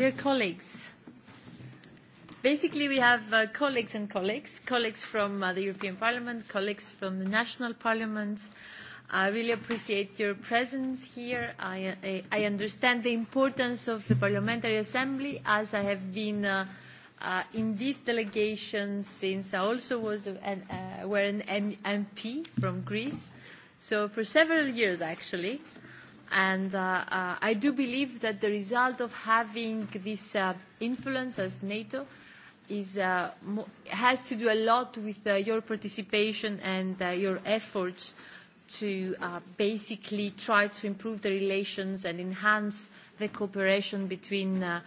Dear colleagues, basically we have uh, colleagues and colleagues, colleagues from uh, the European Parliament, colleagues from the national parliaments. I really appreciate your presence here. I, I, uh, I understand the importance of the Parliamentary Assembly as I have been uh, uh, in this delegation since I also was an, uh, were an M MP from Greece. So for several years actually, And uh, uh, I do believe that the result of having this uh, influence as NATO is, uh, mo has to do a lot with uh, your participation and uh, your efforts to uh, basically try to improve the relations and enhance the cooperation between uh,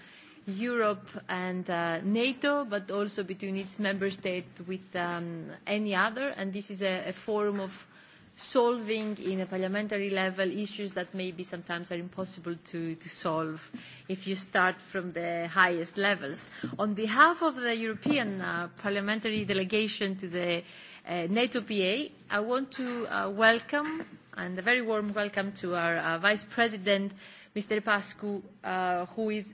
Europe and uh, NATO, but also between its member state with um, any other. And this is a, a forum of solving in a parliamentary level issues that maybe sometimes are impossible to, to solve if you start from the highest levels. On behalf of the European uh, parliamentary delegation to the uh, NATO PA, I want to uh, welcome, and a very warm welcome to our uh, Vice President, Mr. Pascu, uh, who is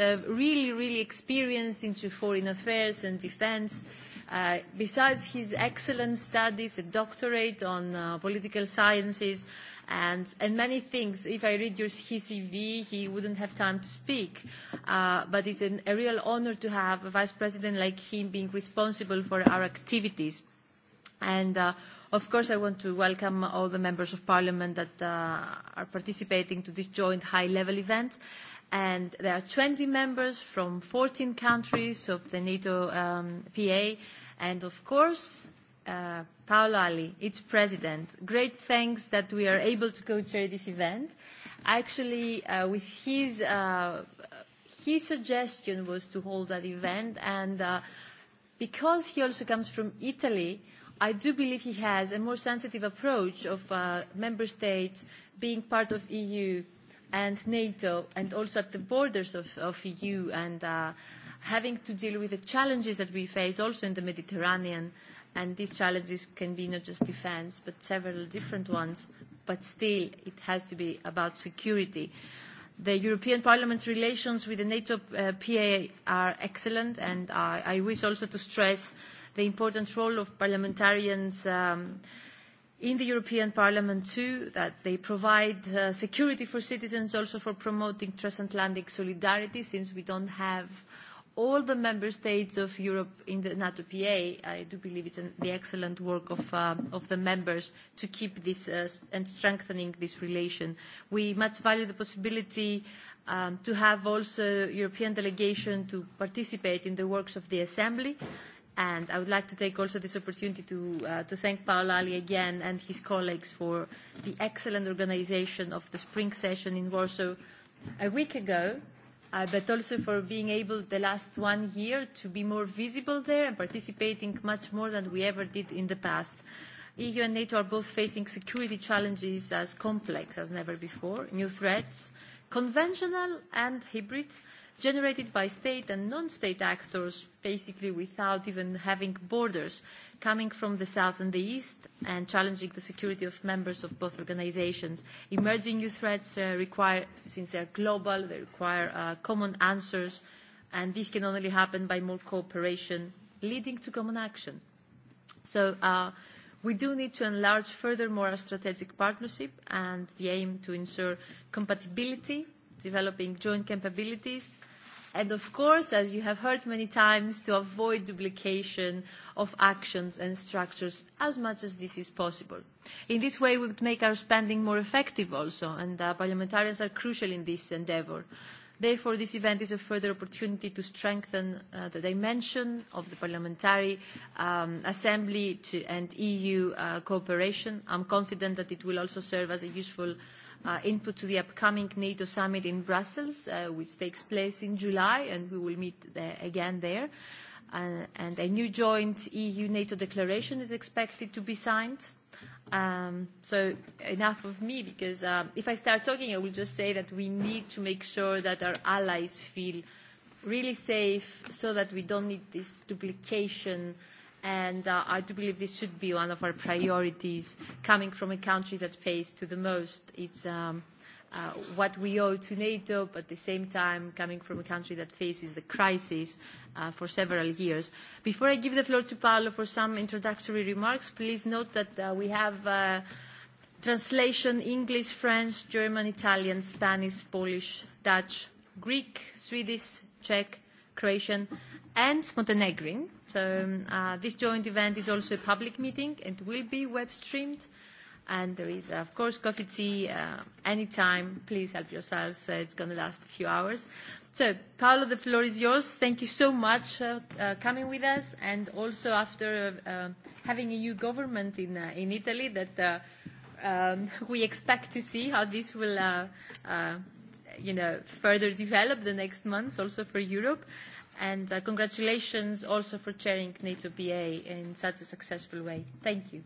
uh, really, really experienced into foreign affairs and defense, Uh, besides his excellent studies, a doctorate on uh, political sciences, and, and many things. If I read your, his CV, he wouldn't have time to speak. Uh, but it's an, a real honor to have a vice president like him being responsible for our activities. And uh, of course, I want to welcome all the members of parliament that uh, are participating to this joint high-level event and there are 20 members from 14 countries of the NATO um, PA, and of course, uh, Paolo Ali, its president. Great thanks that we are able to co-chair this event. Actually, uh, with his, uh, his suggestion was to hold that event, and uh, because he also comes from Italy, I do believe he has a more sensitive approach of uh, member states being part of EU and NATO and also at the borders of, of EU and uh, having to deal with the challenges that we face also in the Mediterranean. And these challenges can be not just defense, but several different ones. But still, it has to be about security. The European Parliament's relations with the NATO uh, PA are excellent, and I, I wish also to stress the important role of parliamentarians um, uh, in the European Parliament too, that they provide uh, security for citizens, also for promoting transatlantic solidarity, since we don't have all the member states of Europe in the NATO PA. I do believe it's an, the excellent work of, um, of the members to keep this uh, and strengthening this relation. We much value the possibility um, to have also European delegation to participate in the works of the Assembly And I would like to take also this opportunity to, uh, to thank Paolo Ali again and his colleagues for the excellent organization of the spring session in Warsaw a week ago, uh, but also for being able the last one year to be more visible there and participating much more than we ever did in the past. EU and NATO are both facing security challenges as complex as never before, new threats, conventional and hybrid, generated by state and non-state actors, basically without even having borders, coming from the south and the east and challenging the security of members of both organizations. Emerging new threats uh, require, since they are global, they require uh, common answers, and this can only happen by more cooperation leading to common action. So uh, We do need to enlarge furthermore our strategic partnership and the aim to ensure compatibility developing joint capabilities, and of course, as you have heard many times, to avoid duplication of actions and structures as much as this is possible. In this way, we would make our spending more effective also, and uh, parliamentarians are crucial in this endeavour. Therefore, this event is a further opportunity to strengthen uh, the dimension of the Parliamentary um, Assembly to, and EU uh, cooperation. I'm confident that it will also serve as a useful uh, input to the upcoming NATO summit in Brussels, uh, which takes place in July, and we will meet there again there. Uh, and a new joint EU-NATO declaration is expected to be signed Um, so enough of me, because um, if I start talking, I will just say that we need to make sure that our allies feel really safe so that we don't need this duplication. And uh, I do believe this should be one of our priorities coming from a country that pays to the most. It's um, uh, what we owe to NATO, but at the same time coming from a country that faces the crisis uh, for several years. Before I give the floor to Paolo for some introductory remarks, please note that uh, we have uh, translation English, French, German, Italian, Spanish, Polish, Dutch, Greek, Swedish, Czech, Croatian, and Montenegrin. So um, uh, this joint event is also a public meeting and will be web streamed. Uh, And there is, of course, coffee, tea, uh, anytime. Please help yourselves. Uh, it's going to last a few hours. So, Paolo, the floor is yours. Thank you so much uh, uh, coming with us. And also after uh, uh, having a new government in, uh, in Italy that uh, um, we expect to see how this will uh, uh, you know, further develop the next months also for Europe. And uh, congratulations also for chairing NATO PA in such a successful way. Thank you.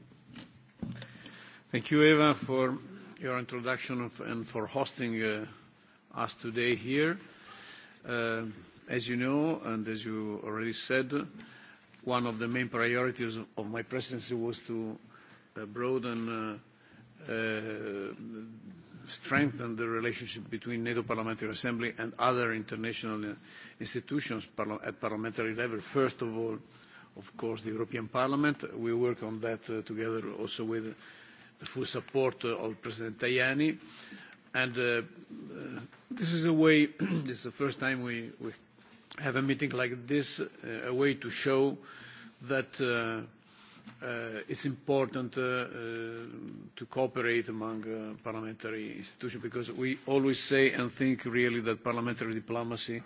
Thank you, Eva, for your introduction of, and for hosting uh, us today here. Uh, as you know, and as you already said, one of the main priorities of my presidency was to uh, broaden, uh, uh, strengthen the relationship between NATO Parliamentary Assembly and other international institutions parla at parliamentary level. First of all, of course, the European Parliament. We work on that uh, together also with full support uh, of President Tajani. And uh, uh this is a way, this is the first time we, we have a meeting like this, uh, a way to show that uh, Uh, it's important uh, uh, to cooperate among uh, parliamentary institutions because we always say and think really that parliamentary diplomacy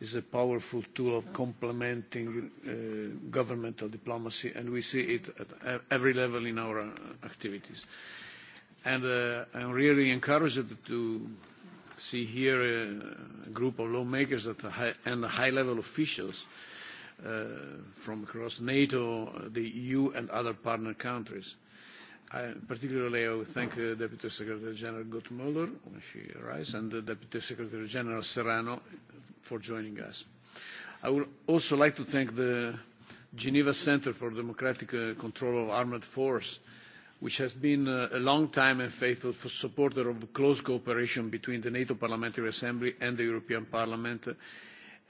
is a powerful tool of complementing uh, governmental diplomacy, and we see it at e-, every level in our uh, activities. And uh, I'm really encouraged to see here a group of lawmakers at the high, and high-level officials uh, from across NATO, the EU, and other partner countries. I, particularly, I would thank uh, Deputy Secretary General Gottmuller when she arrives, and uh, Deputy Secretary General Serrano for joining us. I would also like to thank the Geneva Center for Democratic uh, Control of Armed Force, which has been uh, a long time and faithful supporter of close cooperation between the NATO Parliamentary Assembly and the European Parliament uh,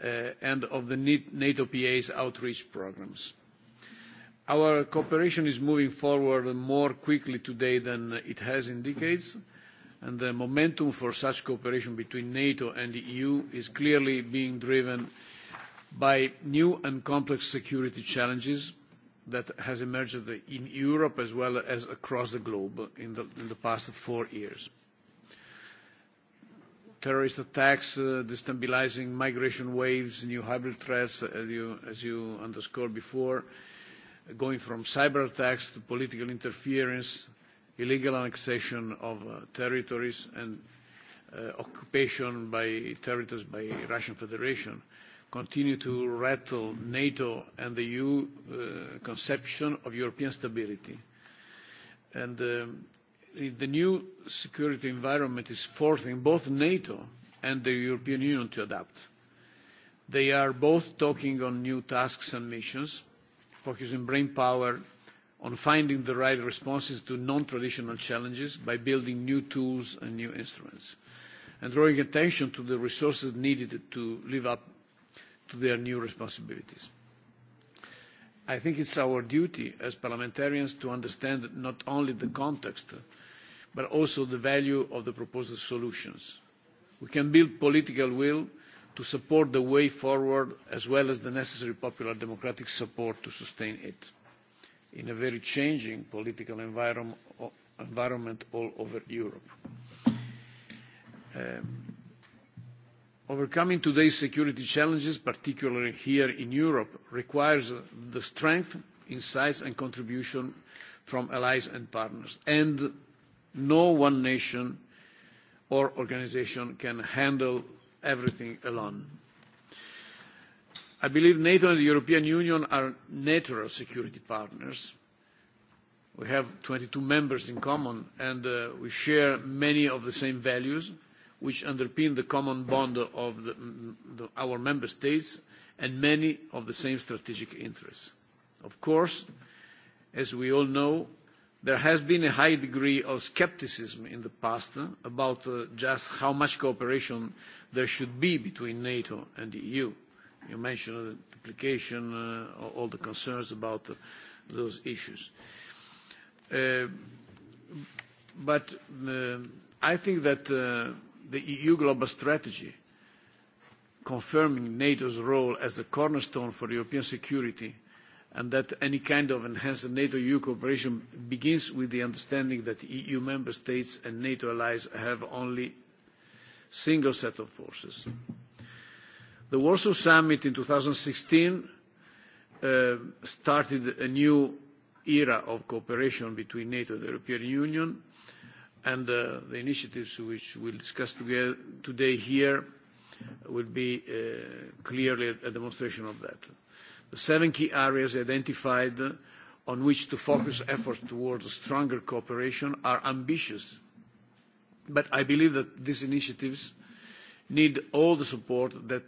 uh and of the NATO PA's outreach programs. Our cooperation is moving forward more quickly today than it has in decades. Mm -hmm and the momentum for such cooperation between NATO and the EU is clearly being driven by new and complex security challenges that has emerged in Europe as well as across the globe in the, in the past four years. Terrorist attacks, uh, destabilizing migration waves, new hybrid threats, uh, as you, as you underscored before, going from cyber attacks to political interference, illegal annexation of uh, territories and uh, occupation by territories by Russian Federation continue to rattle NATO and the EU uh, conception of European stability. And um, the new security environment is forcing both NATO and the European Union to adapt. They are both talking on new tasks and missions, focusing brain power on finding the right responses to non-traditional challenges by building new tools and new instruments, and drawing attention to the resources needed to live up to their new responsibilities. I think it's our duty as parliamentarians to understand not only the context, but also the value of the proposed solutions. We can build political will to support the way forward, as well as the necessary popular democratic support to sustain it in a very changing political environment all over Europe. Um, overcoming today's security challenges, particularly here in Europe, requires the strength, insights and contribution from allies and partners. And no one nation or organization can handle everything alone. I believe NATO and the European Union are natural security partners. We have 22 members in common, and uh, we share many of the same values, which underpin the common bond of the, the, our member states and many of the same strategic interests. Of course, as we all know, there has been a high degree of scepticism in the past uh, about uh, just how much cooperation there should be between NATO and the EU You mentioned duplication, uh, all the concerns about uh, those issues. Uh, but I think that the EU global strategy, confirming NATO's role as a cornerstone for European security, and that any kind of enhanced NATO-EU cooperation begins with the understanding that EU member states and NATO allies have only single set of forces. The Warsaw Summit in 2016 uh, started a new era of cooperation between NATO and the European Union, and uh, the initiatives which we'll discuss together today here will be uh, clearly a demonstration of that. The seven key areas identified on which to focus efforts towards stronger cooperation are ambitious, but I believe that these initiatives need all the support that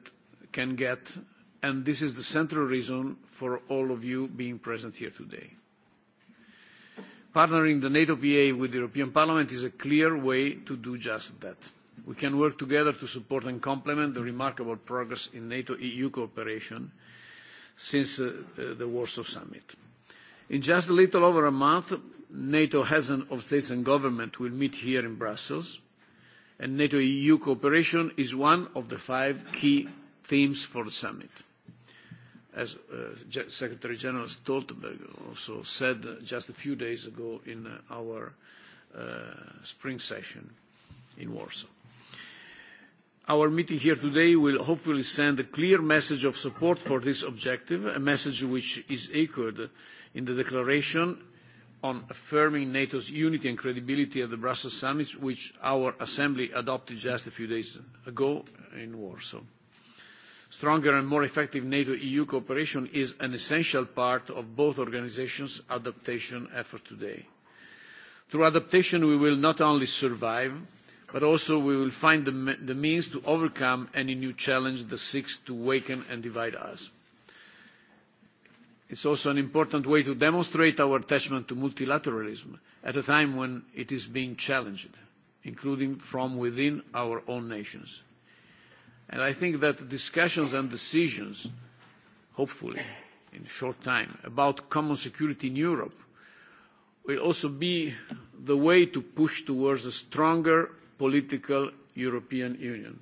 can get, and this is the central reason for all of you being present here today. Partnering the NATO PA with the European Parliament is a clear way to do just that. We can work together to support and complement the remarkable progress in NATO-EU cooperation since uh, uh, the Warsaw Summit. In just a little over a month, NATO heads of states and government will meet here in Brussels, and NATO-EU cooperation is one of the five key themes for the summit. As uh, Secretary General Stoltenberg also said uh, just a few days ago in uh, our uh, spring session in Warsaw. Our meeting here today will hopefully send a clear message of support for this objective, a message which is echoed in the declaration on affirming NATO's unity and credibility at the Brussels summit, which our Assembly adopted just a few days ago in Warsaw. Stronger and more effective NATO-EU cooperation is an essential part of both organisations' adaptation efforts today. Through adaptation, we will not only survive, but also we will find the, the means to overcome any new challenge that seeks to weaken and divide us. It is also an important way to demonstrate our attachment to multilateralism at a time when it is being challenged, including from within our own nations. And I think that discussions and decisions, hopefully in a short time, about common security in Europe will also be the way to push towards a stronger political European Union,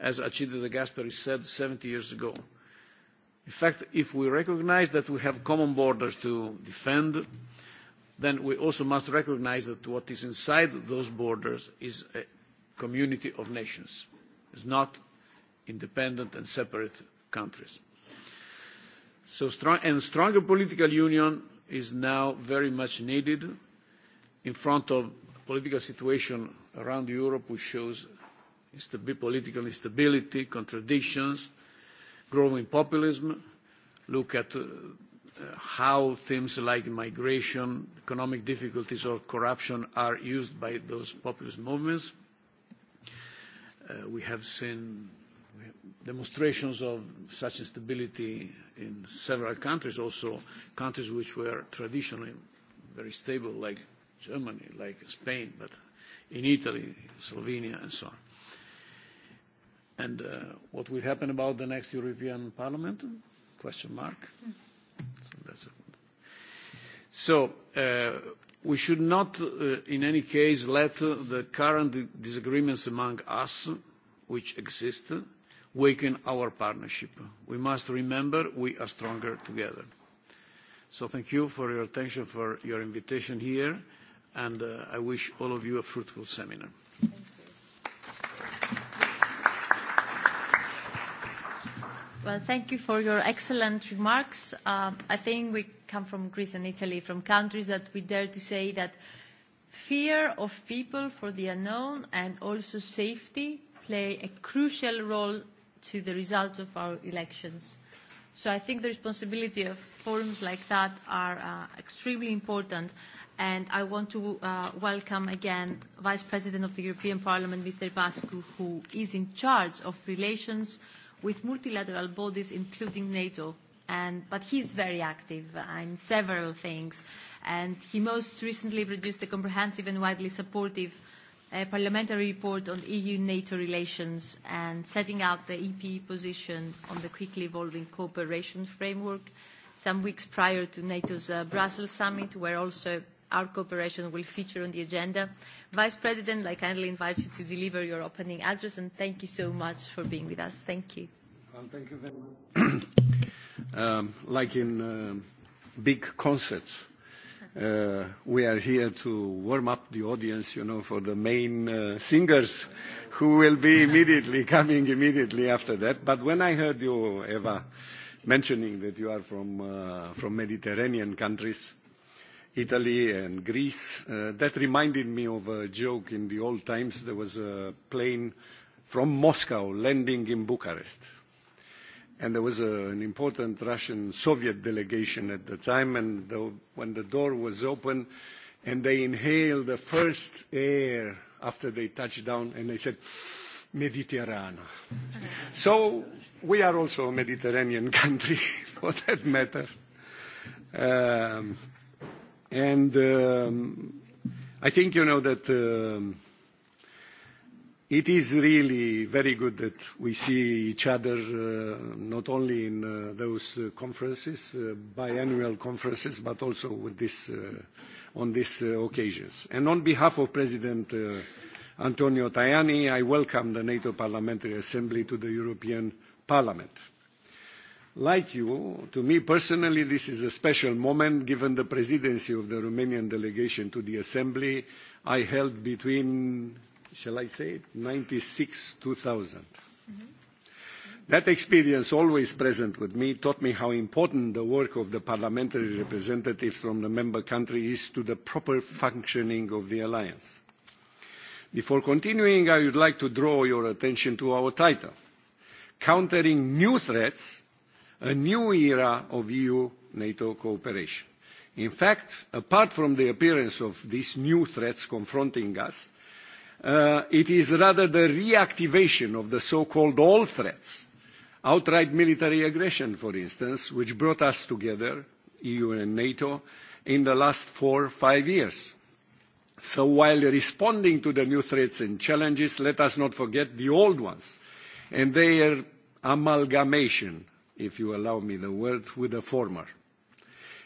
as Alcide de Gasperi said 70 years ago. In fact, if we recognise that we have common borders to defend, then we also must recognise that what is inside those borders is a community of nations. It's not independent and separate countries. So strong, and stronger political union is now very much needed in front of political situation around Europe which shows political instability, contradictions, growing populism. Look at uh, how things like migration, economic difficulties or corruption are used by those populist movements. Uh, we have seen demonstrations of such instability in several countries, also countries which were traditionally very stable, like Germany, like Spain, but in Italy, Slovenia, and so on. And uh, what will happen about the next European Parliament? Question mark. So, that's a... so uh, we should not, uh, in any case, let the current disagreements among us, which exist, weaken our partnership. We must remember we are stronger together. So thank you for your attention, for your invitation here, and uh, I wish all of you a fruitful seminar. Well, thank you for your excellent remarks. Um, I think we come from Greece and Italy, from countries that we dare to say that fear of people for the unknown and also safety play a crucial role to the results of our elections. So I think the responsibility of forums like that are uh, extremely important. And I want to uh, welcome again Vice President of the European Parliament, Mr. Pascu, who is in charge of relations with multilateral bodies, including NATO. And, but he's very active in several things. And he most recently produced a comprehensive and widely supportive a parliamentary report on EU-NATO relations and setting out the EP position on the quickly evolving cooperation framework some weeks prior to NATO's uh, Brussels summit, where also our cooperation will feature on the agenda. Vice President, I kindly invite you to deliver your opening address, and thank you so much for being with us. Thank you. Well, thank you very much. um, like in uh, big concerts, Uh, we are here to warm up the audience, you know, for the main uh, singers who will be immediately coming immediately after that. But when I heard you, Eva, mentioning that you are from, uh, from Mediterranean countries, Italy and Greece, uh, that reminded me of a joke in the old times. There was a plane from Moscow landing in Bucharest and there was a, an important Russian Soviet delegation at the time, and the, when the door was open, and they inhaled the first air after they touched down, and they said, Mediterranean. so we are also a Mediterranean country, for that matter. Um, and um, I think you know that. Um, It is really very good that we see each other uh, not only in uh, those uh, conferences, biannual conferences, but also with this, on these occasions. And on behalf of President Antonio Tajani, I welcome the NATO Parliamentary Assembly to the European Parliament. Like you, to me personally, this is a special moment given the presidency of the Romanian delegation to the Assembly I held between shall I say it, 96, 2000. Mm-hmm. That experience, always present with me, taught me how important the work of the parliamentary representatives from the member country is to the proper functioning of the alliance. Before continuing, I would like to draw your attention to our title, Countering New Threats, a New Era of EU-NATO Cooperation. In fact, apart from the appearance of these new threats confronting us, Uh, it is rather the reactivation of the so-called all threats, outright military aggression, for instance, which brought us together, EU and NATO, in the last four, five years. So while responding to the new threats and challenges, let us not forget the old ones and their amalgamation, if you allow me the word, with the former.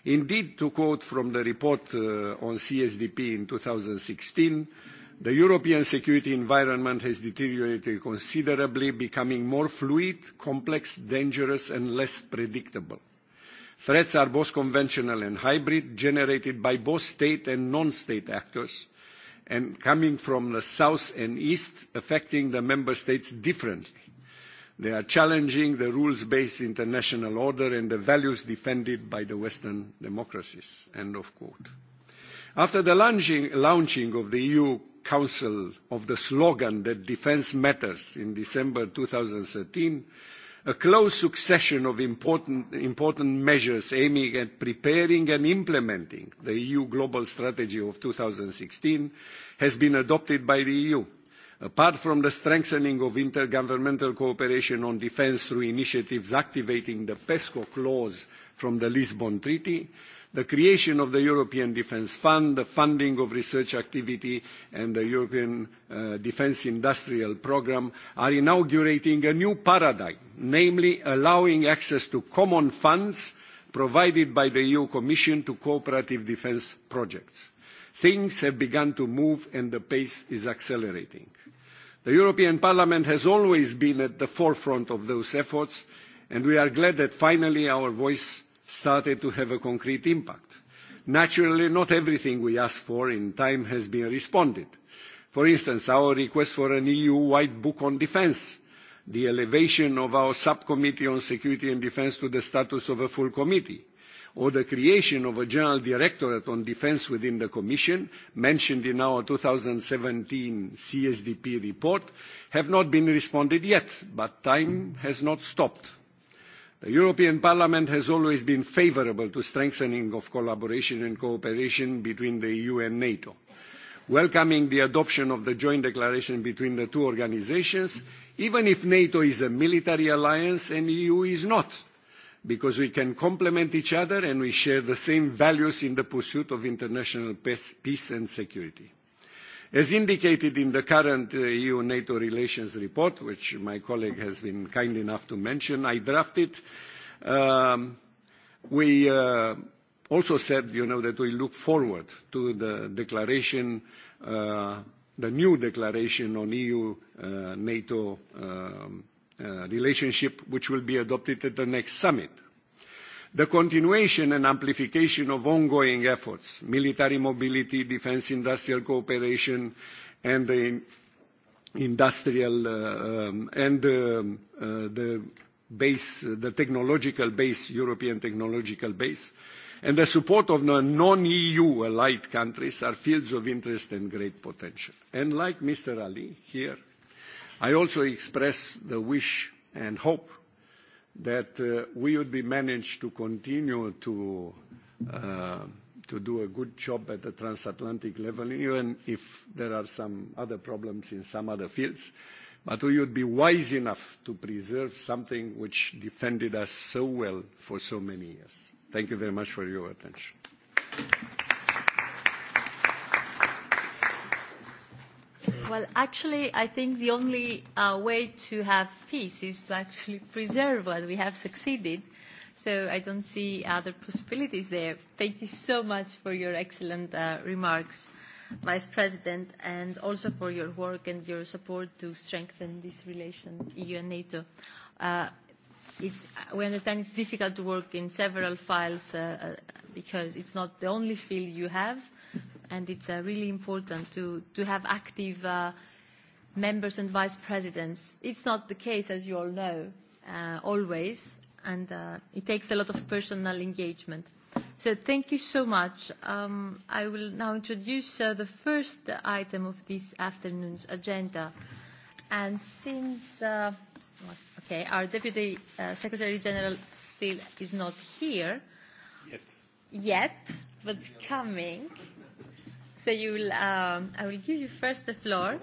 Indeed, to quote from the report uh, on CSDP in 2016, The European security environment has deteriorated considerably, becoming more fluid, complex, dangerous, and less predictable. Threats are both conventional and hybrid, generated by both state and non-state actors, and coming from the south and east, affecting the member states differently. They are challenging the rules-based international order and the values defended by the Western democracies." End of quote. After the launching, launching of the EU Council of the slogan that defence matters in December 2013, a close succession of important, important measures aiming at preparing and implementing the EU Global Strategy of 2016 has been adopted by the EU. Apart from the strengthening of intergovernmental cooperation on defence through initiatives activating the PESCO clause from the Lisbon Treaty, the creation of the European Defence Fund, the funding of research activity and the European uh, Defence Industrial Programme are inaugurating a new paradigm, namely allowing access to common funds provided by the EU Commission to cooperative defence projects. Things have begun to move and the pace is accelerating. The European Parliament has always been at the forefront of those efforts and we are glad that finally our voice started to have a concrete impact. Naturally, not everything we asked for in time has been responded. For instance, our request for an EU-wide book on defence, the elevation of our subcommittee on security and defence to the status of a full committee, or the creation of a general directorate on defence within the Commission, mentioned in our 2017 CSDP report, have not been responded yet, but time has not stopped. The European Parliament has always been favourable to strengthening of collaboration and cooperation between the EU and NATO. Welcoming the adoption of the joint declaration between the two organisations, even if NATO is a military alliance and the EU is not, because we can complement each other and we share the same values in the pursuit of international peace and security. As indicated in the current uh, EU-NATO relations report, which my colleague has been kind enough to mention, I drafted. Um, we uh, also said, you know, that we look forward to the declaration, uh, the new declaration on EU-NATO um, relationship, which will be adopted at the next summit. The continuation and amplification of ongoing efforts, military mobility, defence industrial cooperation, and the industrial uh, um, and um, uh, the base, the technological base, European technological base, and the support of the non-EU allied countries are fields of interest and great potential. And like Mr. Ali here, I also express the wish and hope that uh, we would be managed to continue to uh, to do a good job at the transatlantic level, even if there are some other problems in some other fields. But we would be wise enough to preserve something which defended us so well for so many years. Thank you very much for your attention. Well, actually, I think the only uh, way to have peace is to actually preserve what we have succeeded. So I don't see other possibilities there. Thank you so much for your excellent uh, remarks, Vice President, and also for your work and your support to strengthen this relation, EU and NATO. Uh, it's, uh, we understand it's difficult to work in several files uh, uh because it's not the only field you have and it's uh, really important to, to have active uh, members and vice presidents. It's not the case, as you all know, uh, always, and uh, it takes a lot of personal engagement. So thank you so much. Um, I will now introduce uh, the first item of this afternoon's agenda. And since, uh, okay, our Deputy uh, Secretary General still is not here. Yet. Yet, but coming. So you'll, um, I will give you first the floor.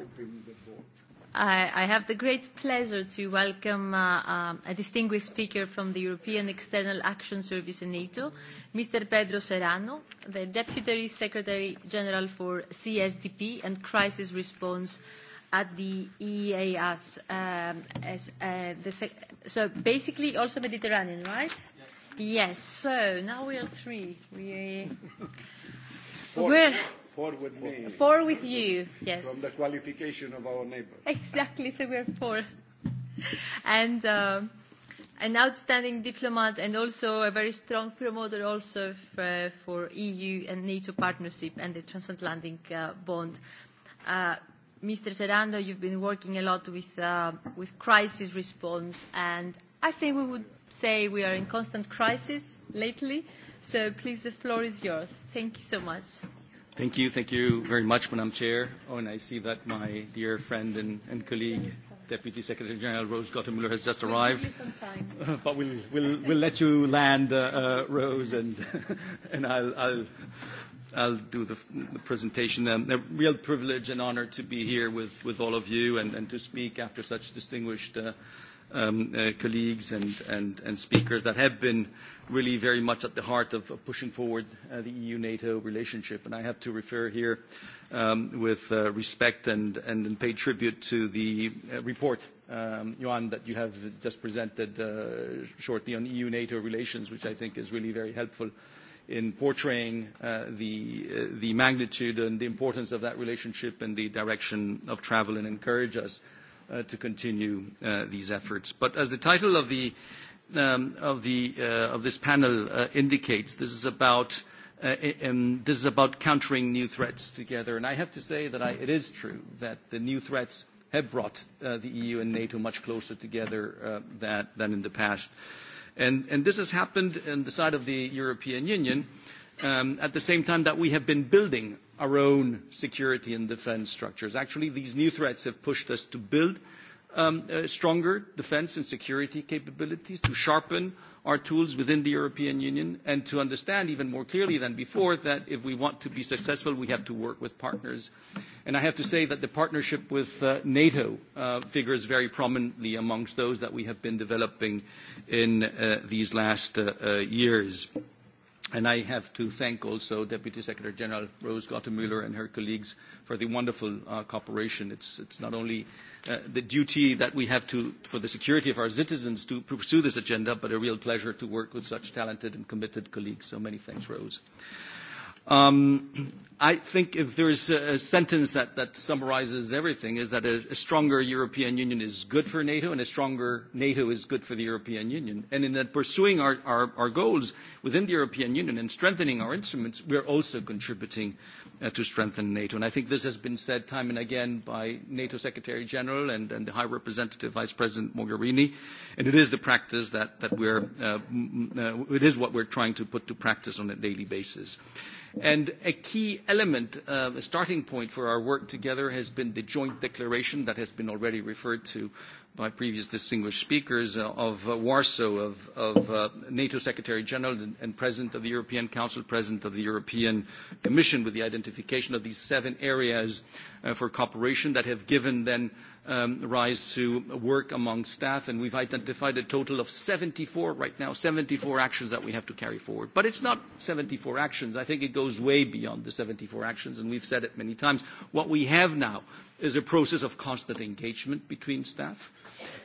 I, I have the great pleasure to welcome uh, um, a distinguished speaker from the European External Action Service in NATO, Mr. Pedro Serrano, the Deputy Secretary General for CSDP and Crisis Response at the EAS. Um, as, uh, the so basically also Mediterranean, right? Yes. yes. So now we are three. We, Four. We're Four with me. Four with you, yes. From the qualification of our neighbors. Exactly, so we're four. And uh, an outstanding diplomat and also a very strong promoter also uh, for, for e EU and NATO partnership and the transatlantic uh, bond. Uh, Mr. Serrano, you've been working a lot with, uh, with crisis response, and I think we would say we are in constant crisis lately. So please, the floor is yours. Thank you so much. Thank you. Thank you very much, Madam Chair. Oh, and I see that my dear friend and, and colleague, Deputy Secretary General Rose Gottemuller, has just arrived. We'll some time. but we'll, we'll, we'll let you land, uh, uh, Rose, and, and I'll, I'll, I'll do the, the presentation. Um, a real privilege and honor to be here with, with all of you and, and to speak after such distinguished uh, um, uh, colleagues and, and, and speakers that have been really very much at the heart of, pushing forward uh, the EU-NATO relationship. And I have to refer here um, with uh, respect and, and, and pay tribute to the uh, report, um, Johan, that you have just presented uh, shortly on EU-NATO relations, which I think is really very helpful in portraying uh, the, uh, the magnitude and the importance of that relationship and the direction of travel and encourage us uh, to continue uh, these efforts. But as the title of the Um, uh, of, this panel uh, indicates, this is about uh, um, this is about countering new threats together. And I have to say that I, it is true that the new threats have brought the EU and NATO much closer together that, than in the past. And, and this has happened on the side of the European Union um, at the same time that we have been building our own security and defense structures. Actually, these new threats have pushed us to build Um, uh, stronger defense and security capabilities, to sharpen our tools within the European Union, and to understand even more clearly than before that if we want to be successful, we have to work with partners. And I have to say that the partnership with uh, NATO uh, figures very prominently amongst those that we have been developing in these last years. And I have to thank also Deputy Secretary General Rose Gottemüller and her colleagues for the wonderful uh, cooperation. It's, it's not only uh, the duty that we have to, for the security of our citizens to pursue this agenda, but a real pleasure to work with such talented and committed colleagues. So many thanks, Rose. Uh, Um, I think if there is a, a sentence that, that summarizes everything is that a, a stronger European Union is good for NATO and a stronger NATO is good for the European Union. And in that pursuing our, our, our goals within the European Union and strengthening our instruments, we are also contributing uh, to strengthen NATO. And I think this has been said time and again by NATO Secretary General and, and the High Representative Vice President Mogherini. And it is the practice that, that we're, uh, uh, it is what we're trying to put to practice on a daily basis. Uh, And a key element, uh, a starting point for our work together has been the joint declaration that has been already referred to by previous distinguished speakers uh, of uh, Warsaw, of, of uh, NATO Secretary General and, and President of the European Council, President of the European Commission, with the identification of these seven areas uh, for cooperation that have given then Um, rise to work among staff, and we've identified a total of 74 right now, 74 actions that we have to carry forward. But it's not 74 actions. I think it goes way beyond the 74 actions, and we've said it many times. What we have now is a process of constant engagement between staff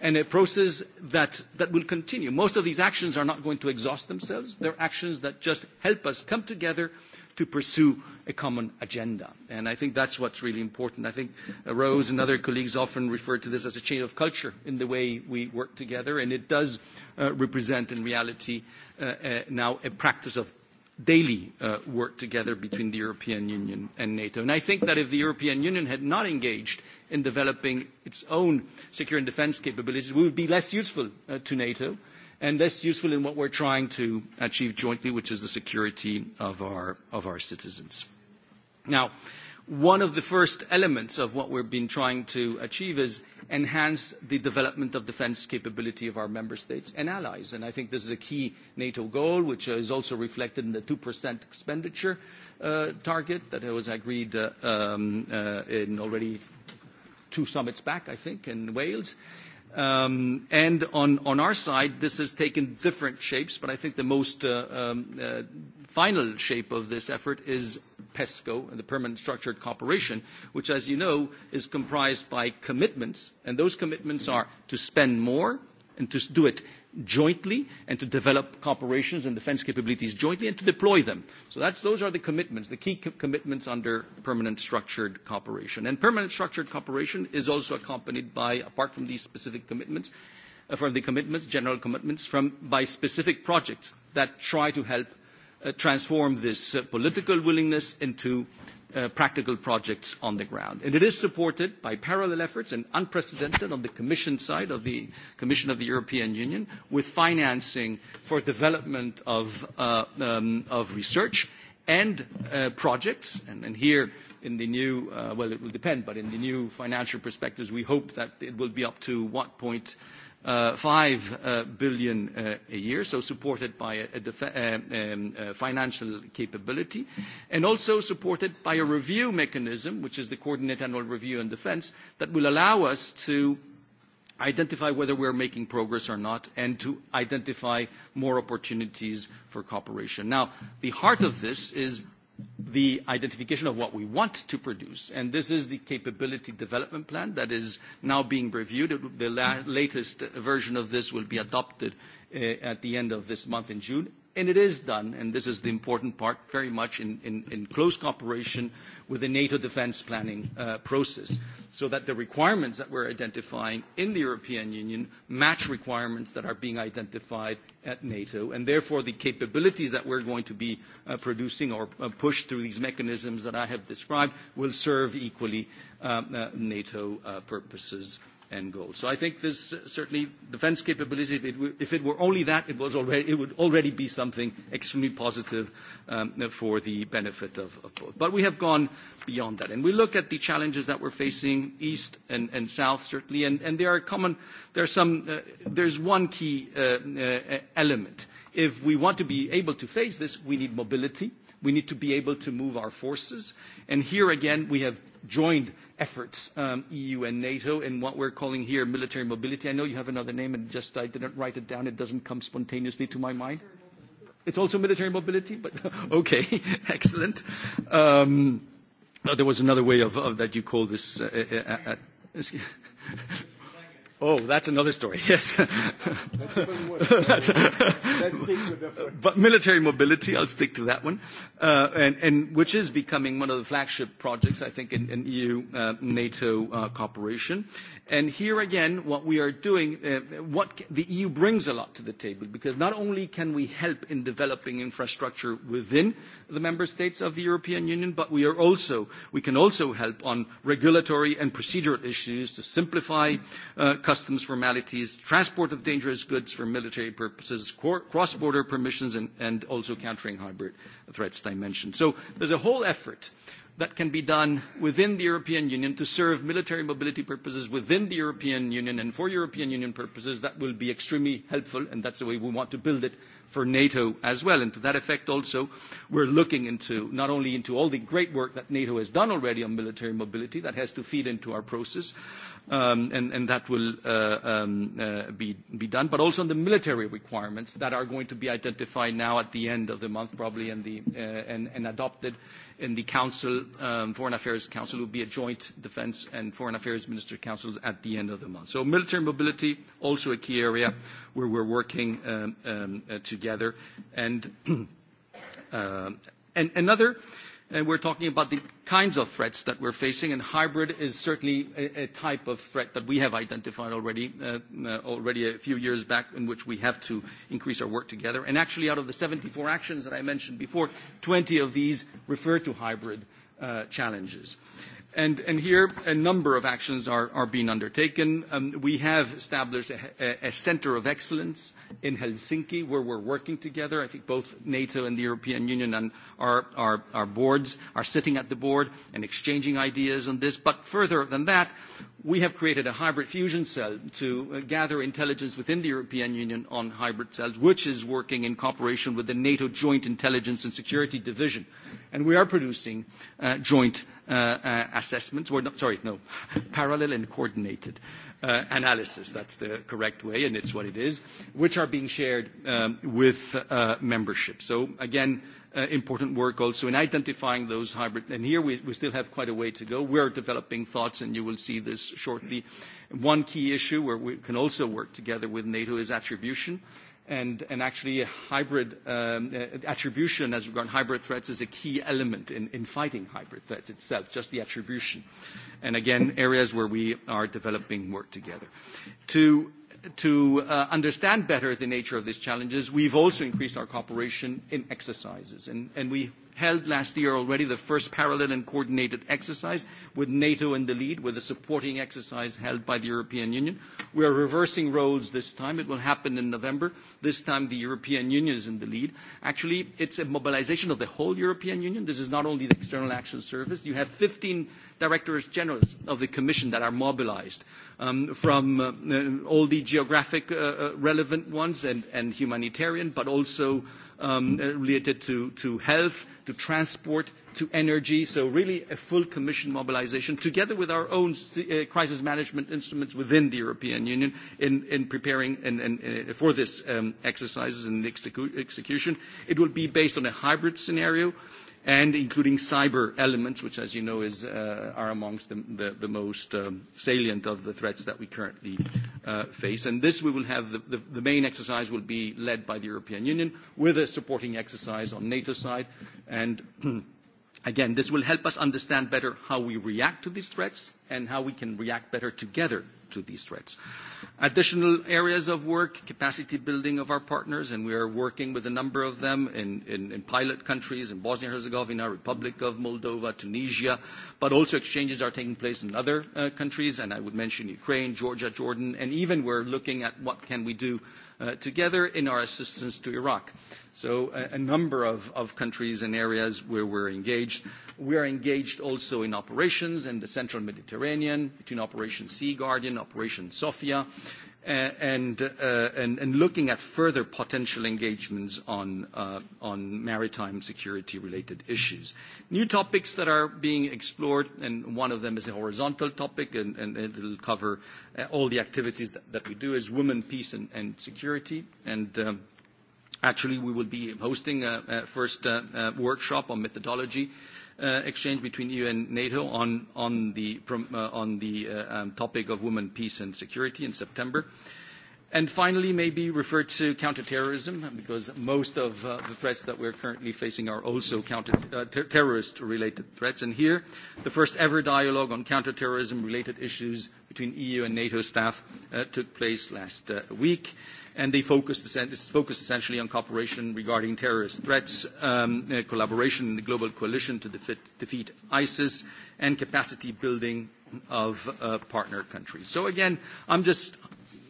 and a process that, that will continue. Most of these actions are not going to exhaust themselves. They're actions that just help us come together to pursue a common agenda. And I think that's what's really important. I think Rose and other colleagues often refer to this as a chain of culture in the way we work together, and it does uh, represent in reality uh, uh, now a practice of daily uh, work together between the European Union and NATO. And I think that if the European Union had not engaged in developing its own secure and defence capabilities, we would be less useful uh, to NATO and less useful in what we're trying to achieve jointly, which is the security of our, of our citizens. Now, one of the first elements of what we've been trying to achieve is enhance the development of defense capability of our member states and allies. And I think this is a key NATO goal, which is also reflected in the 2% expenditure uh, target that was agreed uh, um, uh, in already two summits back, I think, in Wales. Um, and on, on our side, this has taken different shapes, but I think the most uh, um, uh, final shape of this effort is PESCO, the Permanent Structured Cooperation, which, as you know, is comprised by commitments, and those commitments are to spend more and to do it jointly and to develop corporations and defense capabilities jointly and to deploy them. So that's, those are the commitments, the key co commitments under permanent structured cooperation. And permanent structured cooperation is also accompanied by, apart from these specific commitments, uh, from the commitments, general commitments, from, by specific projects that try to help uh, transform this uh, political willingness into uh, Uh, practical projects on the ground. and It is supported by parallel efforts and unprecedented on the Commission side of the Commission of the European Union with financing for development of, uh, um, of research and uh, projects. And, and Here in the new, uh, well, it will depend, but in the new financial perspectives, we hope that it will be up to 1. 5 uh, uh, billion uh, a year, so supported by a, um, financial capability, and also supported by a review mechanism, which is the coordinated Annual Review and Defense, that will allow us to identify whether we're making progress or not, and to identify more opportunities for cooperation. Now, the heart of this is the identification of what we want to produce, and this is the capability development plan that is now being reviewed. The latest version of this will be adopted eh, at the end of this month in June And it is done, and this is the important part, very much in, in, in close cooperation with the NATO defense planning uh, process, so that the requirements that we're identifying in the European Union match requirements that are being identified at NATO, and therefore the capabilities that we're going to be uh, producing or uh, pushed through these mechanisms that I have described will serve equally um, NATO uh, purposes end goal. So I think this uh, certainly defense capability, if it, if it were only that, it, was already, it would already be something extremely positive um, for the benefit of, of both. But we have gone beyond that. And we look at the challenges that we're facing east and, and south, certainly, and, and there are common, there are some, uh, there's one key uh, uh, element. If we want to be able to face this, we need mobility. We need to be able to move our forces. And here again, we have joined efforts, um, EU and NATO, and what we're calling here military mobility. I know you have another name, and just I didn't write it down. It doesn't come spontaneously to my mind. It's also military mobility, but okay, excellent. Um, oh, there was another way of, of that you call this. Uh, uh, uh, uh Oh, that's another story. Yes. that's But military mobility, I'll stick to that one, uh, and, and which is becoming one of the flagship projects, I think, in, in EU-NATO uh, uh, cooperation. And here again, what we are doing, uh, what the EU brings a lot to the table, because not only can we help in developing infrastructure within the member states of the European Union, but we are also, we can also help on regulatory and procedural issues to simplify uh, customs formalities, transport of dangerous goods for military purposes, cross-border permissions, and, and also countering hybrid threats mentioned. So there's a whole effort that can be done within the European Union to serve military mobility purposes within the European Union and for European Union purposes that will be extremely helpful, and that's the way we want to build it for NATO as well. And to that effect also, we're looking into not only into all the great work that NATO has done already on military mobility that has to feed into our process, Um, and, that will uh, um, uh, be, done. But also on the military requirements that are going to be identified now at the end of the month, probably, and, the, uh, and, adopted in the Council, um, Foreign Affairs Council, will be a joint defense and Foreign Affairs Minister Councils at the end of the month. So military mobility, also a key area where we're working together. And, and another and we're talking about the kinds of threats that we're facing, and hybrid is certainly a, a type of threat that we have identified already, uh, uh already a few years back, in which we have to increase our work together. And actually, out of the 74 actions that I mentioned before, 20 of these refer to hybrid uh, challenges. Uh, And, here, a number of actions are, being undertaken. Um, we have established a, center of excellence in Helsinki, where we're working together. I think both NATO and the European Union and our, boards are sitting at the board and exchanging ideas on this. But further than that, we have created a hybrid fusion cell to uh, gather intelligence within the European Union on hybrid cells, which is working in cooperation with the NATO Joint Intelligence and Security Division. And we are producing uh, joint Uh, uh, assessments, or not, sorry, no, parallel and coordinated uh, analysis. That's the correct way, and it's what it is, which are being shared um, with membership. So again, important work also in identifying those hybrid. And here we, we still have quite a way to go. We're developing thoughts, and you will see this shortly. One key issue where we can also work together with NATO is attribution and, actually hybrid um, attribution as regard hybrid threats is a key element in, fighting hybrid threats itself, just the attribution. And again, areas where we are developing work together. To to uh, understand better the nature of these challenges, we've also increased our cooperation in exercises. and we held last year already the first parallel and coordinated exercise with NATO in the lead, with a supporting exercise held by the European Union. We are reversing roles this time. It will happen in November. This time the European Union is in the lead. Actually, it's a mobilization of the whole European Union. This is not only the External Action Service. You have 15 directors general of the Commission that are mobilized um, from uh, uh all the geographic uh, uh, relevant ones and, and humanitarian, but also um, uh, related to, to health, to transport, to energy. So really a full commission mobilization together with our own uh, crisis management instruments within the European Union in, in preparing and, and, and uh, for this um, exercises and execu execution. It will be based on a hybrid scenario and including cyber elements, which, as you know, is, uh, are amongst the, the, the most um, salient of the threats that we currently uh, face. And this we will have the, the, the main exercise will be led by the European Union with a supporting exercise on NATO side. And again, this will help us understand better how we react to these threats and how we can react better together to these threats. Additional areas of work, capacity building of our partners, and we are working with a number of them in, pilot countries, in Bosnia-Herzegovina, and Republic of Moldova, Tunisia, but also exchanges are taking place in other uh, countries, and I would mention Ukraine, Georgia, Jordan, and even we're looking at what can we do uh, together in our assistance to Iraq. So a, a number of, of countries and areas where we're engaged. We are engaged also in operations in the central Mediterranean, between Operation Sea Guardian, Operation Sophia, Uh, and, looking at further potential engagements on, uh, maritime security-related issues. New topics that are being explored, and one of them is a horizontal topic, and, it'll cover uh, all the activities that, we do, is women, peace, and security. Um, actually, we will be hosting a, first workshop on methodology Uh, exchange between EU and NATO on, on the, uh, on the uh, um, topic of women, peace and security in September. And finally, maybe refer to counterterrorism, because most of uh, the threats that we're currently facing are also counter-terrorist-related threats. And here, the first-ever dialogue on counterterrorism-related issues between EU and NATO staff uh, took place last week and they focused, it's focused essentially on cooperation regarding terrorist threats, um, uh, collaboration in the global coalition to defeat, defeat ISIS, and capacity building of uh, partner countries. So again, I'm just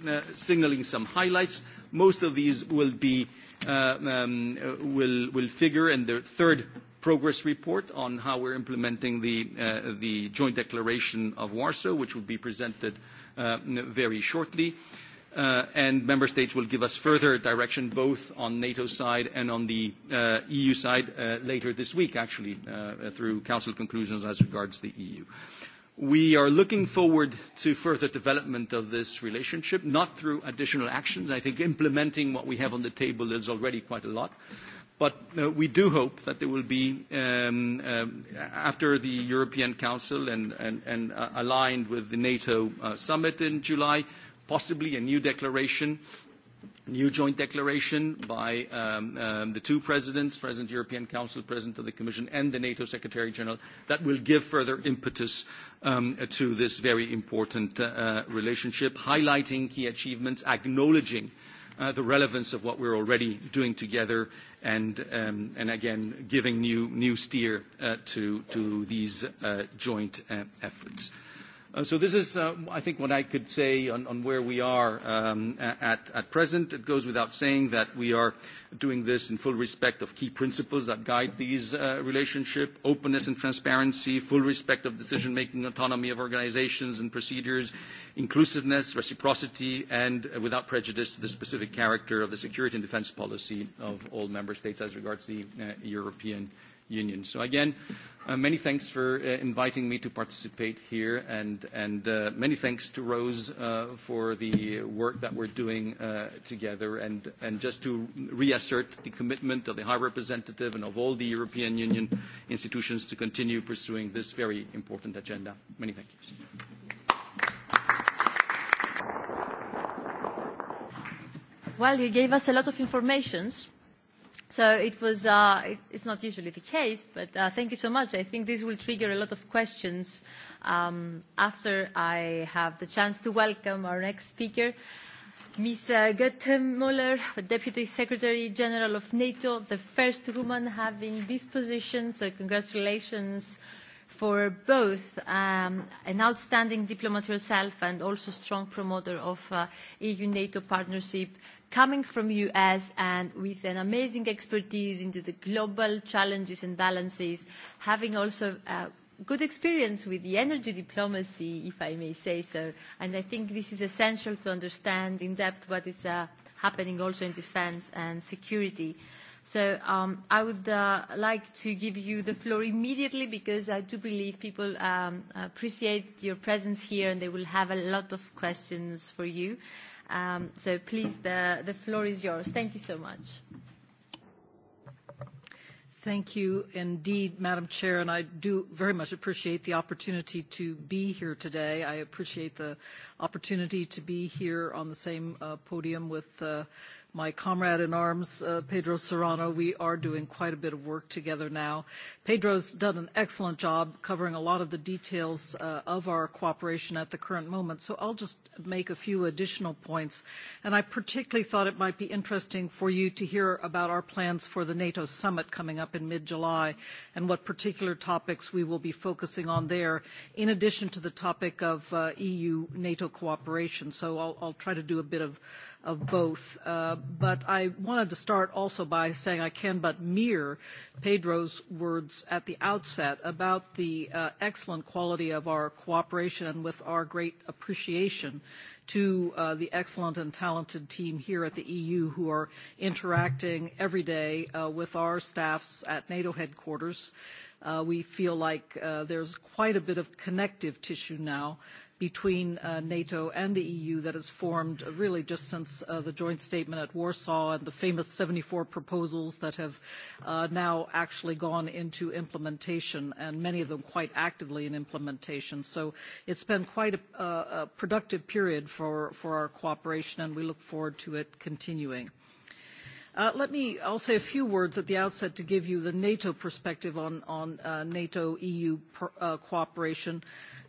uh, signaling some highlights. Most of these will be uh, um, uh, will will figure in the third progress report on how we're implementing the uh, the joint declaration of Warsaw, which will be presented uh, very shortly. Uh, Uh, and member states will give us further direction, both on NATO side and on the uh, EU side, uh, later this week, actually, through council conclusions as regards the EU. We are looking forward to further development of this relationship, not through additional actions. I think implementing what we have on the table is already quite a lot. But we do hope that there will be, um, after the European Council and, aligned with the NATO summit in July, possibly a new declaration new joint declaration by um, um, the two presidents, President of the European Council, President of the Commission, and the NATO Secretary General, that will give further impetus um, to this very important uh, uh, relationship, highlighting key achievements, acknowledging uh, the relevance of what we're already doing together, and, um, and again, giving new, new steer uh, to, to these uh, joint uh, efforts. Uh, so This is, uh, I think, what I could say on, where we are um, at, present. It goes without saying that we are doing this in full respect of key principles that guide these uh, relationship, openness and transparency, full respect of decision-making autonomy of organizations and procedures, inclusiveness, reciprocity, and without prejudice to the specific character of the security and defense policy of all member states as regards the European Union Union. So again, uh, many thanks for uh, inviting me to participate here, and, and uh, many thanks to Rose uh, for the work that we're doing uh, together, and, and just to reassert the commitment of the High Representative and of all the European Union institutions to continue pursuing this very important agenda. Many thank you. Well, you gave us a lot of information, So it was, uh, it, it's not usually the case, but uh, thank you so much. I think this will trigger a lot of questions um, after I have the chance to welcome our next speaker, Ms. Uh, Goethe Muller, Deputy Secretary General of NATO, the first woman having this position. So congratulations for both um, an outstanding diplomat herself and also strong promoter of uh, EU-NATO partnership coming from US and with an amazing expertise into the global challenges and balances, having also uh, good experience with the energy diplomacy, if I may say so. And I think this is essential to understand in depth what is uh, happening also in defense and security. So um, I would uh, like to give you the floor immediately because I do believe people um, appreciate your presence here and they will have a lot of questions for you. Um, so please, the, the floor is yours. Thank you so much. Thank you indeed, Madam Chair, and I do very much appreciate the opportunity to be here today. I appreciate the opportunity to be here on the same uh, podium with uh, my comrade in arms, uh, Pedro Serrano. We are doing quite a bit of work together now. Pedro's done an excellent job covering a lot of the details uh, of our cooperation at the current moment, so I'll just make a few additional points. And I particularly thought it might be interesting for you to hear about our plans for the NATO summit coming up in mid-July and what particular topics we will be focusing on there, in addition to the topic of uh, EU-NATO cooperation. So I'll, I'll try to do a bit of of both. Uh, but I wanted to start also by saying I can but mirror Pedro's words at the outset about the uh, excellent quality of our cooperation and with our great appreciation to uh, the excellent and talented team here at the EU who are interacting every day uh, with our staffs at NATO headquarters. Uh, we feel like uh, there's quite a bit of connective tissue now between uh, NATO and the EU that has formed uh, really just since uh, the joint statement at Warsaw and the famous 74 proposals that have uh, now actually gone into implementation, and many of them quite actively in implementation. So it's been quite a, a productive period for, for our cooperation, and we look forward to it continuing. Uh, let me, I'll say a few words at the outset to give you the NATO perspective on, on uh, NATO-EU uh, cooperation.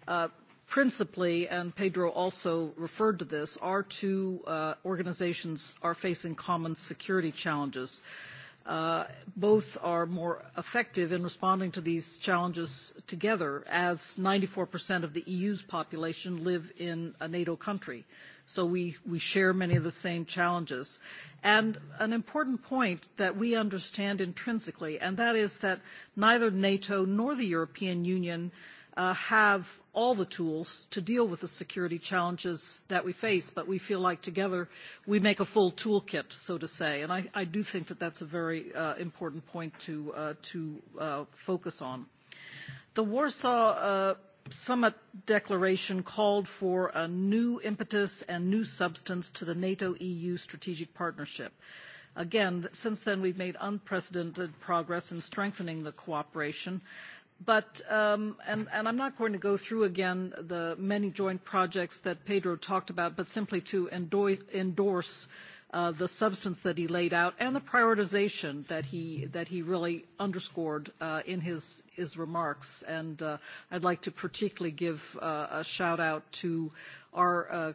Uh, principally, and Pedro also referred to this, our two uh, organizations are facing common security challenges. Uh, both are more effective in responding to these challenges together, as 94% of the EU's population live in a NATO country. So we, we share many of the same challenges. And an important point that we understand intrinsically, and that is that neither NATO nor the European Union uh, have all the tools to deal with the security challenges that we face, but we feel like together we make a full toolkit, so to say. And I, I do think that that's a very uh, important point to, uh, to uh, focus on. The Warsaw uh, Summit Declaration called for a new impetus and new substance to the NATO-EU strategic partnership. Again, since then we've made unprecedented progress in strengthening the cooperation. Uh, But, um, and, and I'm not going to go through again the many joint projects that Pedro talked about, but simply to endorse uh, the substance that he laid out and the prioritization that he, that he really underscored uh, in his, his remarks. And uh, I'd like to particularly give uh, a shout-out to our uh,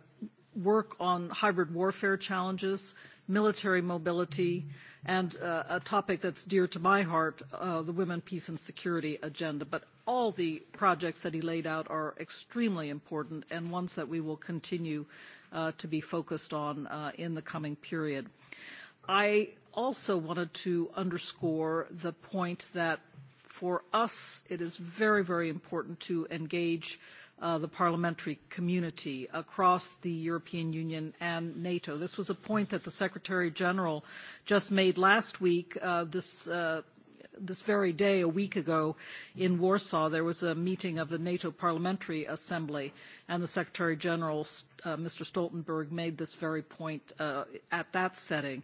work on hybrid warfare challenges, military mobility, mm -hmm and uh, a topic that's dear to my heart, uh, the Women, Peace and Security agenda. But all the projects that he laid out are extremely important and ones that we will continue uh, to be focused on uh, in the coming period. I also wanted to underscore the point that for us, it is very, very important to engage uh, uh, the parliamentary community across the European Union and NATO. This was a point that the Secretary General just made last week. Uh, this uh, this very day, a week ago, in Warsaw, there was a meeting of the NATO Parliamentary Assembly, and the Secretary General, uh, Mr. Stoltenberg, made this very point uh, at that setting.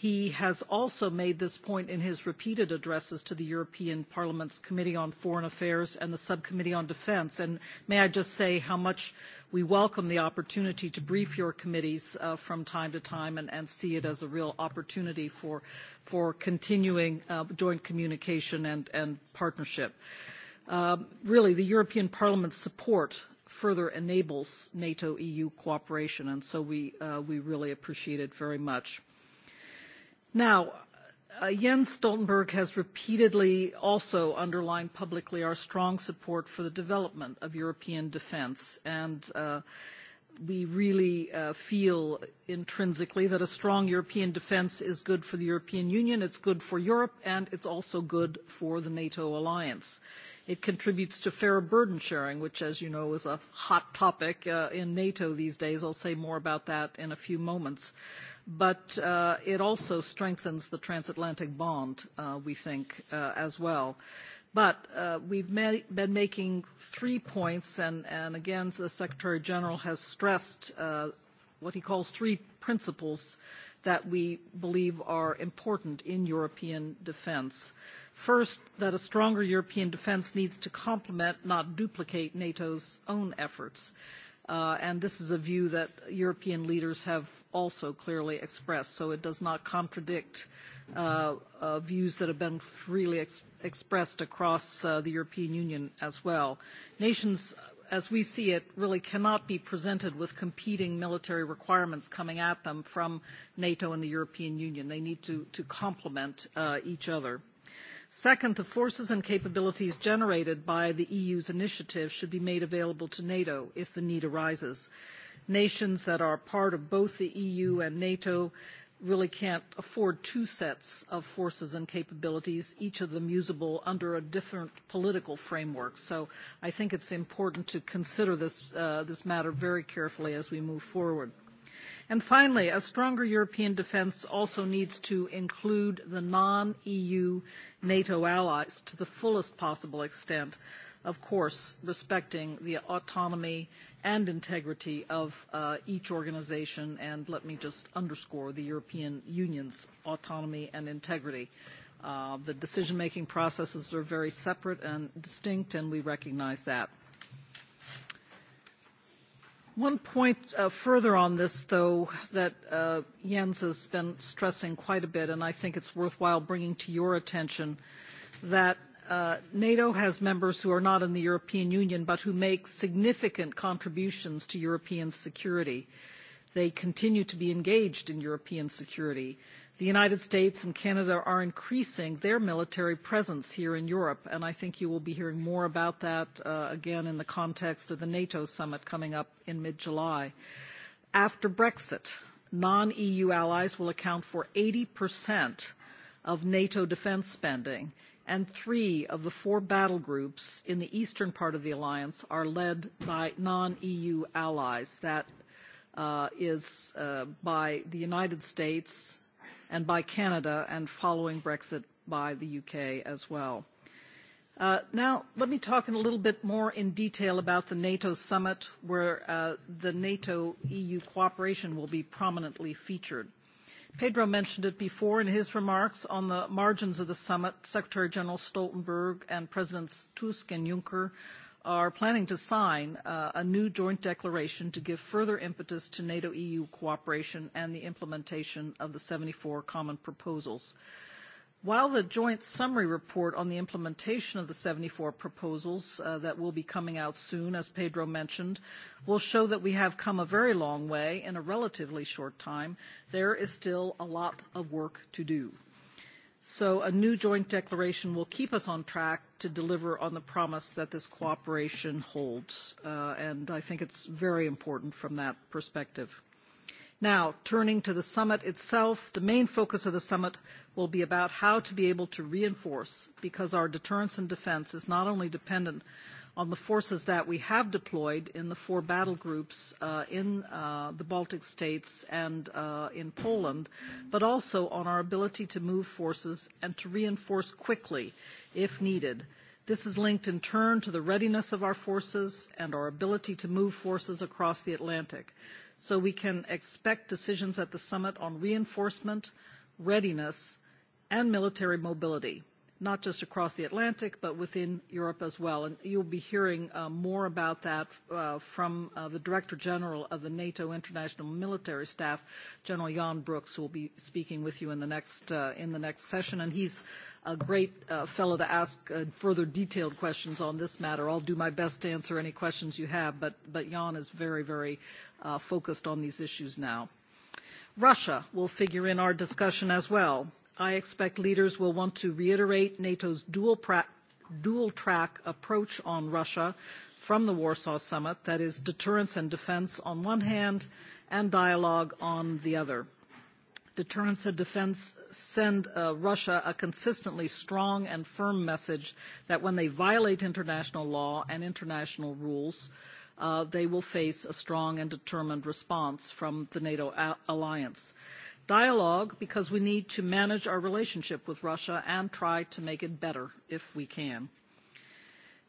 He has also made this point in his repeated addresses to the European Parliament's Committee on Foreign Affairs and the Subcommittee on Defense. And may I just say how much we welcome the opportunity to brief your committees uh, from time to time and, and, see it as a real opportunity for, for continuing uh, joint communication and, and partnership. Uh, really, the European Parliament's support further enables NATO-EU cooperation, and so we, uh, we really appreciate it very much. Now, uh, Jens Stoltenberg has repeatedly also underlined publicly our strong support for the development of European defence, and uh, we really uh, feel intrinsically that a strong European defence is good for the European Union, it's good for Europe, and it's also good for the NATO alliance It contributes to fairer burden sharing, which, as you know, is a hot topic uh, in NATO these days. I'll say more about that in a few moments. But uh, it also strengthens the transatlantic bond, uh, we think, uh, as well. But uh, we've ma- been making three points, and, and again, the Secretary General has stressed uh, what he calls three principles that we believe are important in European defense. Uh, First, that a stronger European defence needs to complement, not duplicate, NATO's own efforts. Uh, and this is a view that European leaders have also clearly expressed, so it does not contradict uh, uh, views that have been freely ex expressed across uh, the European Union as well. Nations, as we see it, really cannot be presented with competing military requirements coming at them from NATO and the European Union. They need to, to complement uh, each other. Second, the forces and capabilities generated by the EU's initiative should be made available to NATO if the need arises. Nations that are part of both the EU and NATO really can't afford two sets of forces and capabilities, each of them usable under a different political framework. So I think it's important to consider this, uh, this matter very carefully as we move forward. And finally, a stronger European defence also needs to include the non-EU NATO allies to the fullest possible extent, of course, respecting the autonomy and integrity of uh, each organization, and let me just underscore the European Union's autonomy and integrity. Uh, the decision-making processes are very separate and distinct, and we recognize that. One point uh, further on this, though, that uh, Jens has been stressing quite a bit, and I think it's worthwhile bringing to your attention, that uh, NATO has members who are not in the European Union, but who make significant contributions to European security. They continue to be engaged in European security. Uh, the United States and Canada are increasing their military presence here in Europe, and I think you will be hearing more about that uh, again in the context of the NATO summit coming up in mid-July. After Brexit, non-EU allies will account for 80% of NATO defense spending, and three of the four battle groups in the eastern part of the alliance are led by non-EU allies. That uh, is uh, by the United States, and by Canada, and following Brexit by the UK as well. Uh, now, let me talk in a little bit more in detail about the NATO summit, where uh, the NATO-EU cooperation will be prominently featured. Pedro mentioned it before in his remarks on the margins of the summit. Secretary General Stoltenberg and Presidents Tusk and Juncker are planning to sign uh, a new joint declaration to give further impetus to NATO EU cooperation and the implementation of the 74 common proposals. While the joint summary report on the implementation of the 74 proposals uh, that will be coming out soon, as Pedro mentioned, will show that we have come a very long way in a relatively short time, there is still a lot of work to do. So a new joint declaration will keep us on track to deliver on the promise that this cooperation holds. Uh, and I think it's very important from that perspective. Now, turning to the summit itself, the main focus of the summit will be about how to be able to reinforce, because our deterrence and defense is not only dependent on the forces that we have deployed in the four battle groups uh, in uh, the Baltic states and uh, in Poland, but also on our ability to move forces and to reinforce quickly if needed. This is linked in turn to the readiness of our forces and our ability to move forces across the Atlantic. So we can expect decisions at the summit on reinforcement, readiness, and military mobility not just across the Atlantic, but within Europe as well. And you'll be hearing uh, more about that uh, from uh, the Director General of the NATO International Military Staff, General Jan Brooks, who will be speaking with you in the next, uh, in the next session. And he's a great uh, fellow to ask uh, further detailed questions on this matter. I'll do my best to answer any questions you have, but, but Jan is very, very focused on these issues now. Russia will figure in our discussion as well. I expect leaders will want to reiterate NATO's dual, dual track approach on Russia from the Warsaw Summit, that is, deterrence and defense on one hand, and dialogue on the other. Deterrence and defense send uh, Russia a consistently strong and firm message that when they violate international law and international rules, uh, they will face a strong and determined response from the NATO alliance dialogue because we need to manage our relationship with Russia and try to make it better if we can.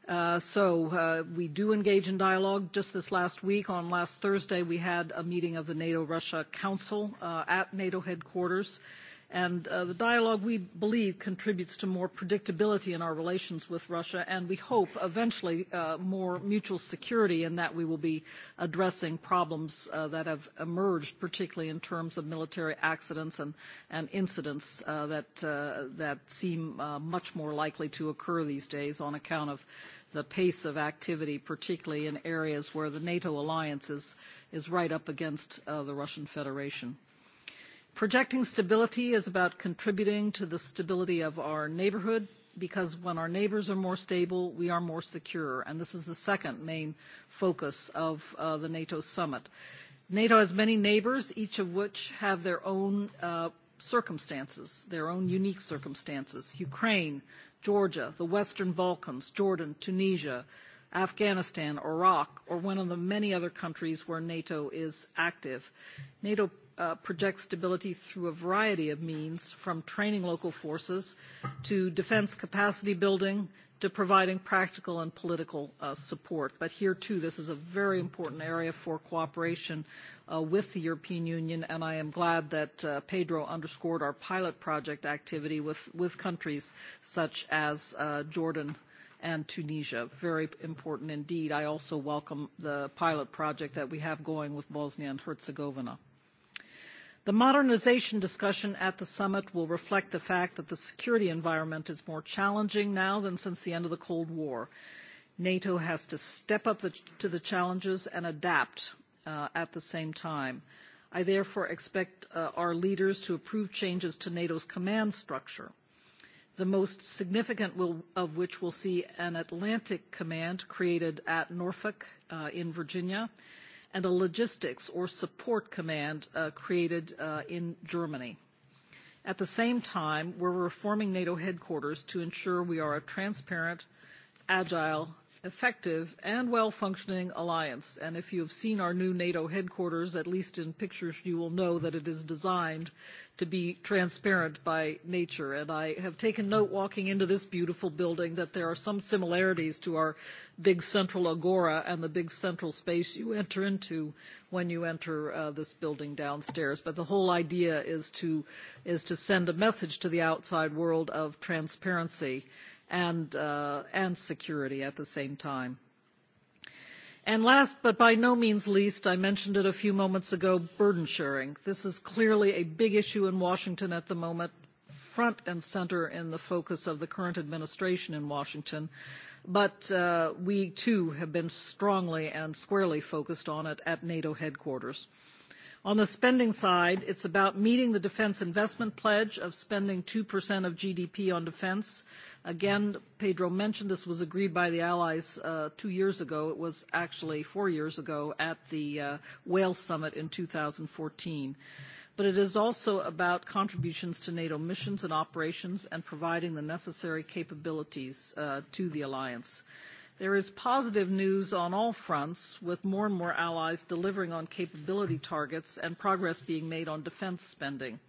Uh, so uh, we do engage in dialogue. Just this last week, on last Thursday, we had a meeting of the NATO-Russia Council uh, at NATO headquarters. Uh, And uh, the dialogue, we believe, contributes to more predictability in our relations with Russia, and we hope eventually uh, more mutual security in that we will be addressing problems uh, that have emerged, particularly in terms of military accidents and, and incidents uh, that, uh, that seem uh, much more likely to occur these days on account of the pace of activity, particularly in areas where the NATO alliance is, is right up against the Russian Federation. Projecting stability is about contributing to the stability of our neighborhood because when our neighbors are more stable, we are more secure. And this is the second main focus of uh, the NATO summit. NATO has many neighbors, each of which have their own uh, circumstances, their own unique circumstances. Ukraine, Georgia, the Western Balkans, Jordan, Tunisia, Afghanistan, Iraq, or one of the many other countries where NATO is active. NATO Uh, project stability through a variety of means, from training local forces to defense capacity building to providing practical and political uh, support. But here, too, this is a very important area for cooperation uh, with the European Union, and I am glad that uh, Pedro underscored our pilot project activity with, with countries such as uh, Jordan and Tunisia. Very important indeed. I also welcome the pilot project that we have going with Bosnia and Herzegovina. The modernization discussion at the summit will reflect the fact that the security environment is more challenging now than since the end of the Cold War. NATO has to step up the, to the challenges and adapt uh, at the same time. I therefore expect uh, our leaders to approve changes to NATO's command structure, the most significant will, of which will see an Atlantic command created at Norfolk uh, in Virginia, and a logistics or support command uh, created uh, in Germany. At the same time, we're reforming NATO headquarters to ensure we are a transparent, agile, effective and well-functioning alliance. And if you have seen our new NATO headquarters, at least in pictures, you will know that it is designed to be transparent by nature. And I have taken note walking into this beautiful building that there are some similarities to our big central agora and the big central space you enter into when you enter uh, this building downstairs. But the whole idea is to, is to send a message to the outside world of transparency and, uh, and security at the same time. And last, but by no means least, I mentioned it a few moments ago, burden sharing. This is clearly a big issue in Washington at the moment, front and center in the focus of the current administration in Washington. But uh, we too have been strongly and squarely focused on it at NATO headquarters. On the spending side, it's about meeting the defense investment pledge of spending 2% of GDP on defense Again, Pedro mentioned this was agreed by the Allies uh, two years ago. It was actually four years ago at the uh, Wales Summit in 2014. But it is also about contributions to NATO missions and operations and providing the necessary capabilities uh, to the alliance. There is positive news on all fronts, with more and more allies delivering on capability targets and progress being made on defense spending.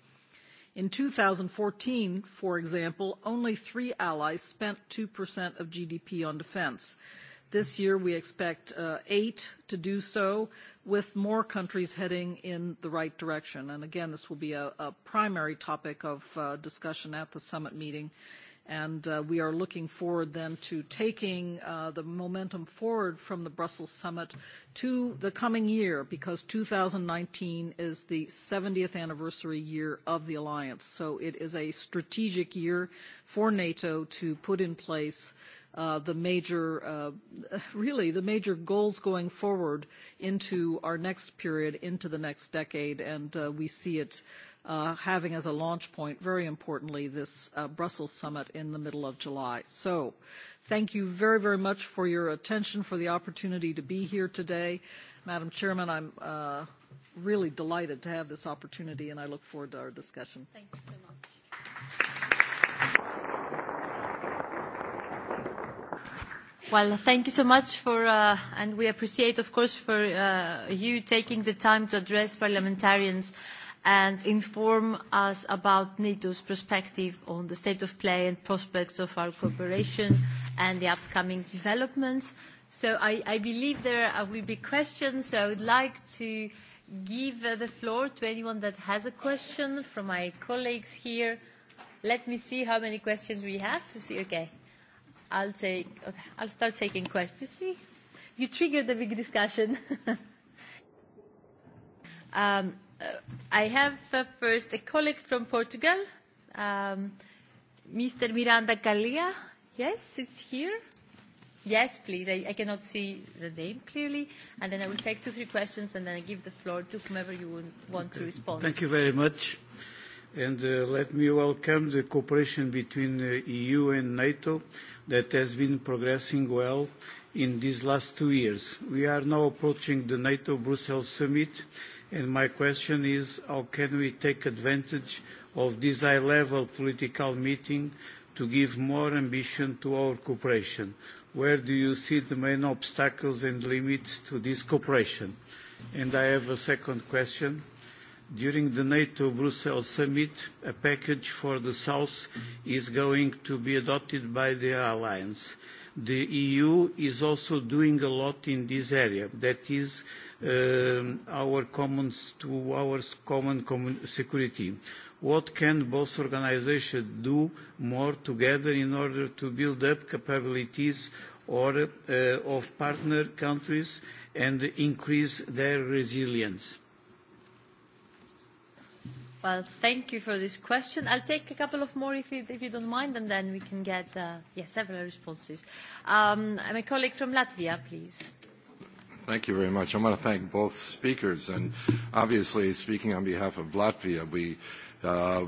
In 2014, for example, only three allies spent 2% of GDP on defense. This year, we expect uh, eight to do so, with more countries heading in the right direction. And again, this will be a, a primary topic of uh, discussion at the summit meeting And uh, we are looking forward then to taking uh, the momentum forward from the Brussels summit to the coming year, because 2019 is the 70th anniversary year of the alliance. So it is a strategic year for NATO to put in place Uh, the major, uh, really the major goals going forward into our next period, into the next decade, and uh, we see it Uh, having as a launch point, very importantly, this uh, Brussels summit in the middle of July. So thank you very, very much for your attention, for the opportunity to be here today. Madam Chairman, I'm uh, really delighted to have this opportunity, and I look forward to our discussion. Thank you so much. Well, thank you so much for, uh, and we appreciate, of course, for uh, you taking the time to address parliamentarians and inform us about NATO's perspective on the state of play and prospects of our cooperation and the upcoming developments. So I, believe there will be questions, so I would like to give uh, the floor to anyone that has a question from my colleagues here. Let me see how many questions we have to see. Okay, I'll take. Okay, I'll start taking questions. You see, you triggered the big discussion. Um, Uh, I have uh, first a colleague from Portugal, um, Mr. Miranda Galia. Yes, it's here. Yes, please. I, I cannot see the name clearly. And then I will take two, three questions, and then I give the floor to whomever you want okay. to respond. Thank you very much. And uh, let me welcome the cooperation between the uh, EU and NATO that has been progressing well in these last two years. We are now approaching the NATO Brussels summit, and my question is how can we take advantage of this high-level political meeting to give more ambition to our cooperation? Where do you see the main obstacles and limits to this cooperation? And I have a second question. During the NATO Brussels summit, a package for the South is going to be adopted by the alliance. The EU is also doing a lot in this area. That is um, our common to our common, common security. What can both organisations do more together in order to build up capabilities or uh, of partner countries and increase their resilience? Well, thank you for this question. I'll take a couple of more if you, if you don't mind, and then we can get uh, several responses. Um, my colleague from Latvia, please. Thank you very much. I want to thank both speakers, and obviously, speaking on behalf of Latvia, we uh,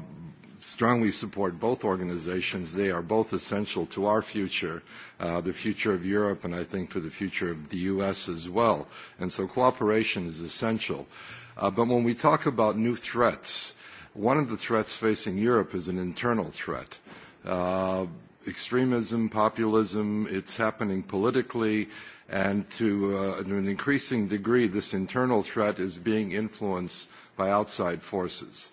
strongly support both organizations. They are both essential to our future, uh, the future of Europe, and I think for the future of the U.S. as well. And so cooperation is essential. but when we talk about new threats, One of the threats facing Europe is an internal threat. Uh, extremism, populism, it's happening politically, and to, uh, to an increasing degree, this internal threat is being influenced by outside forces.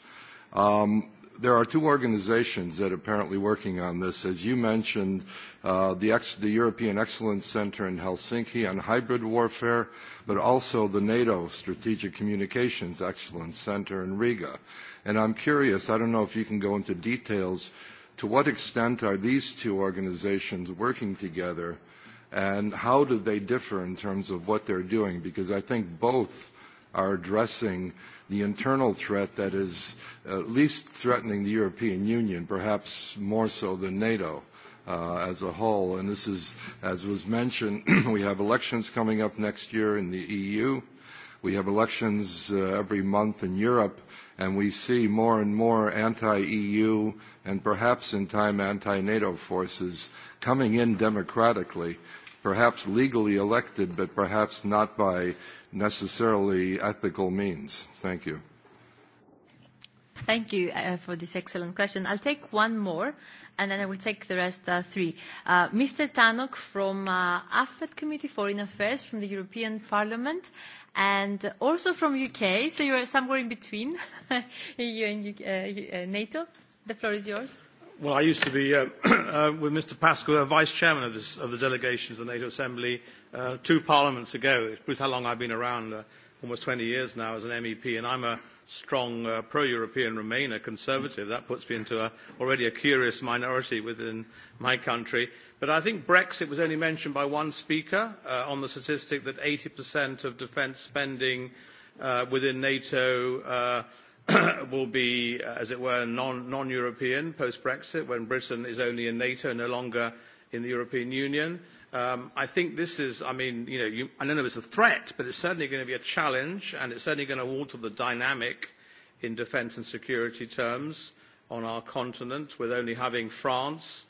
Um, there are two organizations that are apparently working on this. As you mentioned, uh, the, ex- the European Excellence Center in Helsinki on hybrid warfare, but also the NATO Strategic Communications Excellence Center in Riga. And I'm curious, I don't know if you can go into details, to what extent are these two organizations working together and how do they differ in terms of what they're doing? Because I think both are addressing the internal threat that is at least threatening the European Union, perhaps more so than NATO. Uh, as a whole. And this is, as was mentioned, we have elections coming up next year in the EU. We have elections uh, every month in Europe, and we see more and more anti-EU and perhaps in time anti-NATO forces coming in democratically, perhaps legally elected, but perhaps not by necessarily ethical means. Thank you. Thank you uh, for this excellent question. I'll take one more, and then I will take the rest uh, three. Uh, Mr. Tannock from uh, AFET Committee, Foreign Affairs from the European Parliament, and also from UK. So you are somewhere in between EU and UK, uh, uh, NATO. The floor is yours. Well, I used to be uh, uh, with Mr. Pascoe, uh, vice chairman of, this, of the delegation to the NATO Assembly uh, two parliaments ago. It's how long I've been around, uh, almost 20 years now as an MEP, and I'm a strong uh, pro-European Remainer conservative. That puts me into a, already a curious minority within my country. But I think Brexit was only mentioned by one speaker uh, on the statistic that 80% of defence spending uh, within NATO uh, will be, uh, as it were, non, non-European post-Brexit, when Britain is only in NATO, no longer in the European Union. Um, I think this is, I mean, you know, you, I don't know if it's a threat, but it's certainly going to be a challenge, and it's certainly going to alter the dynamic in defence and security terms on our continent, with only having France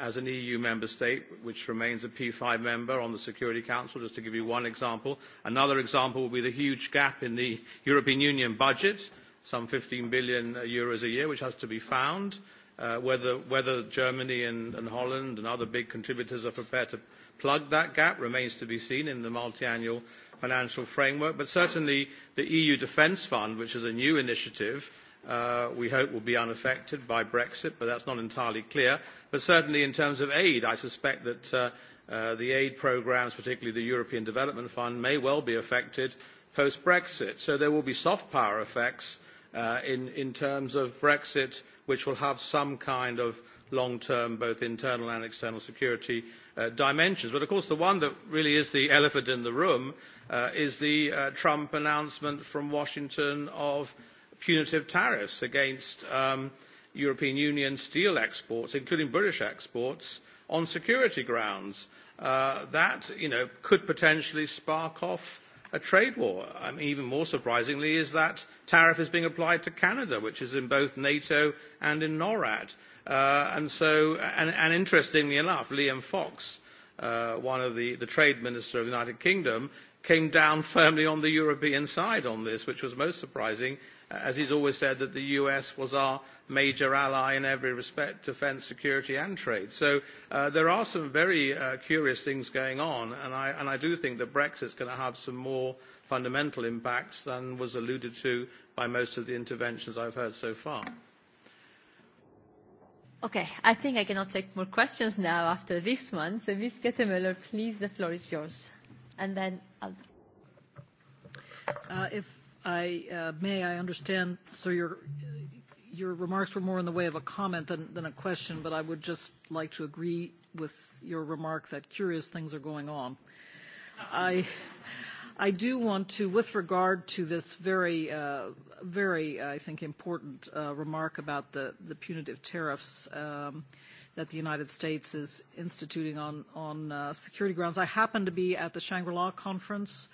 as an EU member state, which remains a P5 member on the Security Council, just to give you one example. Another example will be the huge gap in the European Union budget, some 15 billion euros a year, which has to be found. Uh, whether, whether Germany and, and Holland and other big contributors are prepared to plug that gap remains to be seen in the multiannual financial framework but certainly the eu defence fund which is a new initiative uh, we hope will be unaffected by brexit but that's not entirely clear but certainly in terms of aid i suspect that uh, uh, the aid programmes particularly the european development fund may well be affected post brexit so there will be soft power effects uh, in, in terms of brexit which will have some kind of long-term, both internal and external security uh, dimensions. But of course, the one that really is the elephant in the room uh, is the uh, Trump announcement from Washington of punitive tariffs against um, European Union steel exports, including British exports, on security grounds. Uh, that you know, could potentially spark off a trade war. I mean, even more surprisingly is that tariff is being applied to Canada, which is in both NATO and in NORAD. Uh, and so, and, and interestingly enough, Liam Fox, uh, one of the, the trade minister of the United Kingdom, came down firmly on the European side on this, which was most surprising, uh, as he's always said that the US was our major ally in every respect, defence, security and trade. So uh, there are some very uh, curious things going on, and I, and I do think that Brexit's going to have some more fundamental impacts than was alluded to by most of the interventions I've heard so far. Okay, I think I cannot take more questions now after this one. So Ms. Gettemüller, please, the floor is yours. And then I'll... Uh, if I uh, may, I understand, so your, your remarks were more in the way of a comment than, than a question, but I would just like to agree with your remark that curious things are going on. I I do want to, with regard to this very, uh, very, I think, important uh, remark about the, the punitive tariffs um, that the United States is instituting on, on uh, security grounds. I happened to be at the Shangri-La conference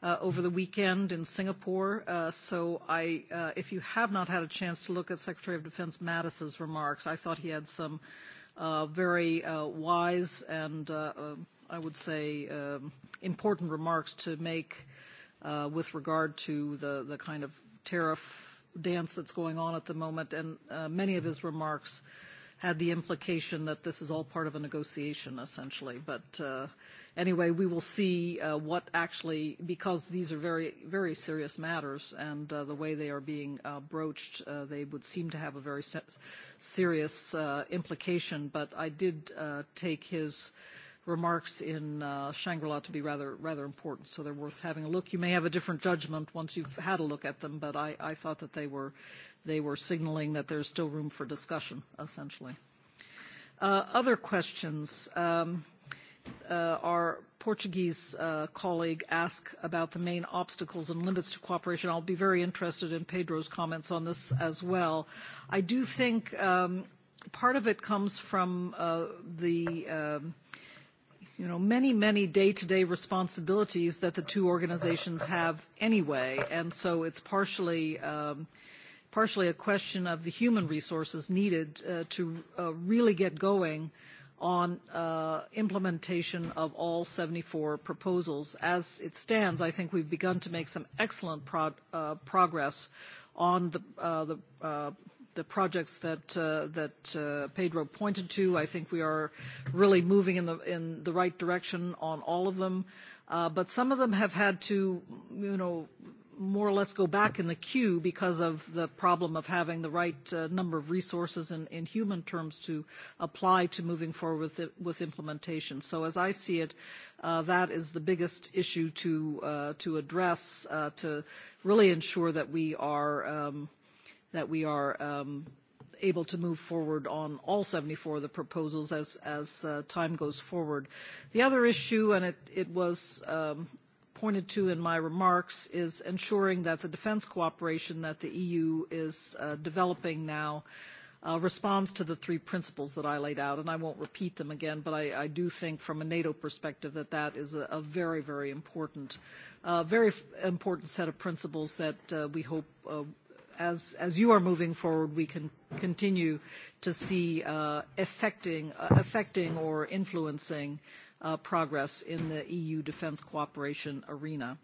Uh, over the weekend in Singapore. Uh, so I, uh, if you have not had a chance to look at Secretary of Defense Mattis's remarks, I thought he had some uh, very uh, wise and uh, um, I would say, um, important remarks to make uh, with regard to the, the kind of tariff dance that's going on at the moment. And uh, many of his remarks had the implication that this is all part of a negotiation, essentially. But uh, anyway, we will see uh, what actually, because these are very, very serious matters, and uh, the way they are being uh, broached, uh, they would seem to have a very se serious uh, implication. But I did take his remarks in uh, Shangri-La to be rather rather important, so they're worth having a look. You may have a different judgment once you've had a look at them, but I, I thought that they were they were signaling that there's still room for discussion, essentially. Uh, other questions. Um, uh, our Portuguese uh, colleague asked about the main obstacles and limits to cooperation. I'll be very interested in Pedro's comments on this as well. I do think um, part of it comes from uh, the um, you know, many, many day-to-day responsibilities that the two organizations have anyway. And so it's partially, um, partially a question of the human resources needed uh, to uh, really get going on uh, implementation of all 74 proposals. As it stands, I think we've begun to make some excellent pro uh, progress on the, uh, the uh, the projects that, uh, uh, Pedro pointed to. I think we are really moving in the, right direction on all of them. Uh, but some of them have had to, you know, more or less go back in the queue because of the problem of having the right number of resources in, in human terms to apply to moving forward with, it, with implementation. So as I see it, that is the biggest issue to, to address to really ensure that we are um, that we are um, able to move forward on all 74 of the proposals as, as uh, time goes forward. The other issue, and it, it was um, pointed to in my remarks, is ensuring that the defense cooperation that the EU is uh, developing now Uh, responds to the three principles that I laid out, and I won't repeat them again, but I, I do think from a NATO perspective that that is a, a very, very important, uh, very important set of principles that uh, we hope uh, as, as you are moving forward, we can continue to see uh, affecting, uh, affecting or influencing uh, progress in the EU defense cooperation arena.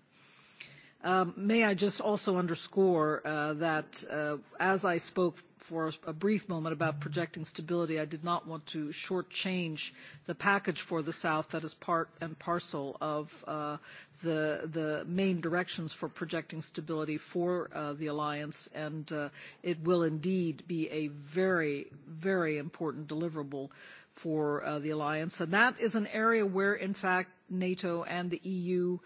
Um, may I just also underscore uh, that uh, as I spoke for a brief moment about projecting stability, I did not want to shortchange the package for the South that is part and parcel of uh, the, main directions for projecting stability for uh, the alliance, and uh, it will indeed be a very, very important deliverable for uh, the alliance. And that is an area where, in fact, NATO and the EU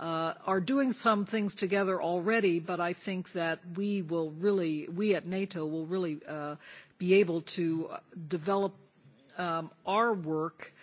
are doing some things together already, but I think that we will really, we at NATO will really be able to develop um, our work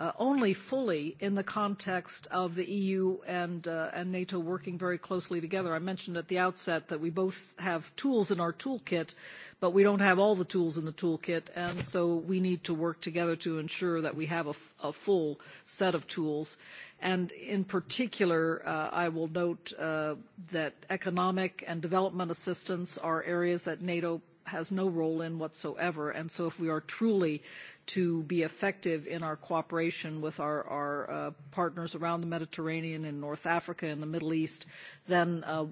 uh, only fully in the context of the EU and, uh, and NATO working very closely together. I mentioned at the outset that we both have tools in our toolkit, but we don't have all the tools in the toolkit, and so we need to work together to ensure that we have a, a full set of tools. And in particular, uh, I will note uh, that economic and development assistance are areas that NATO has no role in whatsoever. And so if we are truly to be effective in our cooperation with our, our uh, partners around the Mediterranean and North Africa and the Middle East, then uh,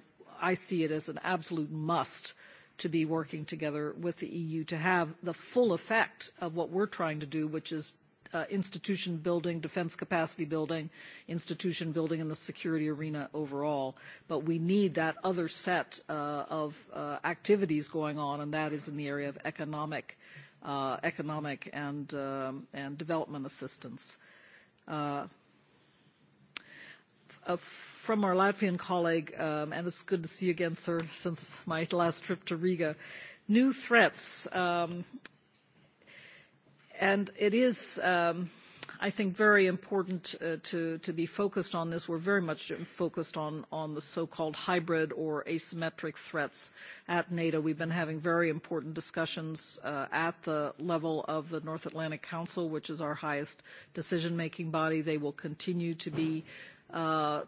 I see it as an absolute must to be working together with the EU to have the full effect of what we're trying to do, which is uh, institution building, defense capacity building, institution building in the security arena overall. But we need that other set uh, of uh, activities going on, and that is in the area of economic Uh, economic and, um, and development assistance. Uh, uh, from our Latvian colleague, um, and it's good to see you again, sir, since my last trip to Riga. New threats, um, and it is um, – I think, very important uh, to, to be focused on this. We're very much focused on, on the so-called hybrid or asymmetric threats at NATO. We've been having very important discussions uh, at the level of the North Atlantic Council, which is our highest decision-making body. They will continue to be uh,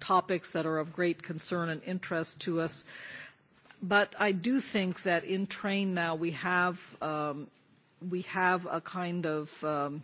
topics that are of great concern and interest to us. But I do think that in train now we have um, we have a kind of um,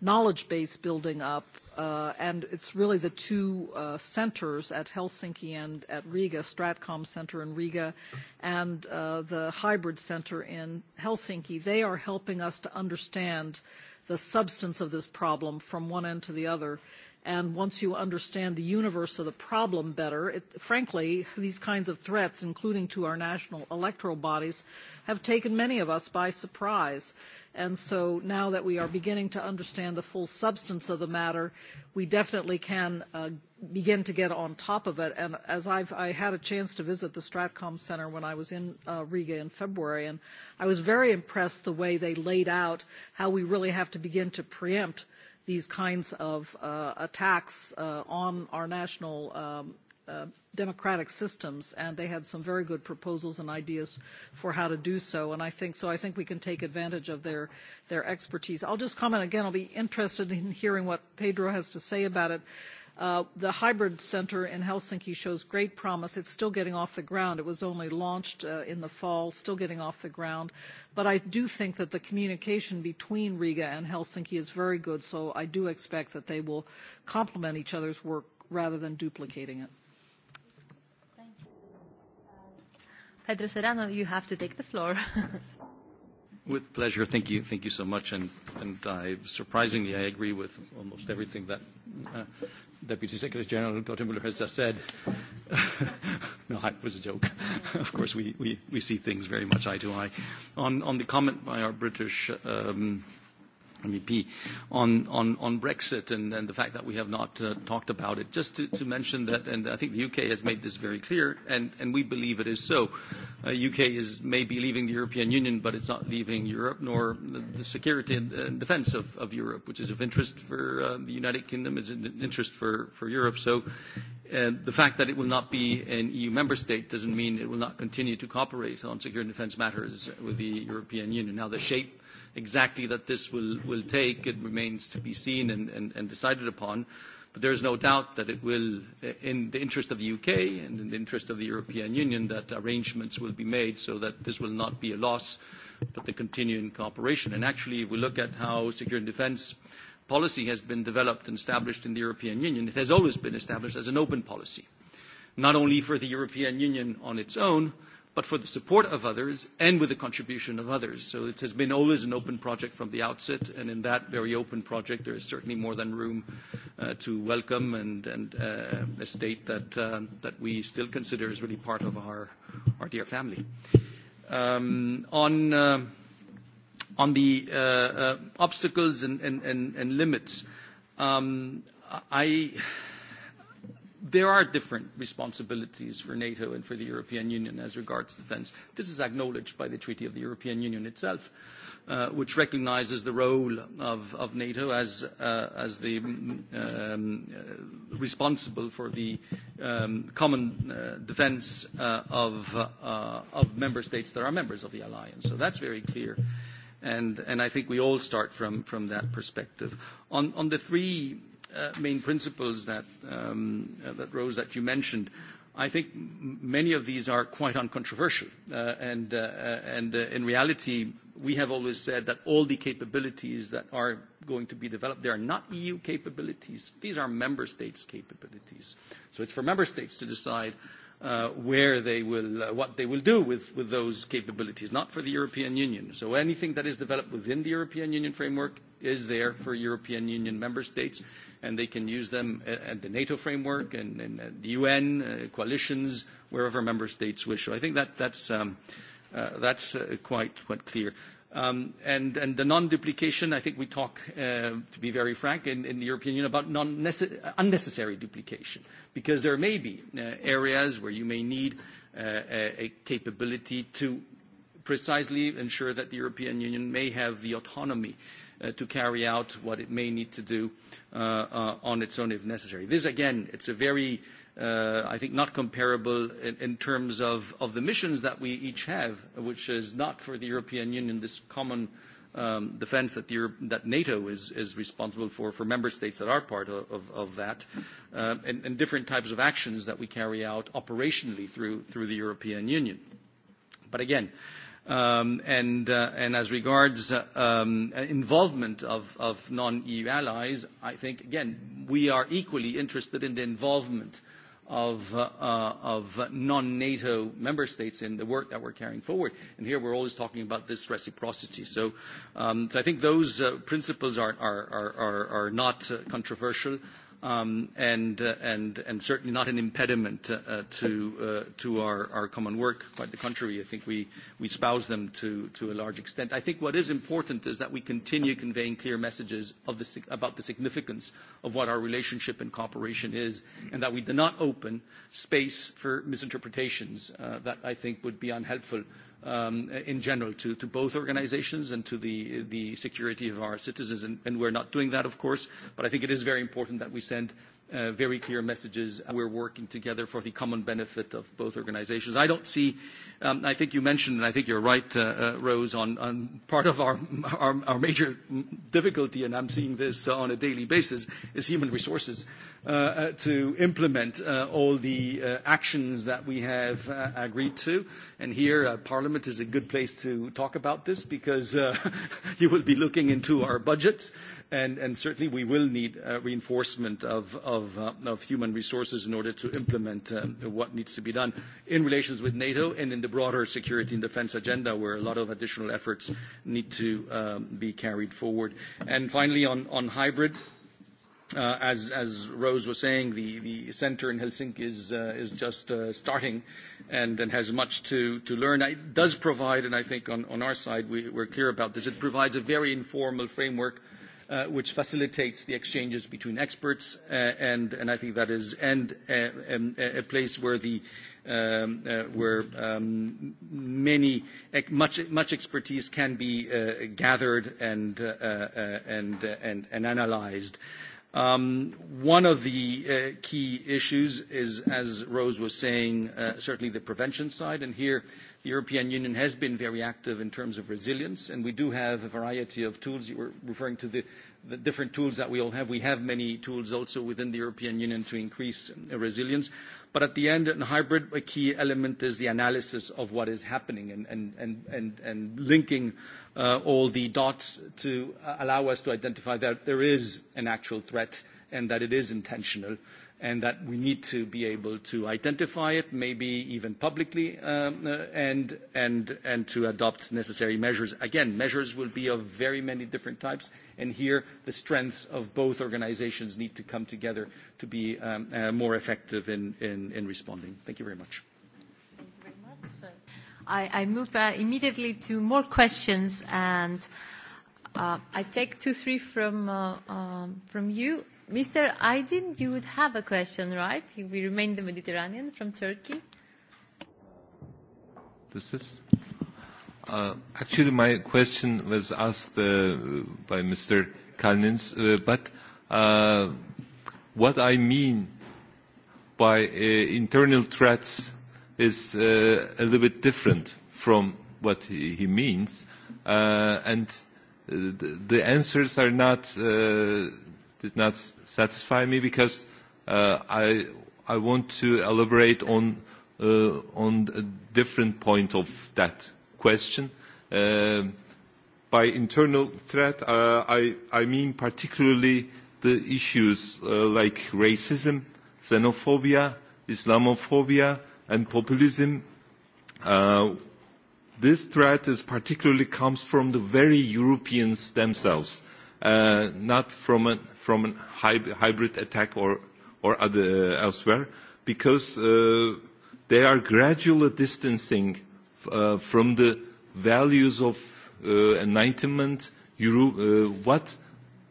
knowledge base building up, uh, and it's really the two uh, centers at Helsinki and at Riga, Stratcom Center in Riga and uh, the hybrid center in Helsinki. They are helping us to understand the substance of this problem from one end to the other. Uh, And once you understand the universe of the problem better, it, frankly, these kinds of threats, including to our national electoral bodies, have taken many of us by surprise. And so now that we are beginning to understand the full substance of the matter, we definitely can uh, begin to get on top of it. And as I've, I had a chance to visit the Stratcom Center when I was in uh, Riga in February, and I was very impressed the way they laid out how we really have to begin to preempt these kinds of uh, attacks uh, on our national um, uh, democratic systems, and they had some very good proposals and ideas for how to do so. And I think so. I think we can take advantage of their their expertise. I'll just comment again. I'll be interested in hearing what Pedro has to say about it Uh, the hybrid center in Helsinki shows great promise. It's still getting off the ground. It was only launched uh, in the fall, still getting off the ground. But I do think that the communication between Riga and Helsinki is very good, so I do expect that they will complement each other's work rather than duplicating it. Uh, Pedro Serrano, you have to take the floor. With pleasure. Thank you. Thank you so much. And, I, surprisingly, I agree with almost everything that uh, Deputy Secretary General Müller has just said. no, it was a joke. of course, we, we, we see things very much eye to eye. On, on the comment by our British um, MEP on, Brexit and, and the fact that we have not uh, talked about it. Just to, mention that, and I think the U.K. has made this very clear, and, we believe it is so. U.K. Uh, is maybe leaving the European Union, but it's not leaving Europe nor the security and defense of, Europe, which is of interest for uh, the United Kingdom, is an interest for Europe. So, the fact that it will not be an EU member state doesn't mean it will not continue to cooperate on security and defense matters with the European Union. Now, the shape exactly that this will, take, it remains to be seen and, and decided upon. But there is no doubt that it will, eh, in the interest of the U.K. and in the interest of the European Union, that arrangements will be made so that this will not be a loss, but the continuing cooperation. And actually, if we look at how security and defence policy has been developed and established in the European Union, it has always been established as an open policy, not only for the European Union on its own, but for the support of others and with the contribution of others. So it has been always an open project from the outset, and in that very open project, there is certainly more than room uh, to welcome and, and uh, a state that, uh, that we still consider is really part of our, our dear family. Um, on, uh, on the uh, uh, obstacles and, and, and limits, um, I there are different responsibilities for NATO and for the European Union as regards defence. This is acknowledged by the Treaty of the European Union itself, uh, which recognises the role of, of NATO as, uh, as the um, uh, responsible for the um, common uh, defence uh, of, uh, of, member states that are members of the alliance. So that's very clear. And, and I think we all start from, from that perspective. On, on the three Uh, main principles that, um, uh, that Rose, that you mentioned, I think many of these are quite uncontroversial. Uh, and, in reality, we have always said that all the capabilities that are going to be developed, they are not EU capabilities. These are member states' capabilities. So it's for member states to decide Uh, where they will, uh, what they will do with, with those capabilities, not for the European Union. So anything that is developed within the European Union framework is there for European Union member states, and they can use them at, the NATO framework and, and the UN uh, coalitions, wherever member states wish. So I think that, that's, um, that's quite, quite clear. Um, and, and the non-duplication, I think we talk, to be very frank, in, in the European Union about unnecessary duplication because there may be uh, areas where you may need uh, a, capability to precisely ensure that the European Union may have the autonomy uh, to carry out what it may need to do on its own if necessary. This, again, it's a very, I think, not comparable in, terms of, the missions that we each have, which is not for the European Union, this common um, defense that, Europe, that NATO is, is responsible for, for member states that are part of, of that, uh, and, and different types of actions that we carry out operationally through, through the European Union. But again, um, and, uh, and as regards uh, um, involvement of, of non-EU allies, I think, again, we are equally interested in the involvement uh, Uh, uh, of, non-NATO member states in the work that we're carrying forward. And here we're always talking about this reciprocity. So, um, so I think those uh, principles are, are, are, are not uh, controversial. Um, uh, and, certainly not an impediment uh, uh, to, our, common work. Quite the contrary, I think we, espouse them to, a large extent. I think what is important is that we continue conveying clear messages about the significance of what our relationship and cooperation is, and that we do not open space for misinterpretations that I think would be unhelpful um, in general to, to both organizations and to the, the security of our citizens. And, and we're not doing that, of course, but I think it is very important that we send Uh, very clear messages. We're working together for the common benefit of both organizations. I don't see, um, I think you mentioned, and I think you're right, uh, uh, Rose, on, part of our, our major difficulty, and I'm seeing this on a daily basis, is human resources to implement all the actions that we have agreed to. And here, Parliament is a good place to talk about this because you will be looking into our budgets. And, certainly, we will need uh, reinforcement uh, of, human resources in order to implement uh, what needs to be done in relations with NATO and in the broader security and defense agenda, where a lot of additional efforts need to um, be carried forward. And finally, on, hybrid, as, Rose was saying, the, center in Helsinki is, just starting and, has much to, learn. It does provide, and I think on, our side, we're clear about this, it provides a very informal framework uh, which facilitates the exchanges between experts, uh, and, and I think that is and uh, um, a, a place where the um, uh, where um, many much much expertise can be uh, gathered and and and and analyzed. Um, one of the uh, key issues is, as Rose was saying, uh, certainly the prevention side, and here the European Union has been very active in terms of resilience, and we do have a variety of tools. You were referring to the different tools that we all have. We have many tools also within the European Union to increase resilience. But at the end, in hybrid, a key element is the analysis of what is happening and, linking uh, all the dots to uh, allow us to identify that there is an actual threat and that it is intentional and that we need to be able to identify it, maybe even publicly, um, uh, and, and, and to adopt necessary measures. Again, measures will be of very many different types, and here the strengths of both organizations need to come together to be um, uh, more effective in, in, in responding. Thank you very much. Thank you very much. I, move uh, immediately to more questions, and uh, I take two, three from, uh, um, from you, Mr. Aydin, you would have a question, right? We remain the Mediterranean from Turkey. This is uh, actually my question was asked uh, by Mr. Kalnins, uh, but uh, what I mean by uh, internal threats is uh, a little bit different from what he, he means, uh, and uh, the, the answers are not. Uh, did not satisfy me because uh, I, I want to elaborate on, uh, on a different point of that question. Uh, by internal threat, uh, I, I mean particularly the issues uh, like racism, xenophobia, Islamophobia, and populism. Uh, this threat is particularly comes from the very Europeans themselves, uh, not from an from a hybrid attack or, or other, uh, elsewhere, because uh, they are gradually distancing uh, from the values of uh, enlightenment, Euro, uh, what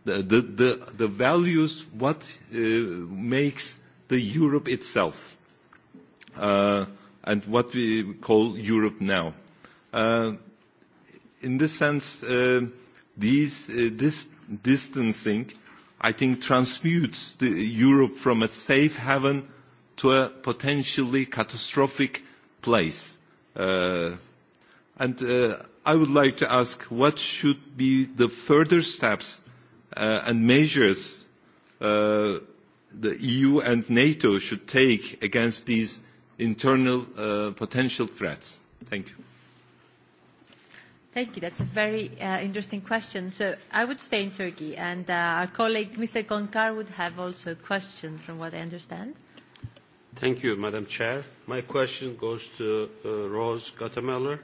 the, the, the, the values, what uh, makes the Europe itself, uh, and what we call Europe now. Uh, in this sense, uh, these, uh, this distancing uh, I think, transmutes the Europe from a safe haven to a potentially catastrophic place. Uh, and uh, I would like to ask what should be the further steps uh, and measures uh, the EU and NATO should take against these internal uh, potential threats? Thank you. Thank you. That's a very uh, interesting question. So I would stay in Turkey, and uh, our colleague, Mr. Konkar, would have also a question, from what I understand. Thank you, Madam Chair. My question goes to uh, Rose Gottemeller.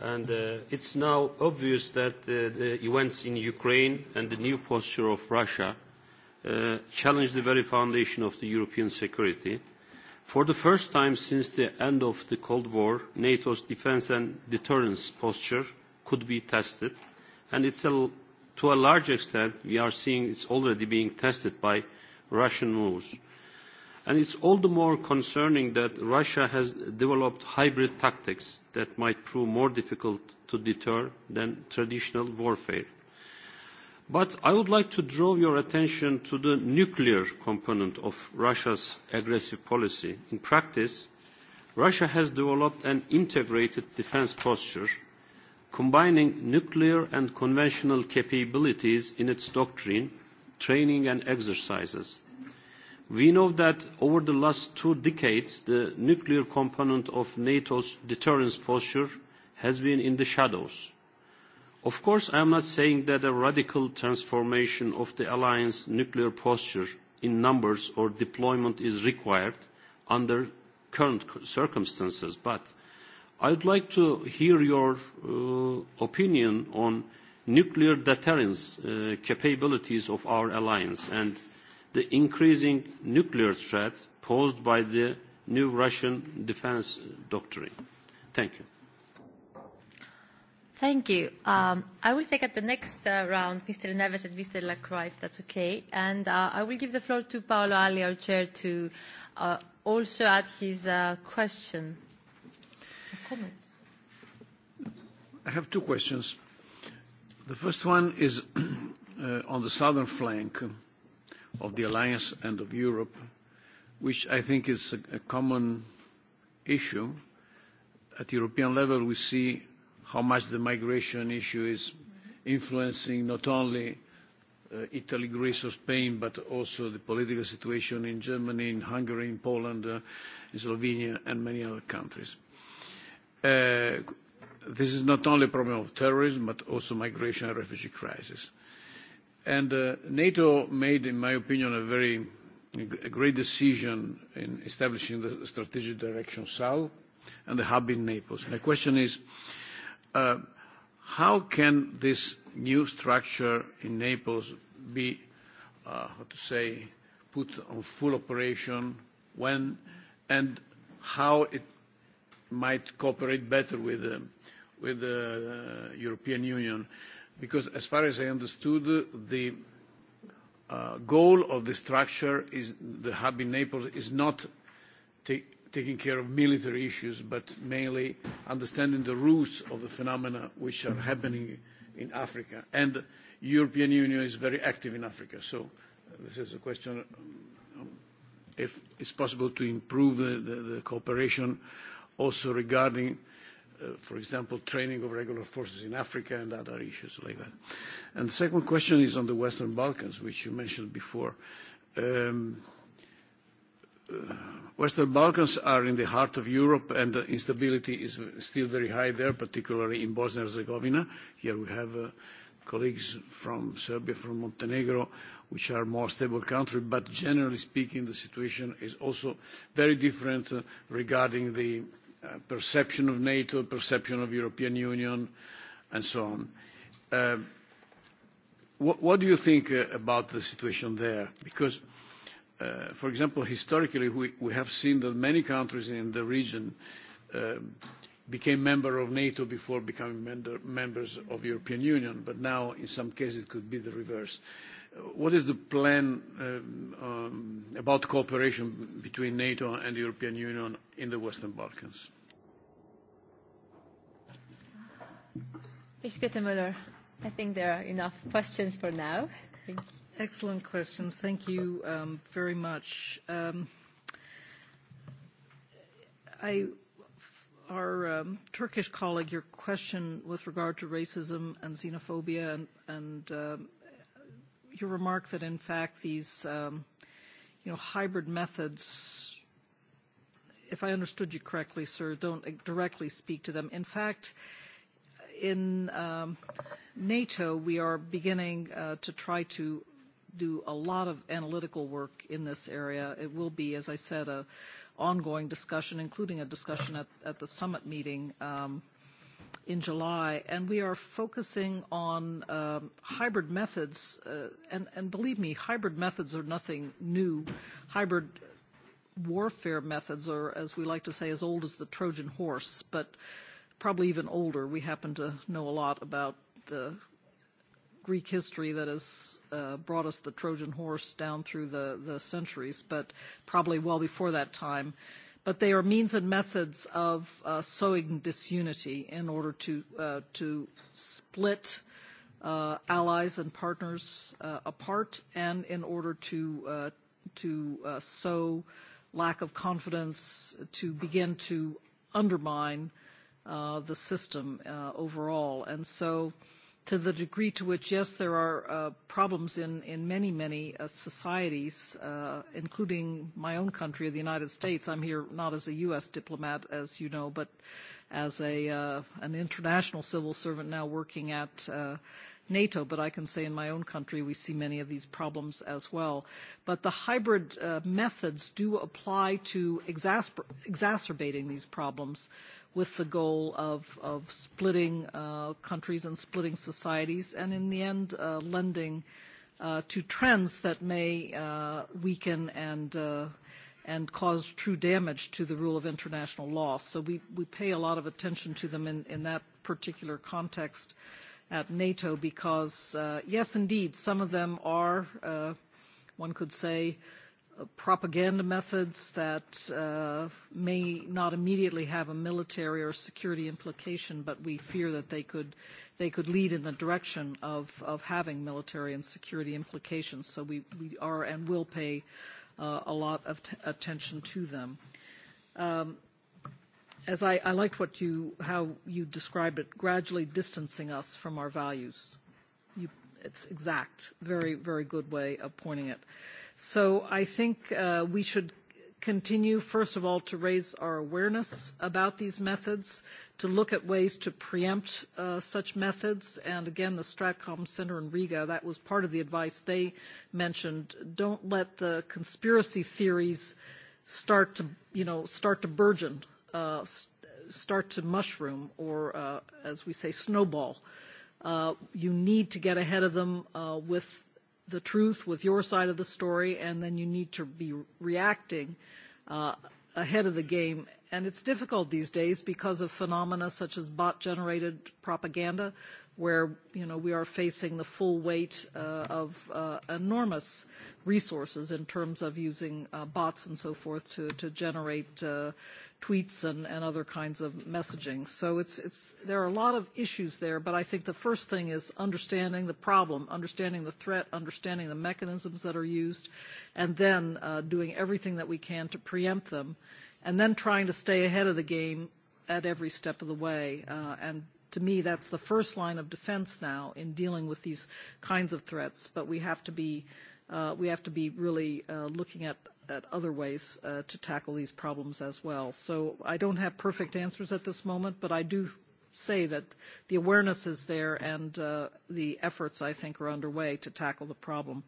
And uh, it's now obvious that uh, the events in Ukraine and the new posture of Russia uh, challenge the very foundation of the European security. For the first time since the end of the Cold War, NATO's defence and deterrence posture could be tested, and it's a, to a large extent, we are seeing it's already being tested by Russian moves. And it's all the more concerning that Russia has developed hybrid tactics that might prove more difficult to deter than traditional warfare. But I would like to draw your attention to the nuclear component of Russia's aggressive policy. In practice, Russia has developed an integrated defence posture combining nuclear and conventional capabilities in its doctrine, training and exercises. We know that over the last two decades, the nuclear component of NATO's deterrence posture has been in the shadows. Of course, I am not saying that a radical transformation of the alliance nuclear posture in numbers or deployment is required under current circumstances, but I'd like to hear your uh, opinion on nuclear deterrence uh, capabilities of our alliance and the increasing nuclear threat posed by the new Russian defense doctrine. Thank you. Thank you. Um, I will take at the next uh, round Mr. Neves and Mr. Lacroix, if that's okay. And uh, I will give the floor to Paolo Ali, our chair, to uh, also add his uh, question comments. I have two questions. The first one is uh, on the southern flank of the alliance and of Europe, which I think is a, common issue. At European level, we see how much the migration issue is influencing not only uh, Italy, Greece, or Spain, but also the political situation in Germany, in Hungary, in Poland, uh, in Slovenia, and many other countries. Uh, this is not only a problem of terrorism, but also migration and refugee crisis. And uh, NATO made, in my opinion, a very a great decision in establishing the strategic direction south and the hub in Naples. My question is, uh, how can this new structure in Naples be, uh, how to say, put on full operation when and how it might cooperate better with, uh, with the uh, European Union. Because as far as I understood, the uh, goal of the structure is the hub in Naples is not taking care of military issues, but mainly understanding the roots of the phenomena which are happening in Africa. And European Union is very active in Africa. So uh, this is a question um, if it's possible to improve the, the, the cooperation uh, also regarding, uh, for example, training of regular forces in Africa and other issues like that. And the second question is on the Western Balkans, which you mentioned before. Um, uh, Western Balkans are in the heart of Europe, and the instability is still very high there, particularly in Bosnia and Herzegovina. Here we have uh, colleagues from Serbia, from Montenegro, which are more stable country, but generally speaking, the situation is also very different uh, regarding the Uh, perception of NATO, perception of European Union, and so on. Uh, what, what do you think uh, about the situation there? Because, uh, for example, historically, we, we have seen that many countries in the region uh, became member of NATO before becoming member, members of European Union, but now, in some cases, it could be the reverse. Uh, What is the plan um, um, about cooperation between NATO and the European Union in the Western Balkans? Ms. Müller, I think there are enough questions for now. Excellent questions. Thank you um, very much. our Turkish colleague, your question with regard to racism and xenophobia and, your remark that in fact these um, you know hybrid methods, if I understood you correctly, sir, don't directly speak to them. In fact, in um, NATO, we are beginning uh, to try to do a lot of analytical work in this area. It will be, as I said, a ongoing discussion, including a discussion at, at the summit meeting. Um, in July, and we are focusing on um, hybrid methods. Uh, and, believe me, hybrid methods are nothing new. Hybrid warfare methods are, as we like to say, as old as the Trojan horse, but probably even older. We happen to know a lot about the Greek history that has uh, brought us the Trojan horse down through the, centuries, but probably well before that time but they are means and methods of uh, sowing disunity in order to, uh, to split uh, allies and partners uh, apart and in order to, uh, to uh, sow lack of confidence, to begin to undermine the system overall. And so to the degree to which, yes, there are uh, problems in, in many, many uh, societies, uh, including my own country, the United States. I'm here not as a U.S. diplomat, as you know, but as a, uh, an international civil servant now working at uh, NATO, but I can say in my own country we see many of these problems as well. But the hybrid uh, methods do apply to exacerbating these problems with the goal of, of splitting uh, countries and splitting societies, and in the end, uh, lending uh, to trends that may uh, weaken and uh, and cause true damage to the rule of international law. So we, we pay a lot of attention to them in, in that particular context at NATO because, uh, yes, indeed, some of them are, uh, one could say, uh, Uh, propaganda methods that uh, may not immediately have a military or security implication, but we fear that they could they could lead in the direction of of having military and security implications. So we we are and will pay uh, a lot of attention to them. Um, as I, I liked what you how you described it, gradually distancing us from our values. You, it's exact, very very good way of pointing it. Uh, So I think uh, we should continue, first of all, to raise our awareness about these methods, to look at ways to preempt uh, such methods. And again, the Stratcom Center in Riga, that was part of the advice they mentioned. Don't let the conspiracy theories start to, you know, start to burgeon, uh, start to mushroom, or uh, as we say, snowball. Uh, you need to get ahead of them uh, with the truth with your side of the story, and then you need to be reacting uh, ahead of the game. And it's difficult these days because of phenomena such as bot generated propaganda where we are facing the full weight uh, of uh, enormous resources in terms of using uh, bots and so forth to, generate tweets and, and other kinds of messaging. So it's, it's, there are a lot of issues there, but I think the first thing is understanding the problem, understanding the threat, understanding the mechanisms that are used, and then doing everything that we can to preempt them, and then trying to stay ahead of the game at every step of the way. And to me, that's the first line of defense now in dealing with these kinds of threats. But we have to be, uh, we have to be really uh, looking at, at other ways uh, to tackle these problems as well. So I don't have perfect answers at this moment, but I do say that the awareness is there and uh, the efforts, I think, are underway to tackle the problem.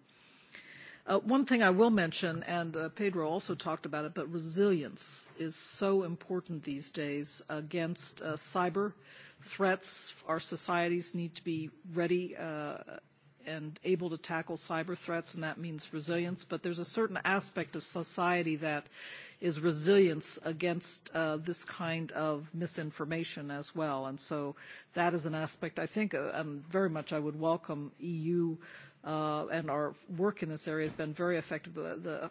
Uh, one thing I will mention, and uh, Pedro also talked about it, but resilience is so important these days against uh, cyber threats. Our societies need to be ready and able to tackle cyber threats, and that means resilience. But there's a certain aspect of society that is resilience against this kind of misinformation as well. And so that is an aspect I think very much I would welcome EU uh, and our work in this area has been very effective. The, the,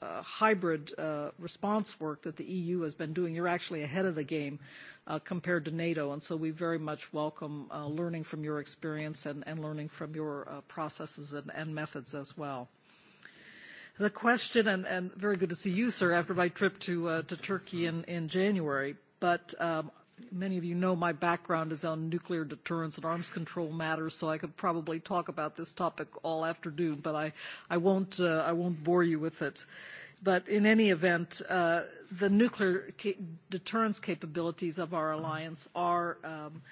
the uh, hybrid uh, response work that the EU has been doing, you're actually ahead of the game uh, compared to NATO, and so we very much welcome uh, learning from your experience and, and learning from your uh, processes and, and methods as well the question, and, and very good to see you, sir, after my trip to, uh, to Turkey in, in January. But um, many of you know my background is on nuclear deterrence and arms control matters, so I could probably talk about this topic all afternoon, but I, I, won't, uh, I won't bore you with it. But in any event, uh, the nuclear ca deterrence capabilities of our alliance are, um,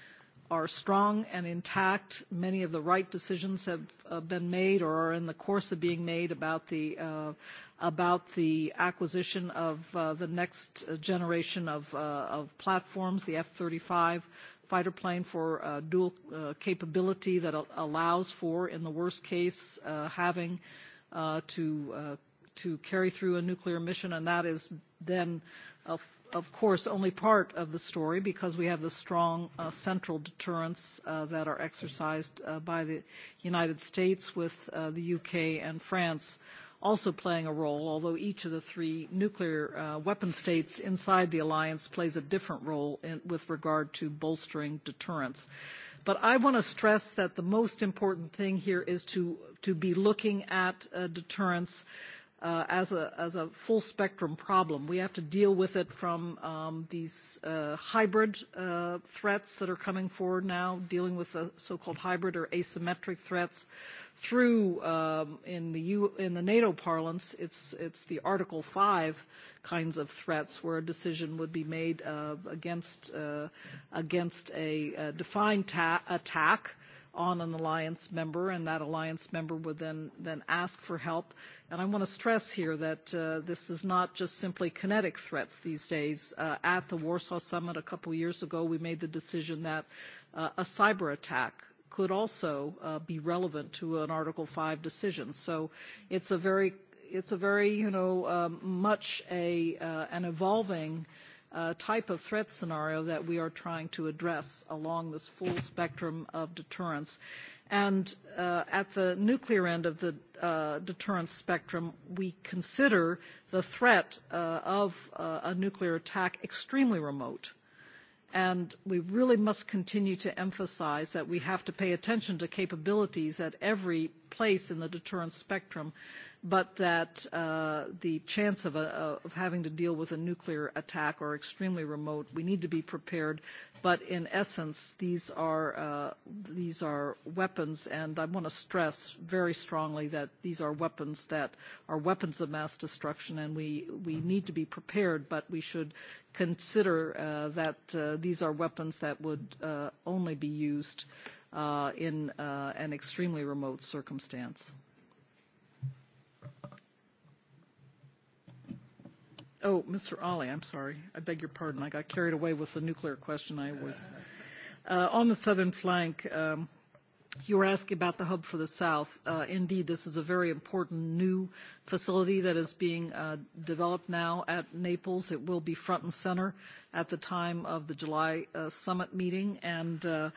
are strong and intact. Many of the right decisions have uh, been made or are in the course of being made about the uh, about the acquisition of uh, the next generation of, uh, platforms, the F-35 fighter plane for uh, dual capability that allows for, in the worst case, having to, carry through a nuclear mission. And that is then, of course, only part of the story because we have the strong central deterrence that are exercised by the United States with the U.K. and France also playing a role, although each of the three nuclear uh, weapon states inside the alliance plays a different role in, with regard to bolstering deterrence. But I want to stress that the most important thing here is to, to be looking at uh, deterrence uh, as, a, as a full spectrum problem. We have to deal with it from um, these uh, hybrid uh, threats that are coming forward now, dealing with the so-called hybrid or asymmetric threats, through um, in the U, in the NATO parlance, it's it's the Article Five kinds of threats where a decision would be made uh, against uh, against a, a defined attack on an alliance member, and that alliance member would then, then ask for help. And I want to stress here that uh, this is not just simply kinetic threats these days. Uh, at the Warsaw Summit a couple years ago, we made the decision that uh, a cyber attack could also uh, be relevant to an Article 5 decision. So it's a very, it's a very you know, um, much a, uh, an evolving – uh, type of threat scenario that we are trying to address along this full spectrum of deterrence. And uh, at the nuclear end of the uh, deterrence spectrum, we consider the threat uh, of uh, a nuclear attack extremely remote. And we really must continue to emphasize that we have to pay attention to capabilities at every place in the deterrence spectrum but that uh, the chance of, a, uh, of having to deal with a nuclear attack are extremely remote. We need to be prepared, but in essence, these are uh, these are weapons, and I want to stress very strongly that these are weapons that are weapons of mass destruction, and we we need to be prepared, but we should consider uh, that uh, these are weapons that would uh, only be used uh, in uh, an extremely remote circumstance. Oh, Mr. Ali, I'm sorry. I beg your pardon. I got carried away with the nuclear question. I was uh, on the southern flank. Um, you were asking about the hub for the south. Uh, indeed, this is a very important new facility that is being uh, developed now at Naples. It will be front and center at the time of the July uh, summit meeting, and uh,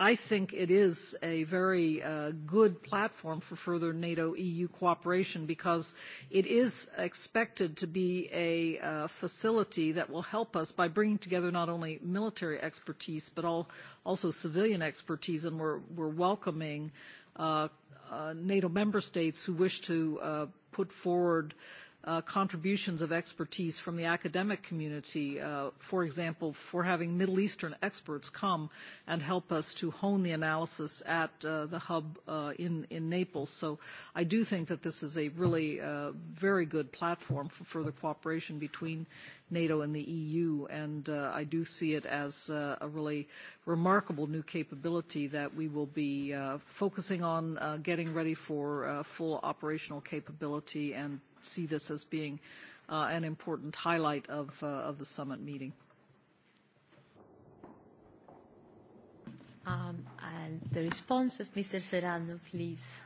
I think it is a very uh, good platform for further NATO-EU cooperation because it is expected to be a uh, facility that will help us by bringing together not only military expertise but all, also civilian expertise, and we're, we're welcoming uh, uh NATO member states who wish to uh, put forward uh, uh, contributions of expertise from the academic community, uh, for example, for having Middle Eastern experts come and help us to hone the analysis at uh, the hub uh, in, in Naples. So I do think that this is a really uh, very good platform for further cooperation between NATO and the EU, and uh, I do see it as uh, a really remarkable new capability that we will be uh, focusing on uh, getting ready for uh, full operational capability and see this as being uh, an important highlight of, uh, of the summit meeting. Um, and the response of Mr. Serrano, please.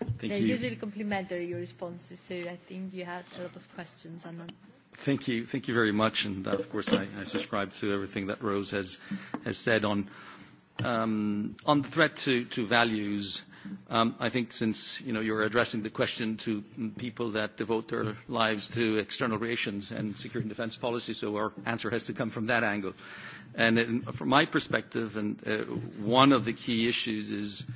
Thank They're you. usually complimentary, your responses, so I think you had a lot of questions unanswered. Thank you. Thank you very much. And uh, of course, I, I subscribe to everything that Rose has, has said on, um, on the threat to, to values Um, I think since, you know, you're addressing the question to people that devote their lives to external relations and security and defense policy, so our answer has to come from that angle. And from my perspective, and uh, one of the key issues is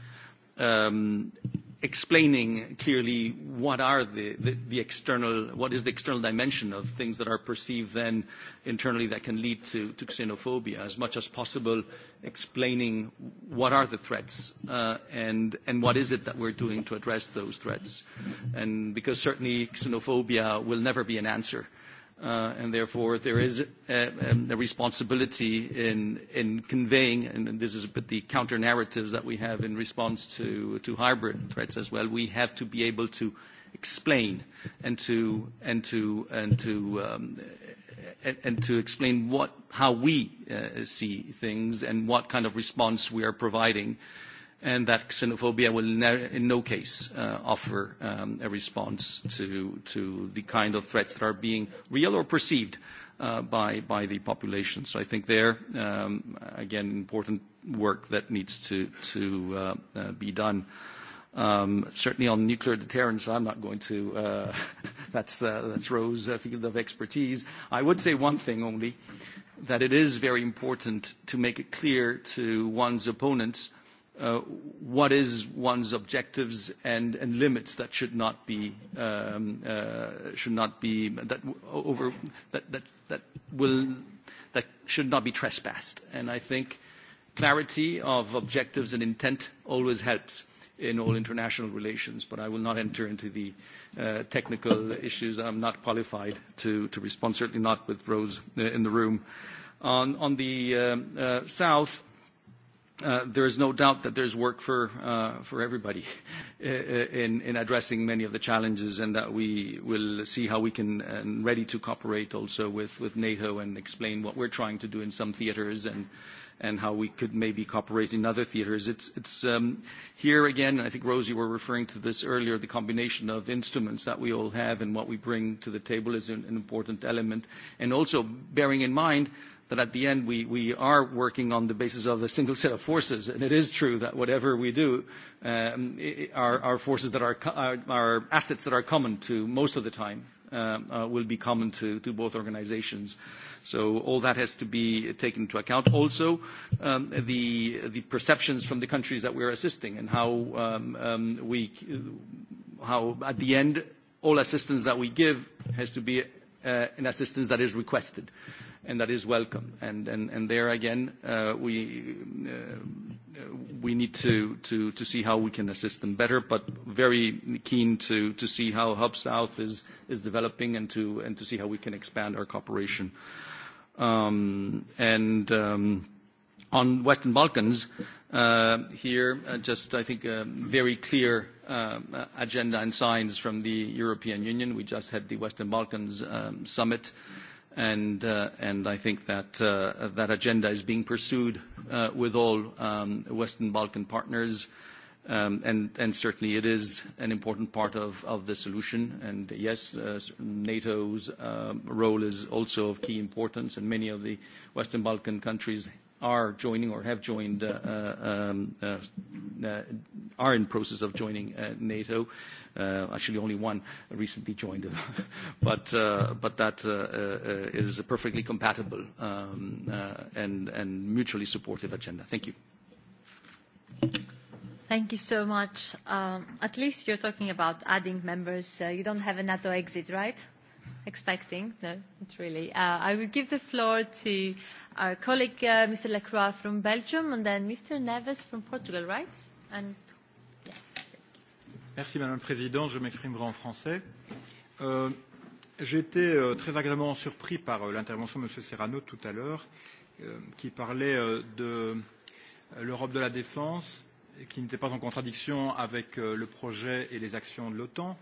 um, explaining clearly what are the, the, the external, what is the external dimension of things that are perceived then internally that can lead to, to xenophobia, as much as possible explaining what are the threats uh, and, and what is it that we're doing to address those threats. And because certainly xenophobia will never be an answer Uh, and therefore there is a, responsibility in, in conveying, and this is a bit the counter-narratives that we have in response to, to hybrid threats as well. We have to be able to explain and to, and to, and to, um, and to explain what, how we uh, see things and what kind of response we are providing. Uh, and that xenophobia will in no case uh, offer um, a response to, to the kind of threats that are being real or perceived uh, by, by the population. So I think there, um, again, important work that needs to, to uh, uh be done. Um, certainly on nuclear deterrence, I'm not going to. Uh, that's, uh, that's Rose's field of expertise. I would say one thing only, that it is very important to make it clear to one's opponents Uh, what is one's objectives and, limits that should not be um, uh, should not be that over that that will that should not be trespassed. And I think clarity of objectives and intent always helps in all international relations. But I will not enter into the uh, technical issues. I'm not qualified to to respond. Certainly not with Rose in the room. On on the um, south. Uh, there is no doubt that there's work for uh, everybody uh, in addressing many of the challenges, and that we will see how we can and ready to cooperate also with NATO and explain what we're trying to do in some theaters and how we could maybe cooperate in other theaters. It's um, here again, I think, Rosie, were referring to this earlier, the combination of instruments that we all have and what we bring to the table is an, an important element. and Also bearing in mind that at the end we, we are working on the basis of a single set of forces. And it is true that whatever we do um, our, our forces that are, uh, our, assets that are common to most of the time. Um, uh, will be common to, to both organizations. So all that has to be taken into account. Also, um, the, the perceptions from the countries that we're assisting and how um, um, we, how at the end, all assistance that we give has to be uh, an assistance that is requested. Uh, and that is welcome. And, there again, uh, uh, we, need to, see how we can assist them better, but very keen to, see how Hub South is, developing and to see how we can expand our cooperation. Um, and um, on Western Balkans, uh, here, just I think a very clear agenda and signs from the European Union. We just had the Western Balkans um, summit Uh, and I think uh, that agenda is being pursued uh, with all um, Western Balkan partners, um, and certainly it is an important part of the solution. And yes, NATO's um, role is also of key importance, and many of the Western Balkan countries are joining or have joined, uh, uh, um, uh, are in process of joining NATO. Actually, only one recently joined, but, but that is a perfectly compatible um, and, and mutually supportive agenda. Thank you. Thank you so much. Um, at least you're talking about adding members. you don't have a NATO exit, right? expecting. No, not really. Uh, I will give the floor to our colleague, uh, Mr. Lacroix from Belgium, and then Mr. Neves from Portugal, right? And yes. Merci, Madame la Présidente. Je m'exprimerai en français. Euh, J'ai été euh, très agréablement surpris par euh, l'intervention de Monsieur Serrano tout à l'heure, euh, qui parlait euh, de l'Europe de la défense, qui n'était pas en contradiction avec euh, le projet et les actions de l'OTAN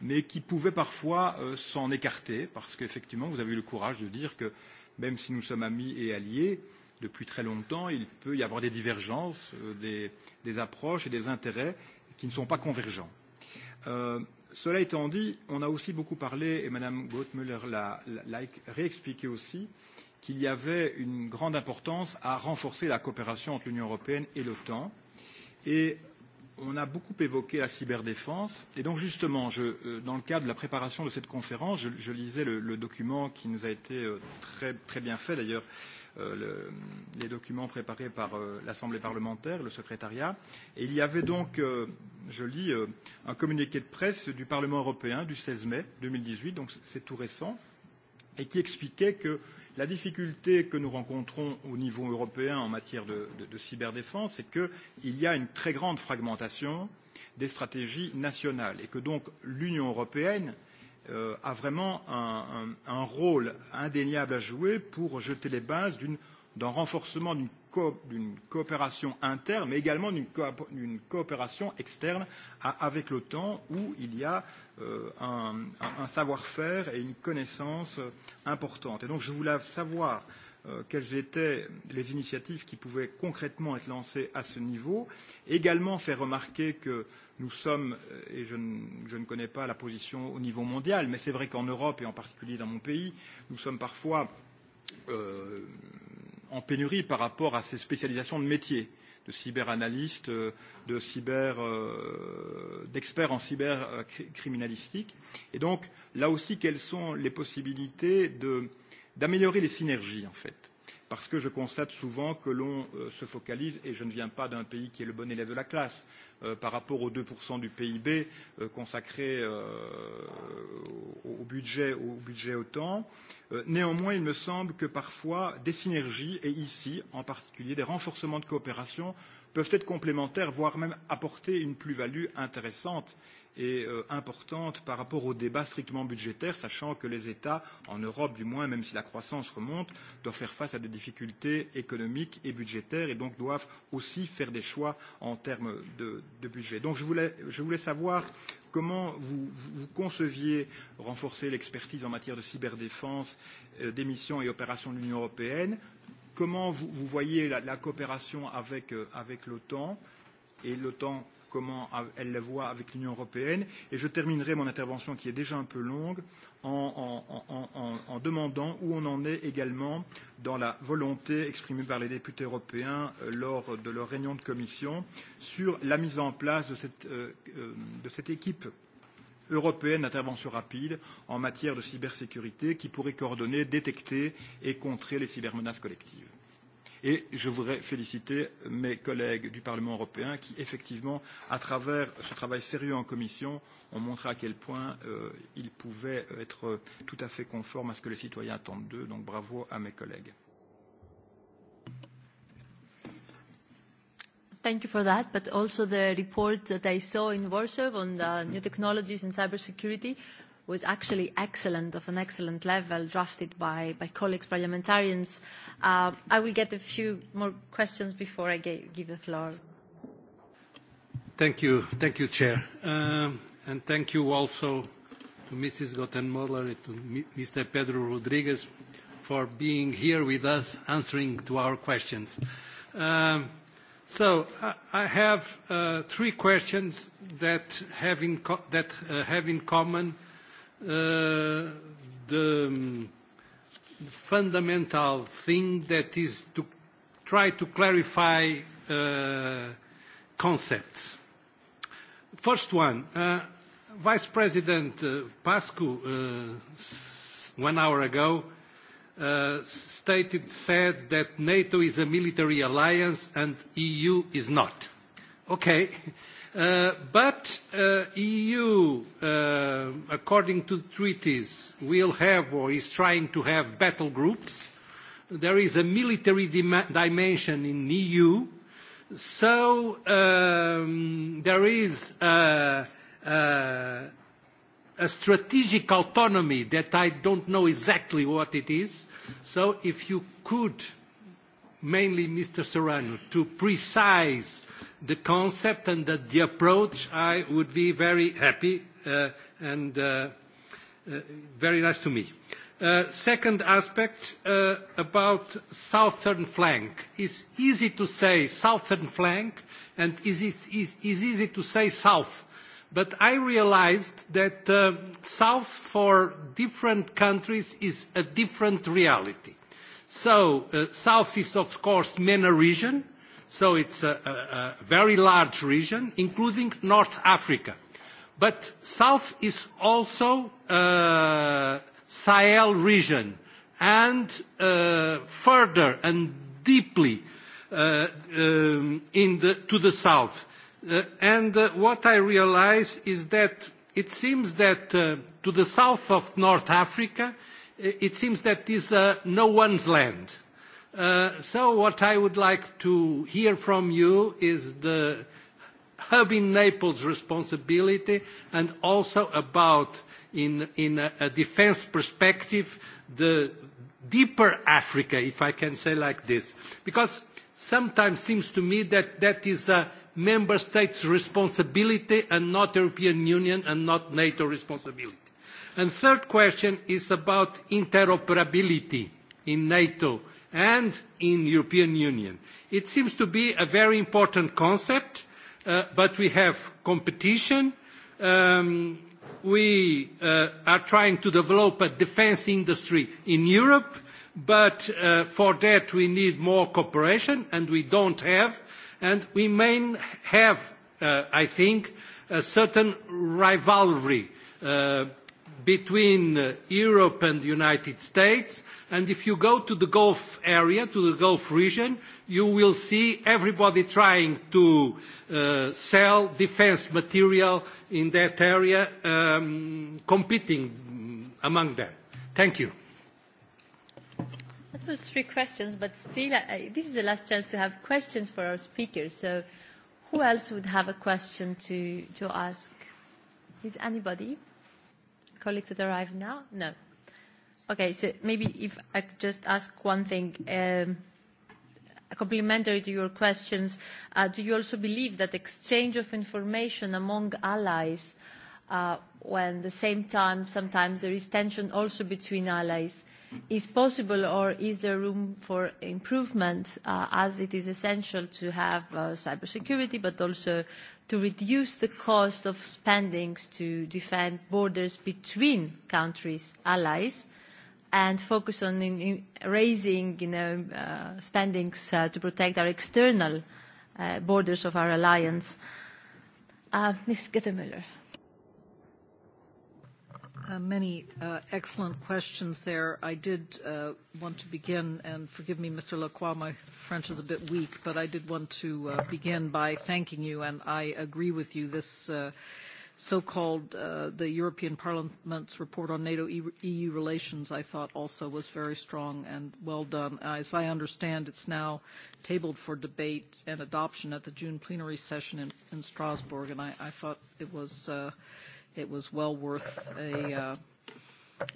mais qui pouvaient parfois euh, s'en écarter, parce qu'effectivement, vous avez eu le courage de dire que même si nous sommes amis et alliés, depuis très longtemps, il peut y avoir des divergences, euh, des, des approches et des intérêts qui ne sont pas convergents. Euh, cela étant dit, on a aussi beaucoup parlé, et Mme Gottmüller l'a réexpliqué aussi, qu'il y avait une grande importance à renforcer la coopération entre l'Union européenne et l'OTAN. Et on a beaucoup évoqué la cyberdéfense. Et donc justement, je, euh, dans le cadre de la préparation de cette conférence, je, je lisais le, le document qui nous a été euh, très, très bien fait d'ailleurs, euh, le, les documents préparés par euh, l'Assemblée parlementaire, le secrétariat. Et il y avait donc, euh, je lis, euh, un communiqué de presse du Parlement européen du 16 mai 2018, donc c'est tout récent, et qui expliquait que euh, La difficulté que nous rencontrons au niveau européen en matière de, de, de cyberdéfense, c'est qu'il y a une très grande fragmentation des stratégies nationales et que donc l'Union européenne euh, a vraiment un, un, un rôle indéniable à jouer pour jeter les bases d'un renforcement d'une co coopération interne, mais également d'une co coopération externe à, avec l'OTAN, où il y a euh, un, un savoir-faire et une connaissance euh, importante. Et donc je voulais savoir euh, quelles étaient les initiatives qui pouvaient concrètement être lancées à ce niveau. Également faire remarquer que nous sommes, euh, et je ne, je ne connais pas la position au niveau mondial, mais c'est vrai qu'en Europe et en particulier dans mon pays, nous sommes parfois euh, en pénurie par rapport à ces spécialisations de métiers de cyberanalystes, de cyber, euh, d'experts en cybercriminalistique. Euh, et donc, là aussi, quelles sont les possibilités de, d'améliorer les synergies, en fait parce que je constate souvent que l'on euh, se focalise, et je ne viens pas d'un pays qui est le bon élève de la classe, Euh, par rapport aux 2% du PIB euh, consacrés euh, au, budget, au budget OTAN. Euh, néanmoins, il me semble que parfois des synergies, et ici en particulier des renforcements de coopération, peuvent être complémentaires, voire même apporter une plus-value intéressante et euh, importante par rapport au débat strictement budgétaire, sachant que les États, en Europe du moins, même si la croissance remonte, doivent faire face à des difficultés économiques et budgétaires et donc doivent aussi faire des choix en termes de, de budget. Donc je voulais, je voulais savoir comment vous, vous conceviez renforcer l'expertise en matière de cyberdéfense, euh, d'émissions et opérations de l'Union européenne, comment vous, vous voyez la, la coopération avec, euh, avec l'OTAN et l'OTAN, comment elle la voit avec l'Union européenne. Et je terminerai mon intervention, qui est déjà un peu longue, en, en, en, en, en demandant où on en est également dans la volonté exprimée par les députés européens euh, lors de leur réunion de commission sur la mise en place de cette, euh, euh de cette équipe euh, européenne d'intervention rapide en matière de cybersécurité qui pourrait coordonner, détecter et contrer les cybermenaces collectives. Et je voudrais féliciter mes collègues du Parlement européen qui, effectivement, à travers ce travail sérieux en commission, ont montré à quel point euh, ils pouvaient être tout à fait conformes à ce que les citoyens attendent d'eux. Donc bravo à mes collègues. Thank you for that, but also the report that I saw in Warsaw on the new technologies in cybersecurity was actually excellent, of an excellent level, drafted by, by colleagues, parliamentarians. Uh, I will get a few more questions before I get, give the floor. Thank you. Thank you, Chair. Um, and thank you also to Mrs. Gottenmoller and to Mr. Pedro Rodriguez for being here with us, answering to our questions. Um, So I have uh, three questions that have in, co that, uh, have in common uh, the um, fundamental thing that is to try to clarify uh, concepts. First one, uh, Vice President uh, Pascu, one hour ago, Uh, stated, said that NATO is a military alliance and EU is not. Okay, uh, but uh, EU, uh, according to treaties, will have or is trying to have battle groups. There is a military dimension in EU, so um, there is a, a, a strategic autonomy that I don't know exactly what it is, So if you could, mainly Mr. Serrano, to precise the concept and the, the approach, I would be very happy uh, and uh, uh, very nice to me. Uh, second aspect uh, about southern flank. It's easy to say southern flank and is, is, is easy to say south but I realized that uh, South for different countries is a different reality. So uh, South is, of course, MENA region, so it's a, a, a very large region, including North Africa. But South is also uh, Sahel region, and uh, further and deeply uh, um, in the, to the south. Uh, and uh, what I realize is that it seems that uh, to the south of North Africa, uh, it seems that is uh, no one's land. Uh, so what I would like to hear from you is the hub in Naples responsibility and also about, in, in a, a defense perspective, the deeper Africa, if I can say like this. Because sometimes seems to me that that is a member states' responsibility and not European Union and not NATO responsibility. And third question is about interoperability in NATO and in European Union. It seems to be a very important concept, uh, but we have competition. Um, we uh, are trying to develop a defence industry in Europe, but uh, for that we need more cooperation, and we don't have and we may have, uh, I think, a certain rivalry uh, between uh, Europe and the United States. And if you go to the Gulf area, to the Gulf region, you will see everybody trying to uh, sell defense material in that area, um, competing mm, among them. Thank you. That was three questions, but still, I, this is the last chance to have questions for our speakers. So who else would have a question to, to ask? Is anybody? Colleagues that arrive now? No. Okay, so maybe if I could just ask one thing. Um, complementary to your questions, uh, do you also believe that exchange of information among allies uh, when at the same time sometimes there is tension also between allies is possible or is there room for improvement uh, as it is essential to have uh, cybersecurity but also to reduce the cost of spending to defend borders between countries, allies, and focus on in, in raising you know, uh, spendings uh, to protect our external uh, borders of our alliance. Uh, Ms. Uh, many uh, excellent questions there. I did uh, want to begin, and forgive me, Mr. Lacroix, my French is a bit weak, but I did want to uh, begin by thanking you, and I agree with you. This uh, so-called the European Parliament's report on NATO-EU e relations, I thought also was very strong and well done. As I understand, it's now tabled for debate and adoption at the June plenary session in, in Strasbourg, and I, I thought it was it was well worth a, uh,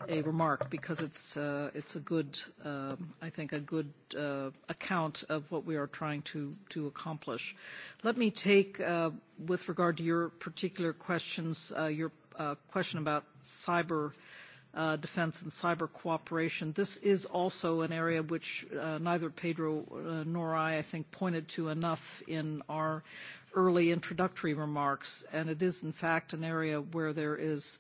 a remark because it's, uh, it's a good, um, I think, a good uh, account of what we are trying to, to accomplish. Let me take, uh, with regard to your particular questions, uh, your uh, question about cyber Uh, defense and cyber cooperation. This is also an area which uh, neither Pedro uh, nor I, I think, pointed to enough in our early introductory remarks, and it is in fact an area where there is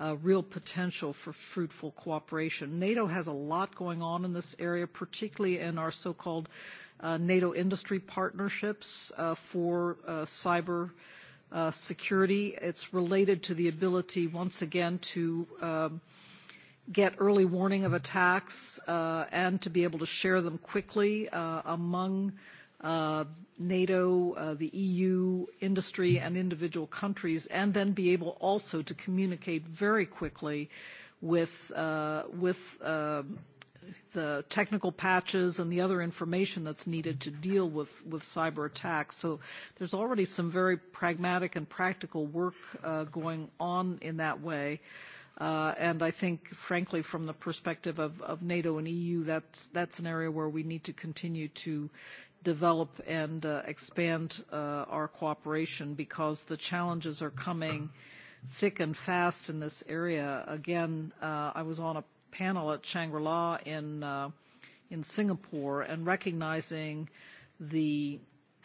uh, real potential for fruitful cooperation. NATO has a lot going on in this area, particularly in our so-called uh, NATO industry partnerships uh, for cyber security. It's related to the ability, once again, to um, get early warning of attacks and to be able to share them quickly among Uh, NATO, uh, the EU, industry, and individual countries, and then be able also to communicate very quickly with, uh, with um, the technical patches and the other information that's needed to deal with, with cyber attacks. So there's already some very pragmatic and practical work uh, going on in that way. Uh, and I think, frankly, from the perspective of, of NATO and EU, that's, that's an area where we need to continue to develop and uh, expand uh, our cooperation because the challenges are coming thick and fast in this area. Again, uh, I was on a panel at Shangri-La in, in Singapore and recognizing the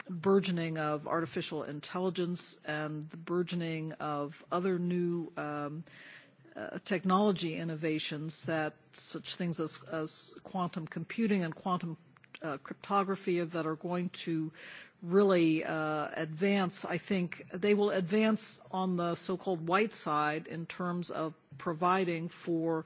burgeoning of artificial intelligence and the burgeoning of other new um, technology innovations that such things as quantum computing and quantum uh, cryptography that are going to really uh, advance, I think they will advance on the so-called white side in terms of providing for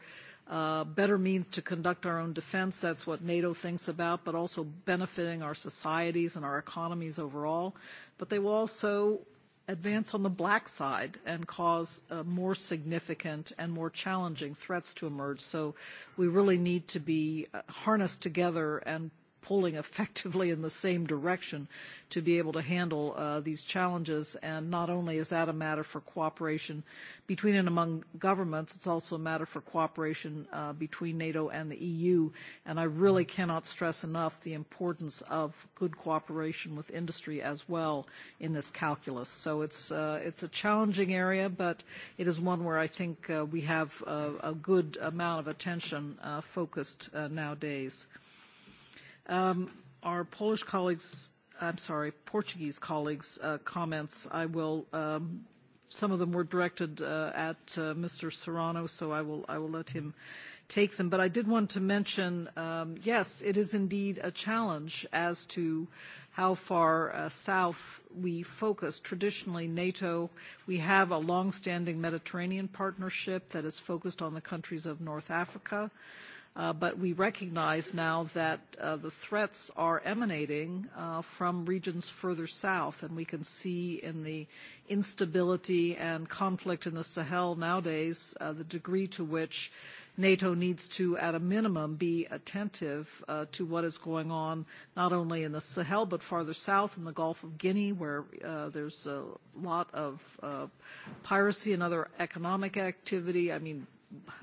uh, better means to conduct our own defense. That's what NATO thinks about, but also benefiting our societies and our economies overall. But they will also advance on the black side and cause uh, more significant and more challenging threats to emerge. So we really need to be uh, harnessed together and pulling effectively in the same direction to be able to handle uh, these challenges. And not only is that a matter for cooperation between and among governments, it's also a matter for cooperation uh, between NATO and the EU. And I really mm-hmm. cannot stress enough the importance of good cooperation with industry as well in this calculus. So it's, uh, it's a challenging area, but it is one where I think uh, we have a good amount of attention uh, focused uh, nowadays. Um, our Polish colleagues, I'm sorry, Portuguese colleagues' uh, comments, I will, um, some of them were directed uh, at uh, Mr. Serrano, so I will, I will let him take them. But I did want to mention, um, yes, it is indeed a challenge as to how far uh, south we focus. Traditionally, NATO, we have a long-standing Mediterranean partnership that is focused on the countries of North Africa. Uh, Uh, but we recognize now that uh, the threats are emanating uh, from regions further south, and we can see in the instability and conflict in the Sahel nowadays uh, the degree to which NATO needs to, at a minimum, be attentive uh, to what is going on not only in the Sahel but farther south in the Gulf of Guinea, where uh, there's a lot of uh, piracy and other economic activity. I mean,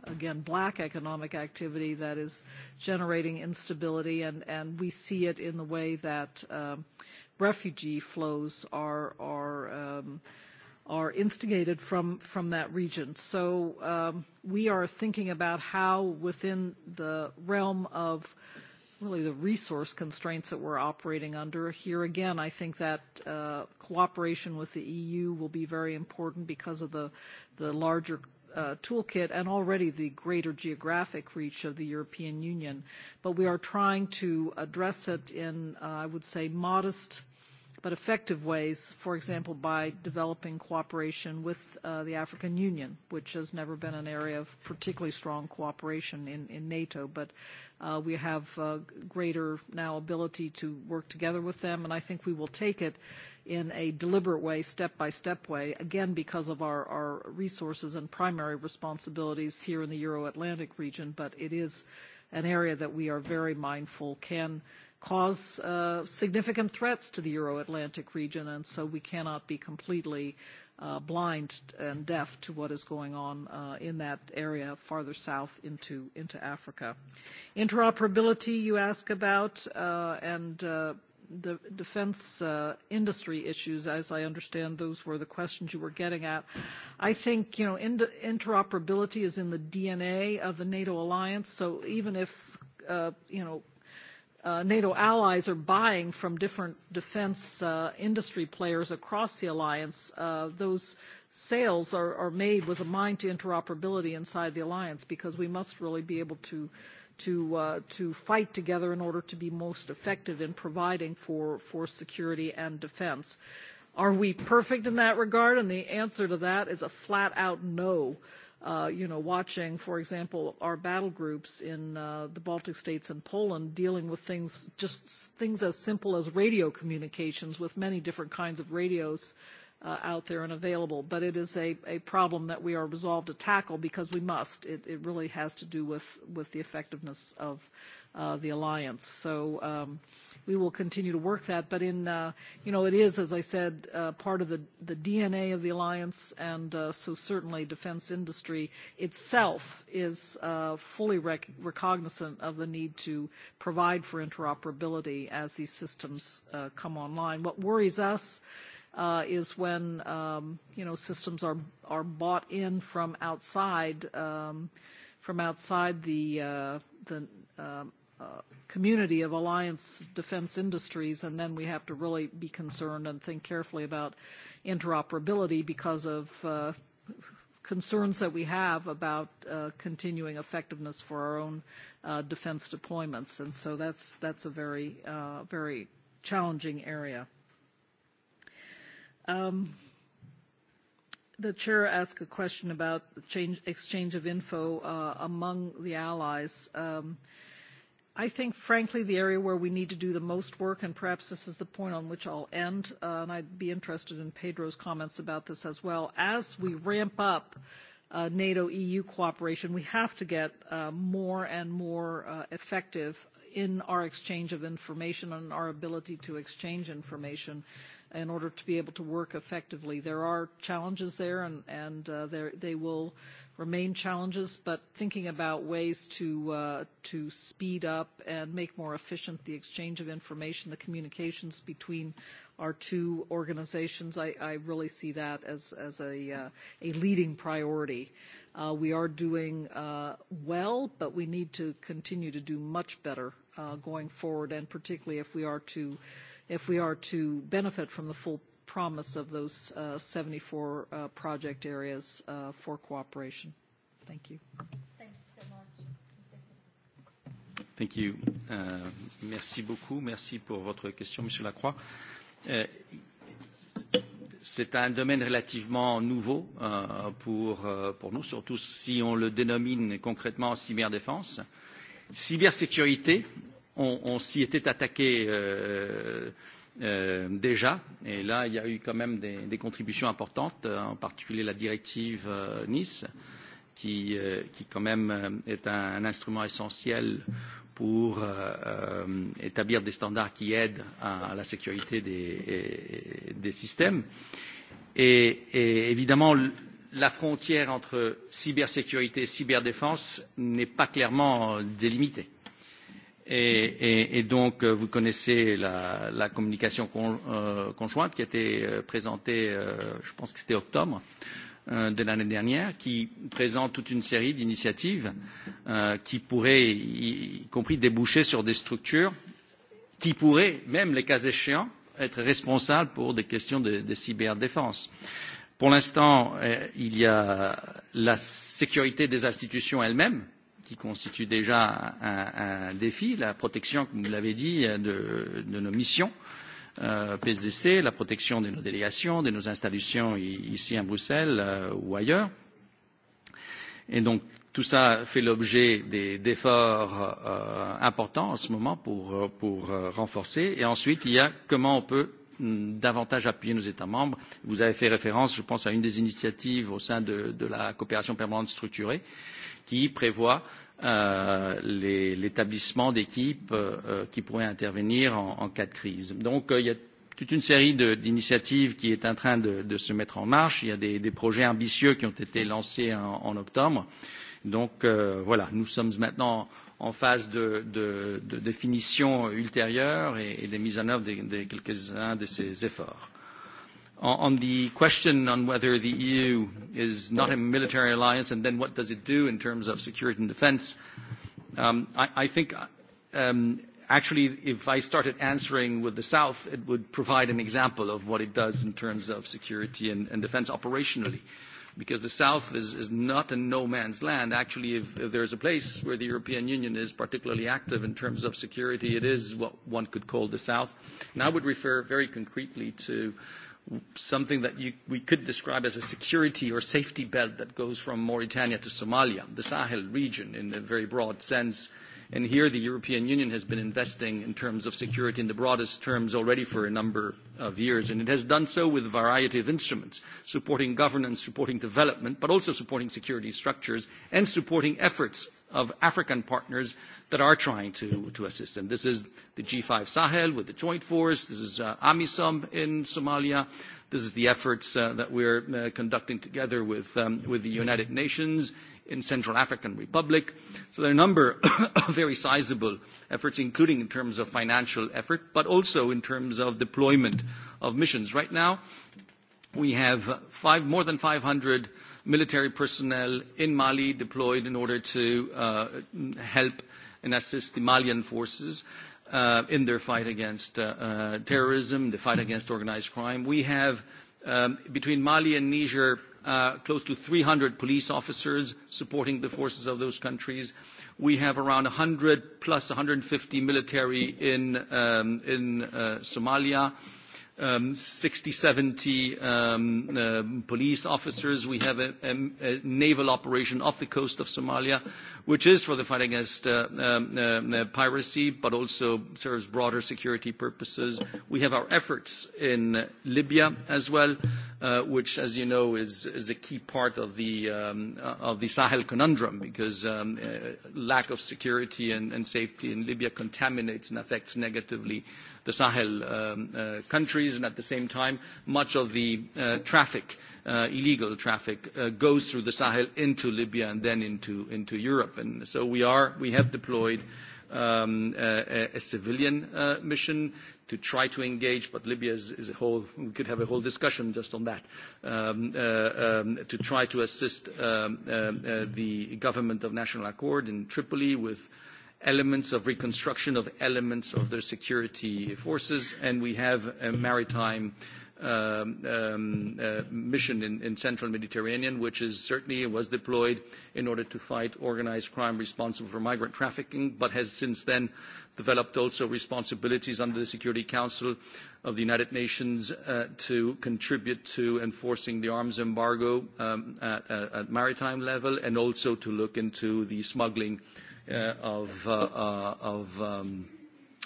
again, black economic activity that is generating instability, and, and we see it in the way that um, refugee flows are, are, um, are instigated from, from that region. So um, we are thinking about how, within the realm of really the resource constraints that we're operating under. Here again, I think that uh, cooperation with the EU will be very important because of the, the larger Uh, toolkit and already the greater geographic reach of the European Union. But we are trying to address it in, uh, I would say, modest but effective ways, for example, by developing cooperation with uh, the African Union, which has never been an area of particularly strong cooperation in, in NATO. But uh, we have uh, greater now ability to work together with them, and I think we will take it in a deliberate way, step-by-step way, again, because of our, our resources and primary responsibilities here in the Euro-Atlantic region. But it is an area that we are very mindful can cause uh, significant threats to the Euro-Atlantic region, and so we cannot be completely uh, blind and deaf to what is going on uh, in that area farther south into, into Africa. Interoperability, you ask about, uh, and uh, the defense uh, industry issues, as I understand those were the questions you were getting at. I think, you know, interoperability is in the DNA of the NATO alliance, so even if, uh, you know, uh, NATO allies are buying from different defense uh, industry players across the alliance, uh, those sales are, are made with a mind to interoperability inside the alliance, because we must really be able to to, uh, to fight together in order to be most effective in providing for, for security and defense. Are we perfect in that regard? And the answer to that is a flat out no. Uh, you know, watching, for example, our battle groups in uh, the Baltic states and Poland dealing with things, just things as simple as radio communications with many different kinds of radios Uh, out there and available. But it is a, a problem that we are resolved to tackle because we must. It, it really has to do with, with the effectiveness of uh, the alliance. So um, we will continue to work that. But in, uh, you know, it is, as I said, uh, part of the, the DNA of the alliance, and uh, so certainly defense industry itself is uh, fully rec- recognizant of the need to provide for interoperability as these systems uh, come online. What worries us. Uh, is when um, you know systems are bought in from outside um, the uh, um, uh, community of alliance defense industries, and then we have to really be concerned and think carefully about interoperability because of concerns that we have about continuing effectiveness for our own defense deployments. And so that's a very challenging area. Um, the chair asked a question about change, exchange of info uh, among the allies. Um, I think, frankly, the area where we need to do the most work, and perhaps this is the point on which I'll end, uh, and I'd be interested in Pedro's comments about this as well. As we ramp up uh, NATO-EU cooperation, we have to get more and more effective in our exchange of information and our ability to exchange information in order to be able to work effectively. There are challenges there, and, and uh, they will remain challenges, but thinking about ways to, uh, to speed up and make more efficient the exchange of information, the communications between our two organizations, I, I really see that as, as a, uh, a leading priority. Uh, we are doing uh, well, but we need to continue to do much better uh, going forward, and particularly if we are to if we are to benefit from the full promise of those 74 uh, uh, project areas uh, for cooperation. Thank you. Thank you so euh, Merci beaucoup. Merci pour votre question, Monsieur Lacroix. Euh, c'est un domaine relativement nouveau euh, pour, euh, pour nous, surtout si on le dénomine concrètement cyberdéfense. Cybersécurité, on, on s'y était attaqué euh, euh, déjà, et là il y a eu quand même des, des contributions importantes, euh, en particulier la directive euh, Nice, qui, euh, qui quand même euh, est un, un instrument essentiel pour euh, euh, établir des standards qui aident à, à la sécurité des, et, des systèmes. Et, et évidemment, la frontière entre cybersécurité et cyberdéfense n'est pas clairement euh, délimitée et, donc, euh, vous connaissez la, la communication con, euh, conjointe qui a été euh, présentée, euh, je pense que c'était octobre euh, de l'année dernière, qui présente toute une série d'initiatives euh, qui pourraient, y, y compris déboucher sur des structures qui pourraient, même le cas échéant, être responsables pour des questions de, de cyberdéfense. Pour l'instant, euh, il y a la sécurité des institutions elles-mêmes, qui constitue déjà un, un défi, la protection, comme vous l'avez dit, de, de nos missions euh, PSDC, la protection de nos délégations, de nos installations ici à Bruxelles euh, ou ailleurs. Et donc tout ça fait l'objet d'efforts euh, importants en ce moment pour, euh, pour euh, renforcer. Et ensuite, il y a comment on peut hmm, davantage appuyer nos États membres. Vous avez fait référence, je pense, à une des initiatives au sein de, de la coopération permanente structurée qui prévoit euh, l'établissement d'équipes euh, euh, qui pourraient intervenir en, en cas de crise. Donc euh, il y a toute une série d'initiatives qui est en train de, de se mettre en marche. Il y a des, des projets ambitieux qui ont été lancés en, en octobre. Donc euh, voilà, nous sommes maintenant en phase de, de, de définition ultérieure et, et de mise en œuvre de, de quelques-uns de ces efforts on the question on whether the EU is not a military alliance and then what does it do in terms of security and defence, um, I, I think um, actually if I started answering with the South, it would provide an example of what it does in terms of security and, and defense operationally. Because the South is, is not a no man's land. Actually, if, if is a place where the European Union is particularly active in terms of security, it is what one could call the South. And I would refer very concretely to something that you, we could describe as a security or safety belt that goes from Mauritania to Somalia, the Sahel region in a very broad sense. And here the European Union has been investing in terms of security in the broadest terms already for a number of years. And it has done so with a variety of instruments, supporting governance, supporting development, but also supporting security structures and supporting efforts of African partners that are trying to, to assist. And this is the G5 Sahel with the joint force. This is uh, AMISOM in Somalia. This is the efforts uh, that we're uh, conducting together with, um, with the United Nations in Central African Republic. So there are a number of very sizable efforts, including in terms of financial effort, but also in terms of deployment of missions. Right now, we have five, more than 500 military personnel in Mali deployed in order to uh, help and assist the Malian forces uh, in their fight against uh, uh terrorism, the fight against organized crime. We have, um, between Mali and Niger, uh, close to 300 police officers supporting the forces of those countries. We have around 100 plus 150 military in, um, in uh, Somalia. 60, um, 70 um, uh, police officers. We have a, naval operation off the coast of Somalia, which is for the fight against uh, um, uh, piracy, but also serves broader security purposes. We have our efforts in Libya as well, which, as you know, is, a key part of the, Sahel conundrum because lack of security and, safety in Libya contaminates and affects negatively the Sahel um, uh, countries, and at the same time, much of the uh, traffic, uh, illegal traffic, uh, goes through the Sahel into Libya and then into, into Europe. And so we are, we have deployed um, a, a civilian uh, mission to try to engage, but Libya is, is a whole, we could have a whole discussion just on that, um, uh, um, to try to assist um, uh, uh, the government of National Accord in Tripoli with uh, elements of reconstruction of elements of their security forces, and we have a maritime um, um, uh, mission in, central Mediterranean, which is certainly was deployed in order to fight organized crime responsible for migrant trafficking, but has since then developed also responsibilities under the Security Council of the United Nations uh, to contribute to enforcing the arms embargo um, at, maritime level and also to look into the smuggling Uh, of, uh, uh, of, um,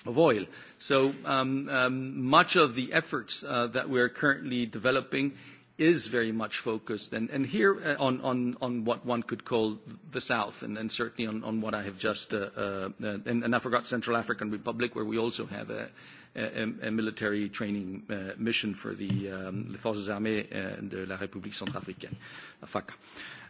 of oil. So um, um much of the efforts that we're currently developing is very much focused and, and here on, on, on what one could call the South and, and certainly on, on what I have just uh, uh, and, and I forgot Central African Republic where we also have a, a, a military training uh, mission for the um, forces armées de la République centrafricaine, FACA.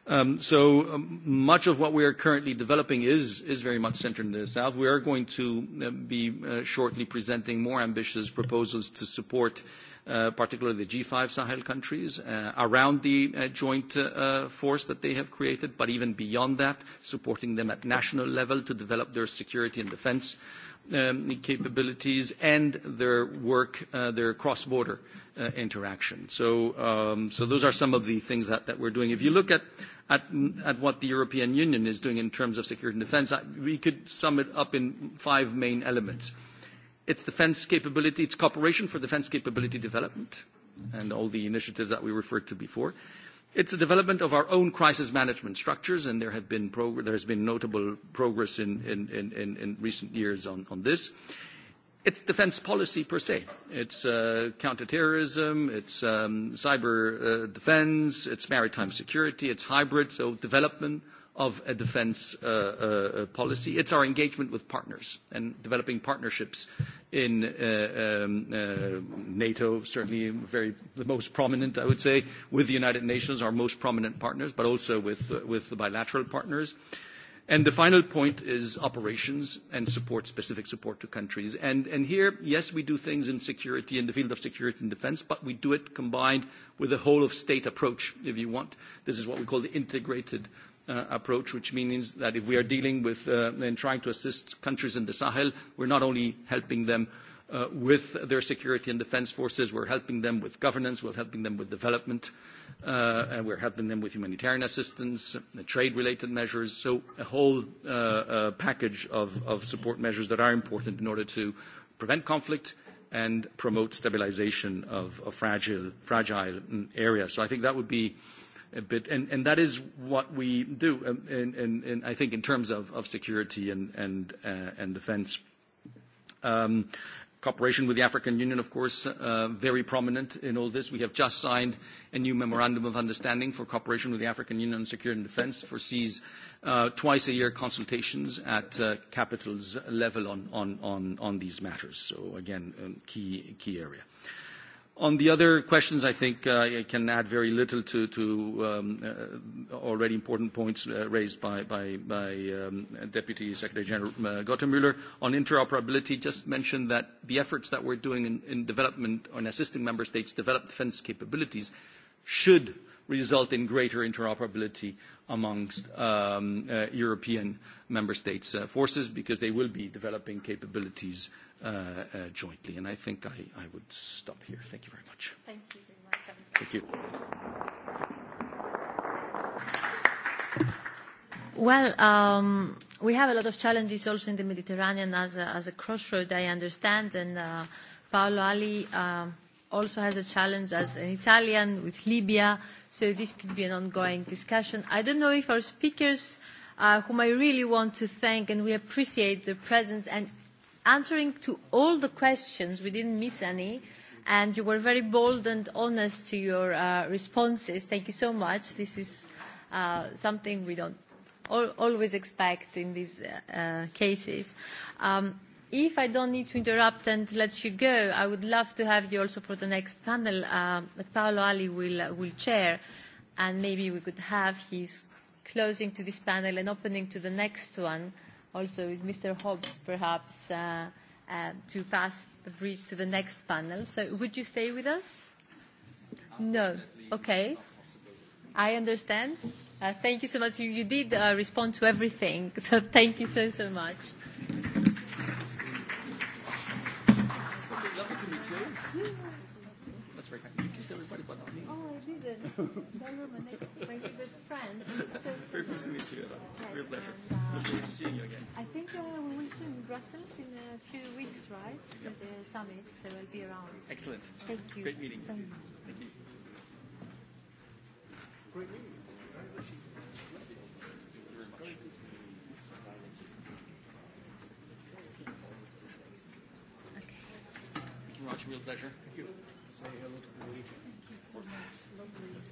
Um, so um, much of what we are currently developing is, very much centered in the South. We are going to uh, be uh, shortly presenting more ambitious proposals to support uh, particularly the G5 Sahel countries around the joint force that they have created, but even beyond that, supporting them at national level to develop their security and defense Um, capabilities and their work, uh, their cross-border uh, interaction. So, um, so those are some of the things that, we're doing. If you look at, at, what the European Union is doing in terms of security and defense, we could sum it up in five main elements. It's defense capability, it's cooperation for defense capability development and all the initiatives that we referred to before. It's a development of our own crisis management structures, and there, has been notable progress in, recent years on, this. It's defense policy per se. It's uh, counterterrorism, it's um, cyber uh, defense, it's maritime security, it's hybrid, so development, of a defense uh, uh, policy. It's our engagement with partners and developing partnerships in uh, um, NATO, certainly very, the most prominent, I would say, with the United Nations, our most prominent partners, but also with, with the bilateral partners. And the final point is operations and support, specific support to countries. And, and here, yes, we do things in security, in the field of security and defense, but we do it combined with a whole of state approach, if you want. This is what we call the integrated Uh, approach, which means that if we are dealing with uh, and trying to assist countries in the Sahel, we're not only helping them uh, with their security and defense forces, we're helping them with governance, we're helping them with development, and we're helping them with humanitarian assistance, trade-related measures, so a whole package of, support measures that are important in order to prevent conflict and promote stabilization of, fragile, mm, areas. So I think that would be a bit. And, that is what we do, and um, I think, in terms of, security and, uh, defense. Um, cooperation with the African Union, of course, uh, very prominent in all this. We have just signed a new memorandum of understanding for cooperation with the African Union on security and defense, foresees uh, twice-a-year consultations at capitals level on, these matters. So again, um, key, area. On the other questions, I think uh, I can add very little to, um, uh, already important points uh, raised by, um, Deputy Secretary General Gottemüller. On interoperability, just mention that the efforts that we're doing in development on assisting member states develop defense capabilities should result in greater interoperability amongst um, uh, European member states' uh, forces because they will be developing capabilities uh, jointly. And I think I, would stop here. Thank you very much. Thank you very much. Thank you. Well, um, we have a lot of challenges also in the Mediterranean as a crossroad, I understand. And Paolo Ali um, also has a challenge as an Italian with Libya So this could be an ongoing discussion. I don't know if our speakers, uh, whom I really want to thank, and we appreciate their presence and answering to all the questions. We didn't miss any and you were very bold and honest to your uh, responses. Thank you so much. This is uh, something we don't al always expect in these uh, uh cases. Um, If I don't need to interrupt and let you go, I would love to have you also for the next panel that uh, Paolo Ali will, uh, will chair, and maybe we could have his closing to this panel and opening to the next one, also with Mr. Hobbs perhaps, uh, uh, to pass the bridge to the next panel. So would you stay with us? No. Okay. I understand. Uh, thank you so much. You, you did uh, respond to everything, so thank you so, so much. That's very kind. You kissed everybody but not me. Oh, I didn't. That woman, my biggest friend. So very pleased to meet you. Yes, Real pleasure. And, uh, to seeing you again. I think uh, we will be in Brussels in a few weeks, right? Yep. For the summit, so I'll be around. Excellent. Thank you. Great meeting Thank you. Thank you. Great meeting Real pleasure. Thank you. Say hello to Thank you so much. Lovely.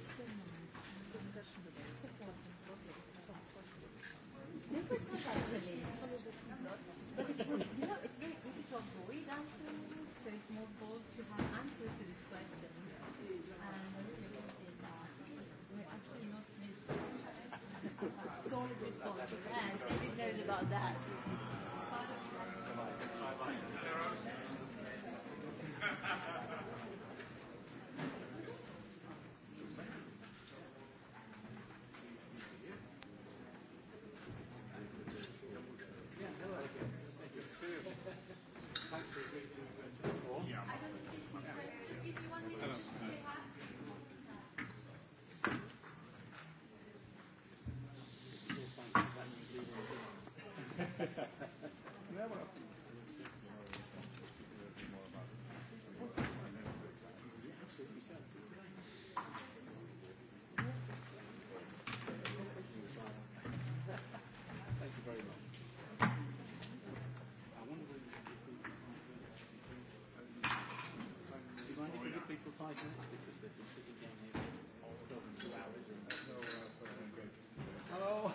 Hello.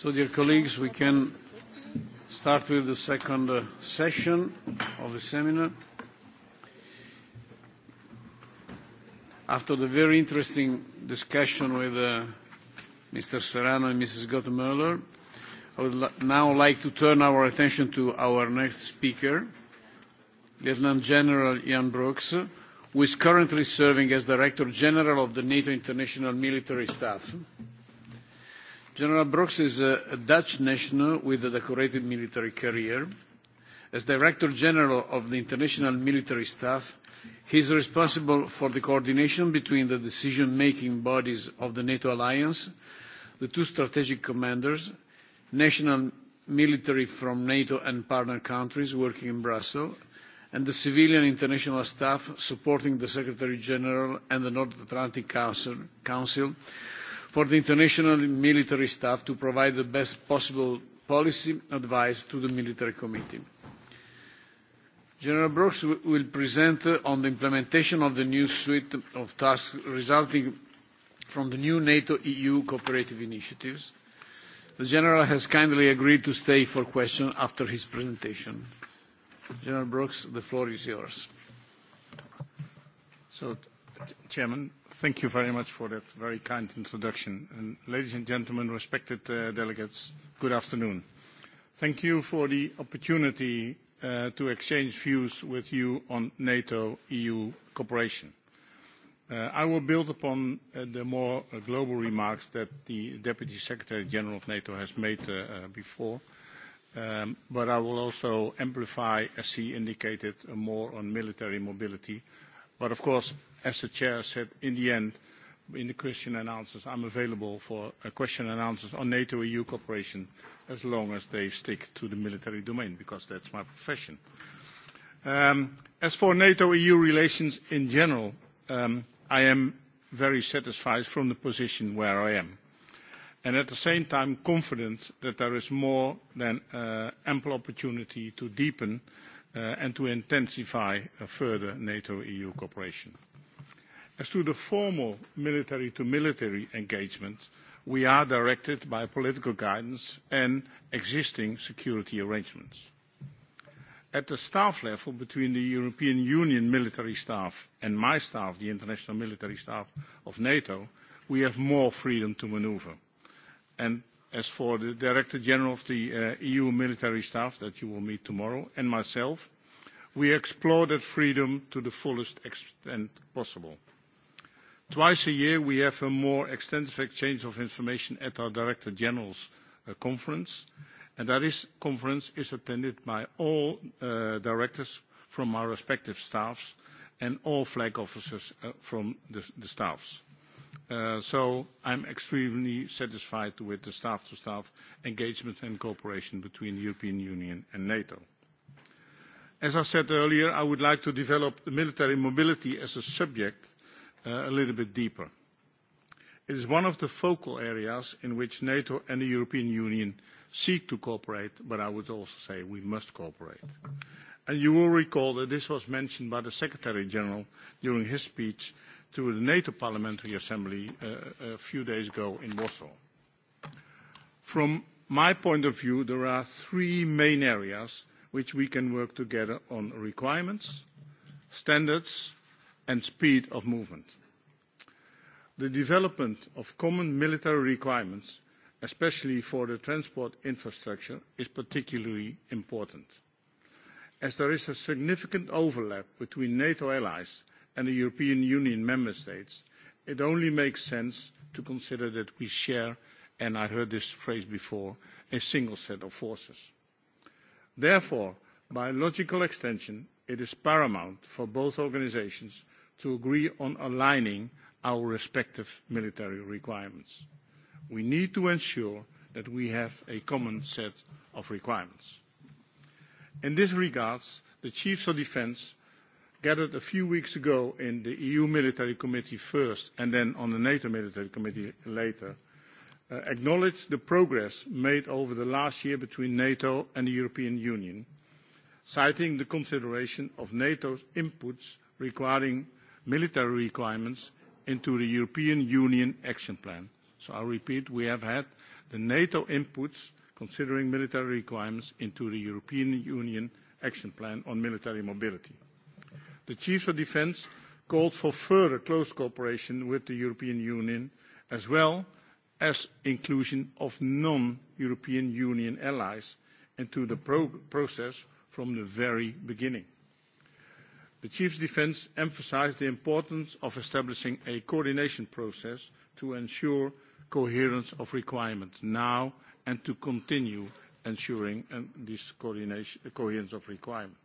So, dear colleagues, we can start with the second uh, session of the seminar. After the very interesting discussion with uh, Mr. Serrano and Mrs. Gottemöller, I would now like to turn our attention to our next speaker, Lieutenant General Ian Brooks, who is currently serving as Director General of the NATO International Military Staff. General Brooks is a Dutch national with a decorated military career. As Director General of the International Military Staff, he is responsible for the coordination between the decision-making bodies of the NATO alliance, the two strategic commanders, national military from NATO and partner countries working in Brussels, and the civilian international staff supporting the Secretary General and the North Atlantic Council, Council for the international military staff to provide the best possible policy advice to the military committee. General Brooks will present uh, on the implementation of the new suite of tasks resulting from the new NATO-EU cooperative initiatives. The General has kindly agreed to stay for questions after his presentation. General Brooks, the floor is yours. So Chairman, thank you very much for that very kind introduction. And ladies and gentlemen, respected uh, delegates, good afternoon. Thank you for the opportunity uh, to exchange views with you on NATO-EU cooperation. Uh, I will build upon uh, the more global remarks that the Deputy Secretary General of NATO has made uh, uh, before, um, but I will also amplify, as he indicated, more on military mobility But of course, as the chair said, in the end, in the question and answers, I'm available for a question and answers on NATO-EU cooperation as long as they stick to the military domain, because that's my profession. Um, as for NATO-EU relations in general, um, I am very satisfied from the position where I am, and at the same time confident that there is more than uh, ample opportunity to deepen Uh, and to intensify further NATO-EU cooperation. As to the formal military-to-military engagement, we are directed by political guidance and existing security arrangements. At the staff level between the European Union military staff and my staff, the international military staff of NATO, we have more freedom to maneuver. And as for the Director General of the uh, EU Military Staff that you will meet tomorrow, and myself, we explore that freedom to the fullest extent possible. Twice a year, we have a more extensive exchange of information at our Director General's uh, conference, and that is, conference is attended by all uh, directors from our respective staffs and all flag officers uh, from the, the staffs. Uh, so I'm extremely satisfied with the staff-to-staff engagement and cooperation between the European Union and NATO. As I said earlier, I would like to develop the military mobility as a subject uh, a little bit deeper. It is one of the focal areas in which NATO and the European Union seek to cooperate, but I would also say we must cooperate. You will recall that this was mentioned by the Secretary-General during his speech to the NATO Parliamentary Assembly uh, a few days ago in Warsaw. From my point of view, there are three main areas which we can work together on requirements, standards, and speed of movement. The development of common military requirements, especially for the transport infrastructure, is particularly important. As there is a significant overlap between NATO allies and the European Union member states, it only makes sense to consider that we share, and I heard this phrase before, a single set of forces. Therefore, by logical extension, it is paramount for both organisations to agree on aligning our respective military requirements. We need to ensure that we have a common set of requirements. In this regard, the Chiefs of Defence gathered a few weeks ago in the EU Military Committee first and then on the NATO Military Committee later, uh, acknowledged the progress made over the last year between NATO and the European Union, citing the consideration of NATO's inputs regarding military requirements into the European Union Action Plan. So I repeat, we have had the NATO inputs considering military requirements into the European Union Action Plan on military mobility the Chiefs of Defence called for further close cooperation with the European Union, as well as inclusion of non-European Union allies into the pro process from the very beginning. The Chiefs of Defence emphasised the importance of establishing a coordination process to ensure coherence of requirements now and to continue ensuring uh, this coherence of requirements.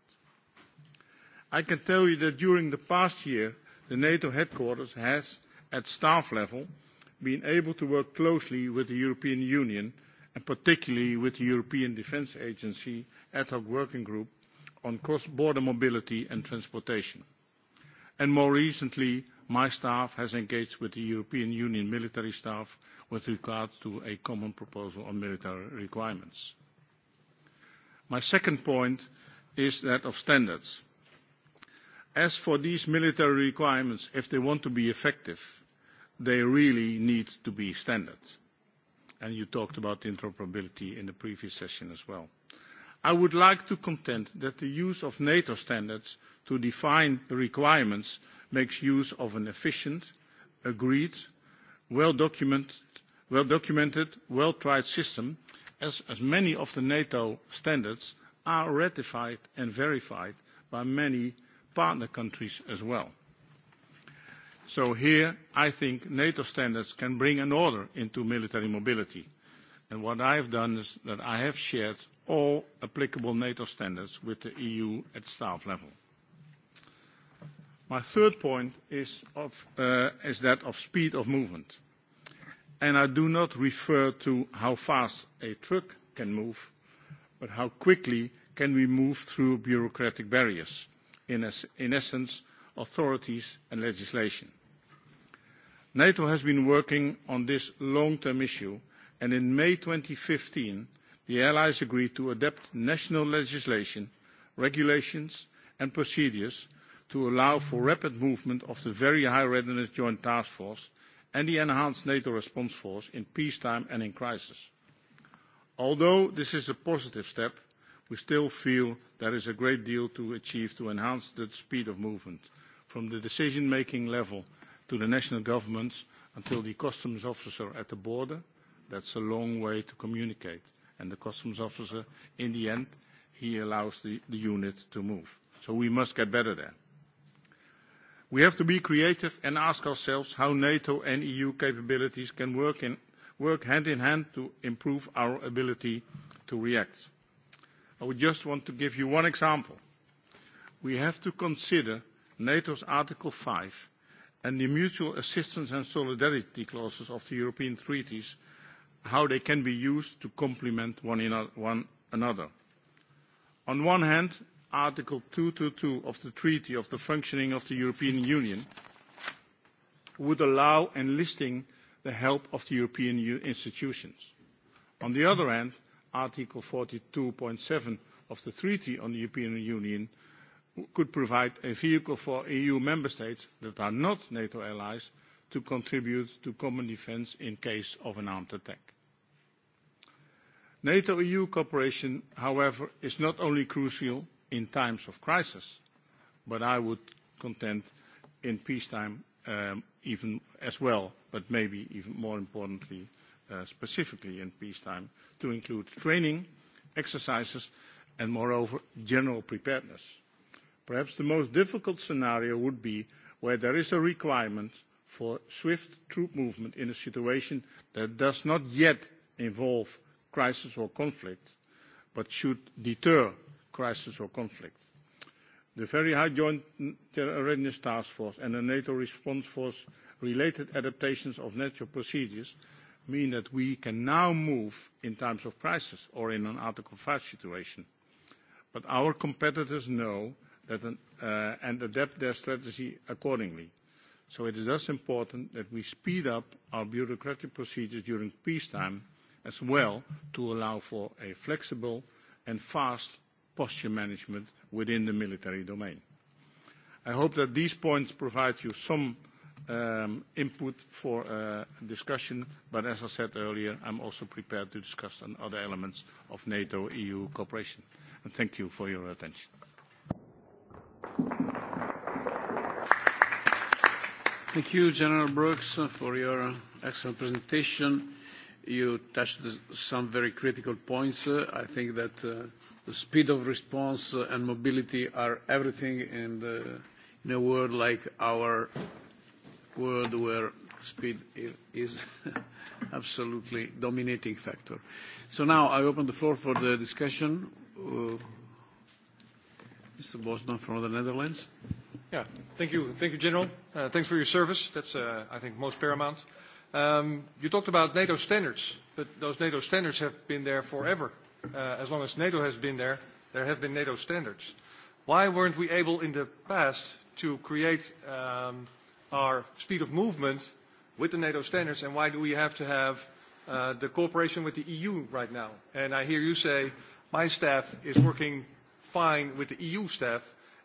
I can tell you that during the past year, the NATO headquarters has, at staff level, been able to work closely with the European Union, and particularly with the European Defence Agency ad hoc working group on cross-border mobility and transportation. And more recently, my staff has engaged with the European Union military staff with regard to a common proposal on military requirements. My second point is that of standards. As for these military requirements, if they want to be effective, they really need to be standard. And you talked about interoperability in the previous session as well. I would like to contend that the use of NATO standards to define the requirements makes use of an efficient, agreed, well-documented, well-tried well system, as, as many of the NATO standards are ratified and verified by many partner countries as well. So here, I think NATO standards can bring an order into military mobility. And what have done is that I have shared all applicable NATO standards with the EU at staff level. My third point is, of, uh, is that of speed of movement. And I do not refer to how fast a truck can move, but how quickly can we move through bureaucratic barriers in, essence, authorities and legislation. NATO has been working on this long-term issue, and in May 2015, the allies agreed to adapt national legislation, regulations, and procedures to allow for rapid movement of the Very High Readiness Joint Task Force and the enhanced NATO response force in peacetime and in crisis. Although this is a positive step, we still feel there is a great deal to achieve to enhance the speed of movement, from the decision-making level to the national governments until the customs officer at the border. That's a long way to communicate. And the customs officer, in the end, he allows the, the unit to move. So we must get better there. We have to be creative and ask ourselves how NATO and EU capabilities can work, in, work hand in hand to improve our ability to react. I would just want to give you one example. We have to consider NATO's Article 5 and the mutual assistance and solidarity clauses of the European treaties, how they can be used to complement one, one another. On one hand, Article 222 of the Treaty of the Functioning of the European Union would allow enlisting the help of the European institutions. On the other hand, Article 42.7 of the Treaty on the European Union could provide a vehicle for EU member states that are not NATO allies to contribute to common defence in case of an armed attack. NATO-EU cooperation, however, is not only crucial in times of crisis, but I would contend in peacetime um, even as well, but maybe even more importantly, uh, specifically in peacetime, to include training, exercises, and moreover, general preparedness. Perhaps the most difficult scenario would be where there is a requirement for swift troop movement in a situation that does not yet involve crisis or conflict, but should deter crisis or conflict. The Very High Joint Terror Readiness Task Force and the NATO Response Force related adaptations of natural procedures mean that we can now move in times of crisis or in an Article 5 situation. But our competitors know that an, uh, and adapt their strategy accordingly. So it is thus important that we speed up our bureaucratic procedures during peacetime as well to allow for a flexible and fast posture management within the military domain. I hope that these points provide you some um, input for uh, discussion, but as I said earlier, I'm also prepared to discuss on other elements of NATO-EU cooperation. And Thank you for your attention. Thank you, General Brooks, for your excellent presentation. You touched some very critical points. Uh, I think that uh, the speed of response uh, and mobility are everything in, the, in a world like our world where speed is absolutely dominating factor. So now I open the floor for the discussion. Uh, Mr. Bosman from the Netherlands. Yeah. Thank you. Thank you, General. Uh, thanks for your service. That's, uh, I think, most paramount. Um, you talked about NATO standards, but those NATO standards have been there forever. as long as NATO has been there, there have been NATO standards. Why weren't we able in the past to create um, our speed of movement with the NATO standards, and why do we have to have uh, the cooperation with the EU right now? And I hear you say, my staff is working fine with the EU staff,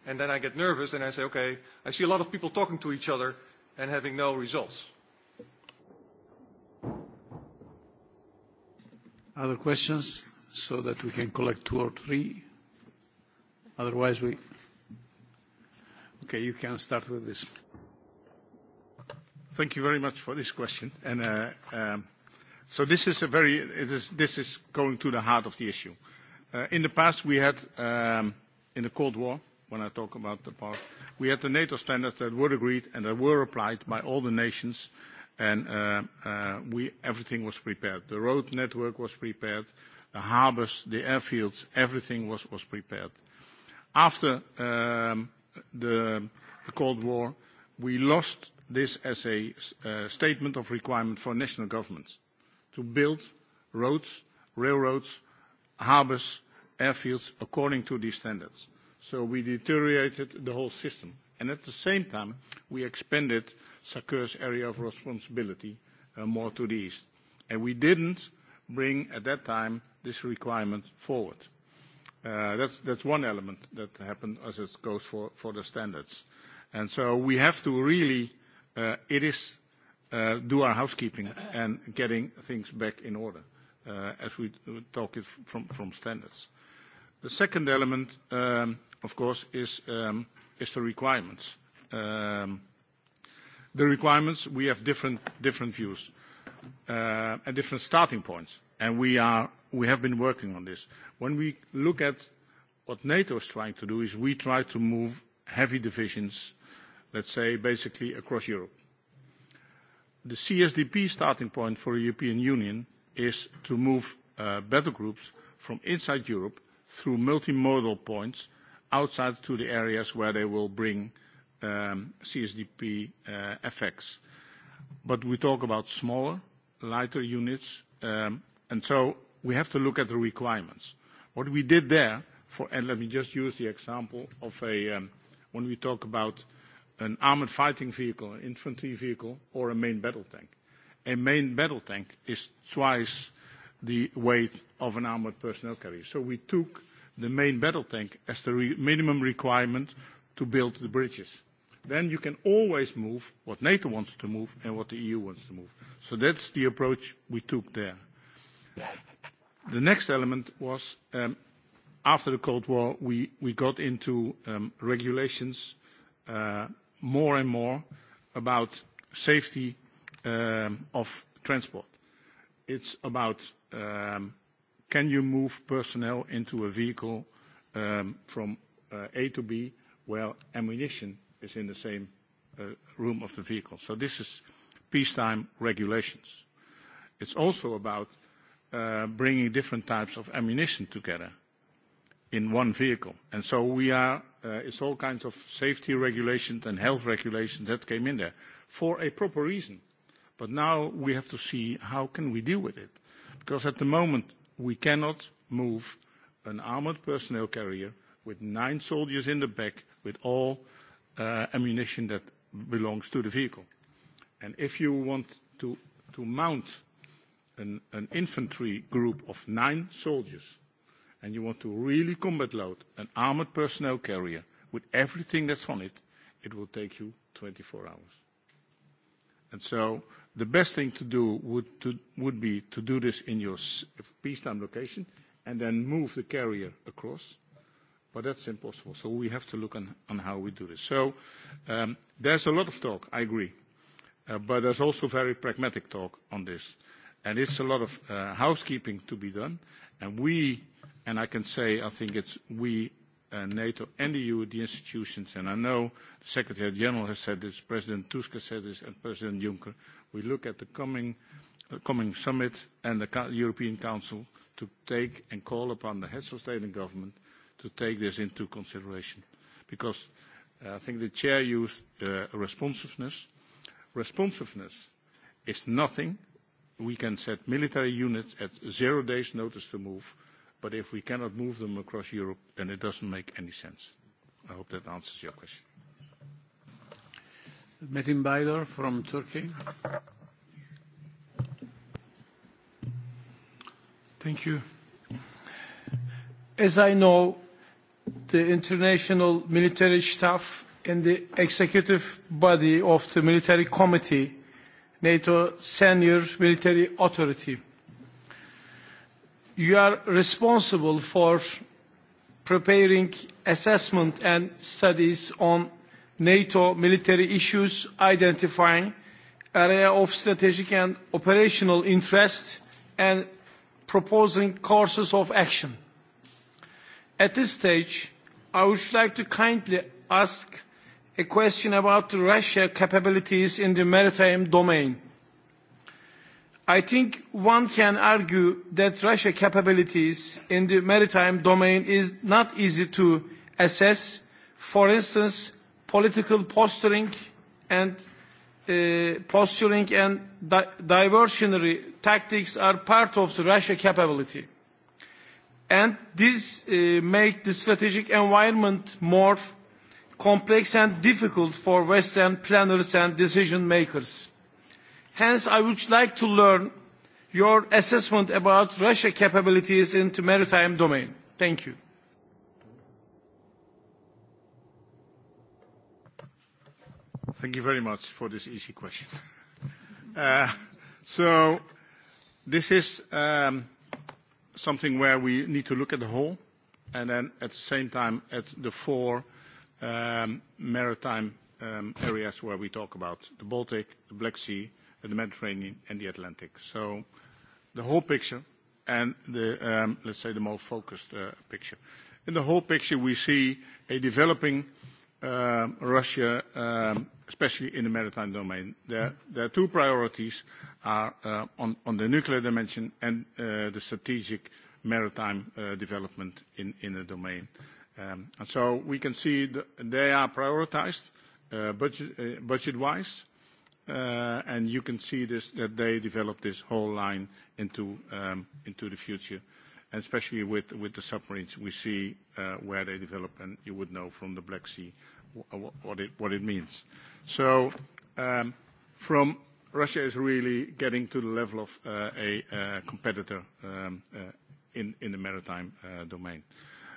and then I get nervous and I say, okay, I see a lot of people talking to each other and having no results. Other questions so that we can collect two or three? Otherwise, we. Okay, you can start with this. Thank you very much for this question. And, uh, um, so this is a very, this is going to the heart of the issue. Uh, in the past, we had, um, in the Cold War, when I talk about the past, we had the NATO standards that were agreed and that were applied by all the nations, and uh, everything was prepared. The road network was prepared, the harbors, the airfields, everything was, prepared. After um, the Cold War, we lost this as a uh, statement of requirement for national governments to build roads, railroads, harbours, airfields according to these standards. So we deteriorated the whole system. And at the same time, we expanded SACEUR's area of responsibility uh, more to the east. And we didn't bring, at that time, this requirement forward. Uh, that's, that's one element that happened as it goes for, for the standards. And so we have to really Uh, it is uh, do our housekeeping and getting things back in order uh, as we talk it from, standards. The second element, um, of course, is, um, the requirements. Um, the requirements, we have different, different views and different starting points, and we, are, we have been working on this. When we look at what NATO is trying to do, is we try to move heavy divisions let's say, basically across Europe. The CSDP starting point for the European Union is to move uh, battle groups from inside Europe through multimodal points outside to the areas where they will bring um, CSDP uh, effects. But we talk about smaller, lighter units, um, and so we have to look at the requirements. What we did there, for, and let me just use the example of a, um, when we talk about an armored fighting vehicle, an infantry vehicle, or a main battle tank. A main battle tank is twice the weight of an armored personnel carrier. So we took the main battle tank as the minimum requirement to build the bridges. Then you can always move what NATO wants to move and what the EU wants to move. So that's the approach we took there. The next element was, um, after the Cold War, we, we got into um, regulations uh, more and more about safety um, of transport. It's about um, can you move personnel into a vehicle um, from uh, A to B where ammunition is in the same uh, room of the vehicle. So this is peacetime regulations. It's also about uh, bringing different types of ammunition together in one vehicle. And so we are, uh, it's all kinds of safety regulations and health regulations that came in there for a proper reason. But now we have to see how can we deal with it. Because at the moment, we cannot move an armored personnel carrier with nine soldiers in the back with all uh, ammunition that belongs to the vehicle. And if you want to, mount an infantry group of nine soldiers and you want to really combat load an armored personnel carrier with everything that's on it, it will take you 24 hours. And so the best thing to do would, to, would be to do this in your peacetime location and then move the carrier across, but that's impossible. So we have to look on, on how we do this. So um, there's a lot of talk, I agree, uh, but there's also very pragmatic talk on this. And it's a lot of uh, housekeeping to be done, and we I can say, I think it's we, uh, NATO and the EU, the institutions, and I know the Secretary General has said this, President Tusk has said this, and President Juncker, we look at the coming, uh, summit and the European Council to take and call upon the heads of state and government to take this into consideration. Because uh, I think the chair used responsiveness. Responsiveness is nothing. We can set military units at zero days notice to move But if we cannot move them across Europe, then it doesn't make any sense. I hope that answers your question. Metin Baydar from Turkey. Thank you. As I know, the International Military Staff and the executive body of the Military Committee, NATO Senior Military Authority, you are responsible for preparing assessment and studies on NATO military issues, identifying area of strategic and operational interest, and proposing courses of action. At this stage, I would like to kindly ask a question about Russia's capabilities in the maritime domain I think one can argue that Russia's capabilities in the maritime domain is not easy to assess. For instance, political posturing and uh, posturing and di diversionary tactics are part of the Russia capability. And this uh, makes the strategic environment more complex and difficult for Western planners and decision makers Hence, I would like to learn your assessment about Russia's capabilities in the maritime domain. Thank you. Thank you very much for this easy question. Uh, so this is um, something where we need to look at the whole, and then at the same time, at the four um, maritime um, areas where we talk about the Baltic, the Black Sea, the Mediterranean and the Atlantic. the whole picture and the, um, let's say, the more focused uh, picture. In the whole picture, we see a developing um, Russia, um, especially in the maritime domain. There are two priorities uh, on, the nuclear dimension and uh, the strategic maritime development in, the domain. we can see they are prioritized budget-wise, budget wise Uh, and you can see this, that they develop this whole line into, um, the future. And especially with, the submarines, we see uh, where they develop, and you would know from the Black Sea what it, means. So, um, from Russia is really getting to the level of uh, a competitor um, in, the maritime domain.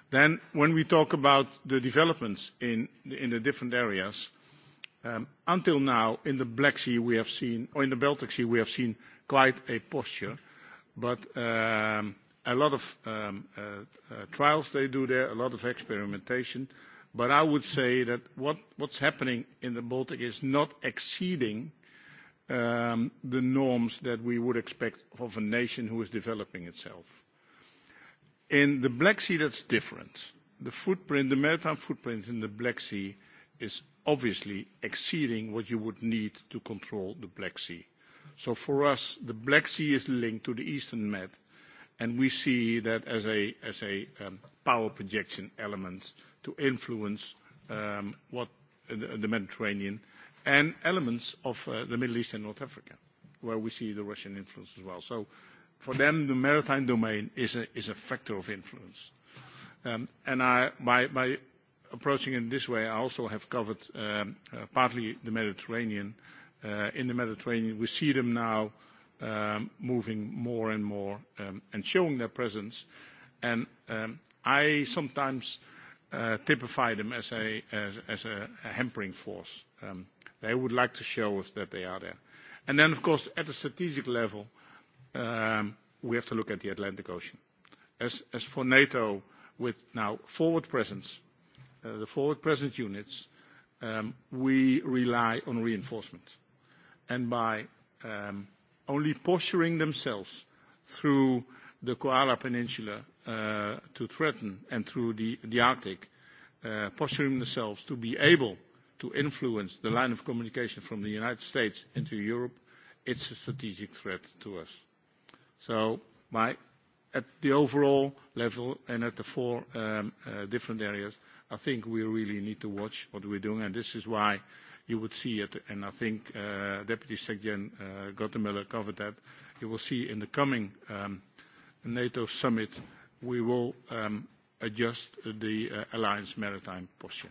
Then when we talk about the developments in the different areas, Um, until now, in the Black Sea, we have seen, or in the Baltic Sea, we have seen quite a posture, but um, a lot of um, uh, uh, trials they do there, a lot of experimentation. But I would say that what, what's happening in the Baltic is not exceeding the norms that we would expect of a nation who is developing itself. In the Black Sea, that's different. The footprint, the maritime footprint in the Black Sea is obviously exceeding what you would need to control the Black Sea. So for us, the Black Sea is linked to the Eastern Med, and we see that as a, as a um, power projection element to influence um, what uh, the Mediterranean and elements of uh, the Middle East and North Africa, where we see the Russian influence as well. So for them, the maritime domain is a, is a factor of influence. Um, and I, by, by approaching it this way, I also have covered um, uh, partly the Mediterranean. Uh, in the Mediterranean, we see them now um, moving more and more um, and showing their presence. And I sometimes uh, typify them as a, hampering force. They would like to show us that they are there. And then, of course, at a strategic level, we have to look at the Atlantic Ocean. as for NATO, with now forward presence, Uh, the forward presence units, um, we rely on reinforcement. And by um, only posturing themselves through the Koala Peninsula uh, to threaten and through the, Arctic, uh, posturing themselves to be able to influence the line of communication from the United States into Europe, it's a strategic threat to us. So by, at the overall level and at the four um, different areas, I think we really need to watch what we're doing, and this is why you would see it, and I think uh, Deputy Secretary uh, Gottemüller covered that. You will see in the coming um, NATO summit, we will um, adjust the uh, alliance maritime posture.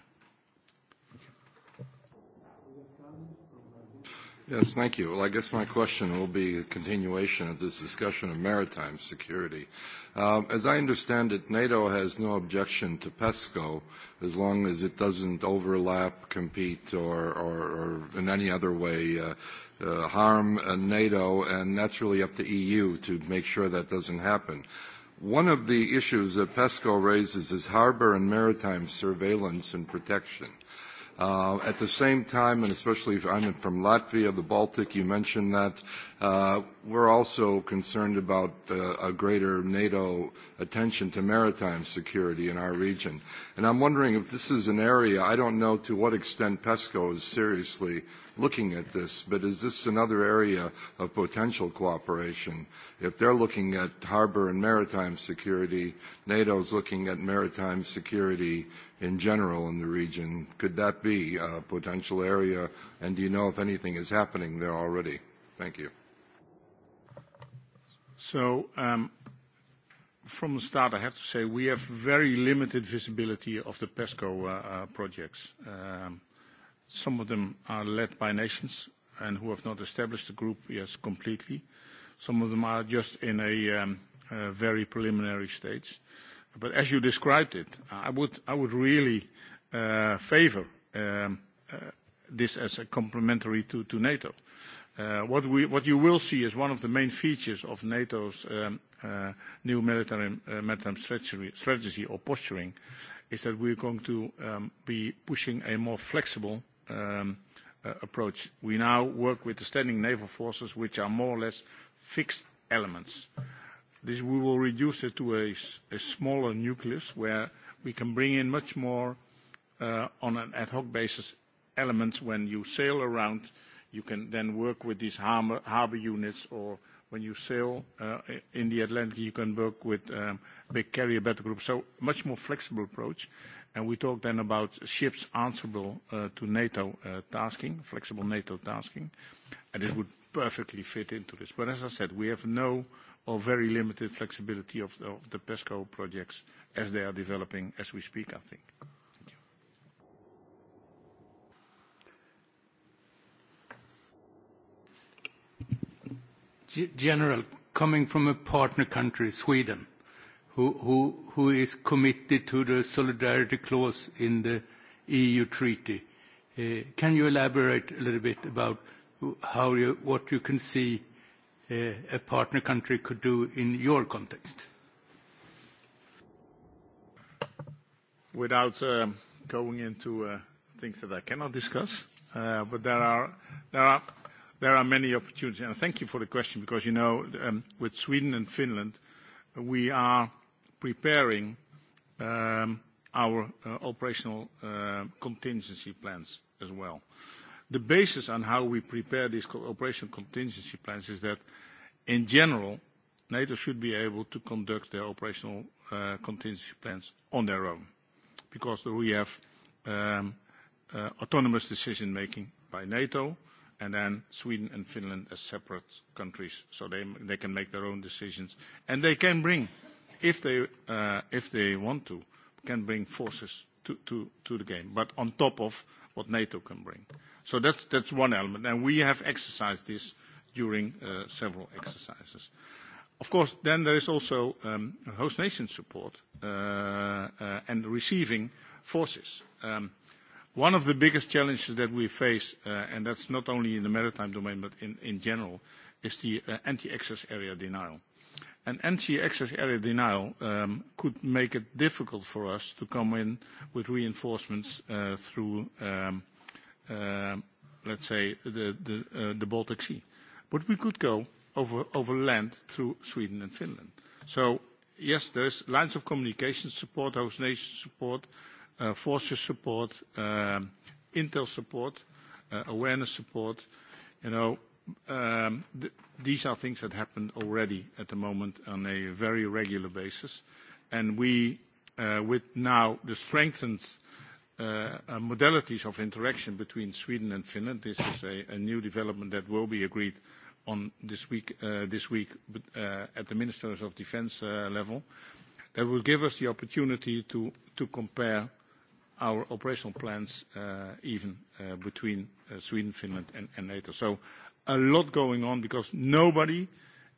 Yes, thank you. Well, I guess my question will be a continuation of this discussion of maritime security. Um, as I understand it, NATO has no objection to PESCO as long as it doesn't overlap, compete, or, in any other way uh, uh, harm uh, NATO, and that's really up to EU to make sure that doesn't happen. One of the issues that PESCO raises is harbor and maritime surveillance and protection. Uh, Uh, at the same time, and especially if I'm from Latvia, the Baltic, you mentioned that Uh, we're also concerned about uh, a greater NATO attention to maritime security in our region. And I'm wondering if this is an area, I don't know to what extent PESCO is seriously looking at this, but is this another area of potential cooperation? If they're looking at harbor and maritime security, NATO's looking at maritime security in general in the region. Could that be a potential area? And do you know if anything is happening there already? Thank you. So, um, from the start, I have to say, we have very limited visibility of the PESCO uh, uh, projects. Um, some of them are led by nations and who have not established the group yet completely. Some of them are just in um, a, very preliminary stage. But as you described it, I would, I would really uh, favor this as a complementary to, to NATO. Uh, what, we, what you will see is one of the main features of NATO's um, uh, new military uh, maritime strategy, strategy or posturing is that we're going to um, be pushing a more flexible um, approach. We now work with the standing naval forces, which are more or less fixed elements. This, we will reduce it to a smaller nucleus where we can bring in much more on an ad hoc basis elements when you sail around You can then work with these harbor, units, or when you sail uh, in the Atlantic, you can work with um, big carrier battle groups. So much more flexible approach. And we talk then about ships answerable uh, to NATO uh, tasking, flexible NATO tasking, and it would perfectly fit into this. But as I said, we have no or very limited flexibility of the PESCO projects as they are developing as we speak, I think. general coming from a partner country, Sweden, who, is committed to the solidarity clause in the EU treaty. Uh, can you elaborate a little bit about how you, what you can see uh, a partner country could do in your context? Without uh, going into uh, things that I cannot discuss, but there are, there are there are many opportunities. And thank you for the question because, you know, um, with Sweden and Finland, we are preparing um, our uh, operational uh, contingency plans as well. The basis on how we prepare these operational contingency plans is that, in general, NATO should be able to conduct their operational uh, contingency plans on their own because we have um, autonomous decision-making by NATO and then Sweden and Finland as separate countries, so they, they can make their own decisions. And they can bring, if they, uh, if they want to, can bring forces to, to, to the game, but on top of what NATO can bring. So that's, that's one element, and we have exercised this during uh, several exercises. Of course, then there is also um, host nation support uh, and receiving forces. Um, One of the biggest challenges that we face, uh, and that's not only in the maritime domain, but in, in general, is the uh, anti-access area denial. And anti-access area denial um, could make it difficult for us to come in with reinforcements uh, through, um, let's say, the, the, Baltic Sea. But we could go over, over land through Sweden and Finland. So yes, there is lines of communication support, host nation support, Uh, forces support, uh, intel support, uh, awareness support. You know, um, th these are things that happen already at the moment on a very regular basis. and We, with now the strengthened Uh, uh, modalities of interaction between Sweden and Finland. This is a, a new development that will be agreed on this week, uh, this week at the Ministers of Defence level. That will give us the opportunity to, to compare our operational plans uh, even uh, between uh, Sweden, Finland, and, NATO. So a lot going on because nobody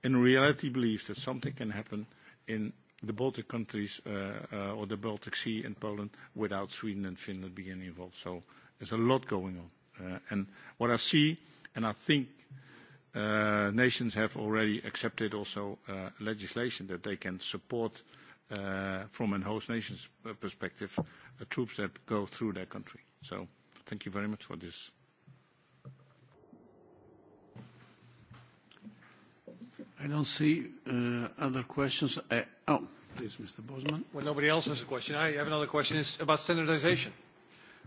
in reality believes that something can happen in the Baltic countries or the Baltic Sea and Poland without Sweden and Finland being involved. So there's a lot going on. And what I see, and I think nations have already accepted also legislation that they can support Uh, from a host nation's perspective, uh, troops that go through their country. So thank you very much for this. I don't see uh, other questions. Uh, oh, please, Mr. Bosman. Well, nobody else has a question. I have another question. It's about standardization.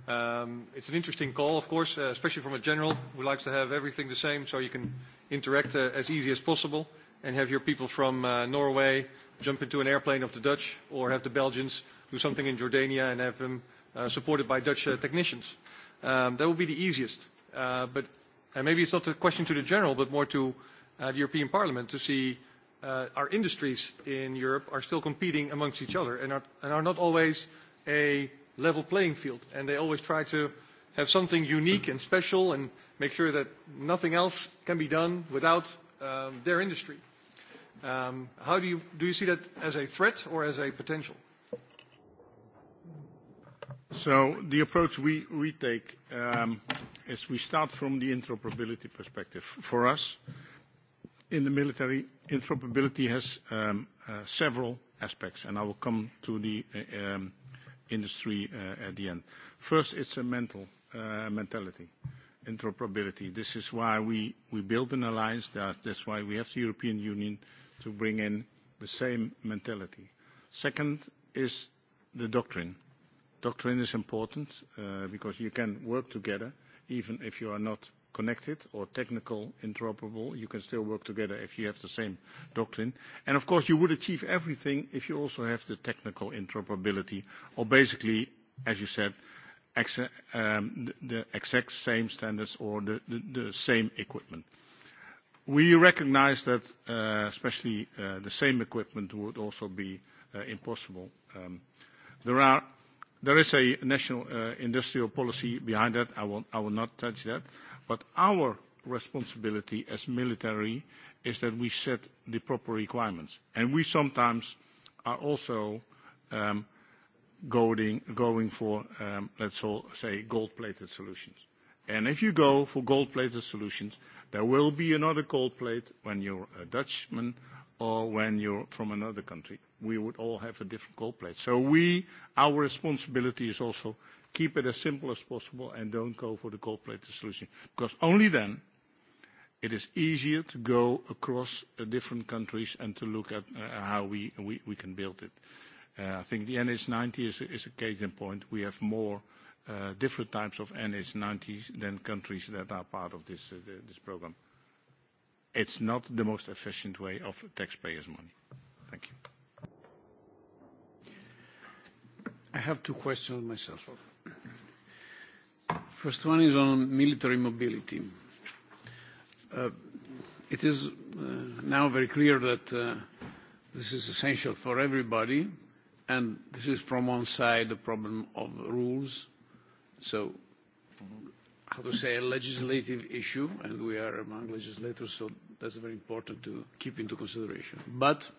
Um, it's an interesting call, of course, uh, especially from a general who likes to have everything the same so you can interact uh, as easy as possible and have your people from uh, Norway jump into an airplane of the Dutch or have the Belgians do something in Jordania and have them uh, supported by Dutch uh, technicians. Um, that would be the easiest. Uh, but and maybe it's not a question to the general, but more to uh, the European Parliament to see uh, our industries in Europe are still competing amongst each other and are, and are not always a level playing field. And they always try to have something unique and special and make sure that nothing else can be done without um, their industry. Um, how do you, do you see that as a threat or as a potential? So the approach we, we take um, is we start from the interoperability perspective. For us, in the military, interoperability has um, uh, several aspects, and I will come to the uh, industry uh, at the end. First, it's a mental mentality, interoperability. This is why we, we an alliance. That, that's why we have the European Union to bring in the same mentality. Second is the doctrine. Doctrine is important uh, because you can work together even if you are not connected or technical interoperable. You can still work together if you have the same doctrine. And of course, you would achieve everything if you also have the technical interoperability or basically, as you said, exa um, the, the exact same standards or the, the, the same equipment. We recognize that, uh, especially uh, the same equipment would also be uh, impossible. Um, there, are, there is a national uh, industrial policy behind that. I will, I will not touch that. But our responsibility as military is that we set the proper requirements. And we sometimes are also um, going, going for, um, let's all say, gold-plated solutions. And if you go for gold-plated solutions, There will be another cold plate when you're a Dutchman or when you're from another country. We would all have a different cold plate. So we, our responsibility is also keep it as simple as possible and don't go for the cold plate solution, because only then it is easier to go across uh, different countries and to look at uh, how we, we, we can build it. Uh, I think the NH90 is, is a case in point. We have more uh, different types of NH90s than countries that are part of this, uh, this program. It's not the most efficient way of taxpayers' money. Thank you. I have two questions myself. First one is on military mobility. Uh, it is uh, now very clear that uh, this is essential for everybody, and this is from one side the problem of rules So, how to say, a legislative issue, and we are among legislators, so that's very important to keep into consideration. But,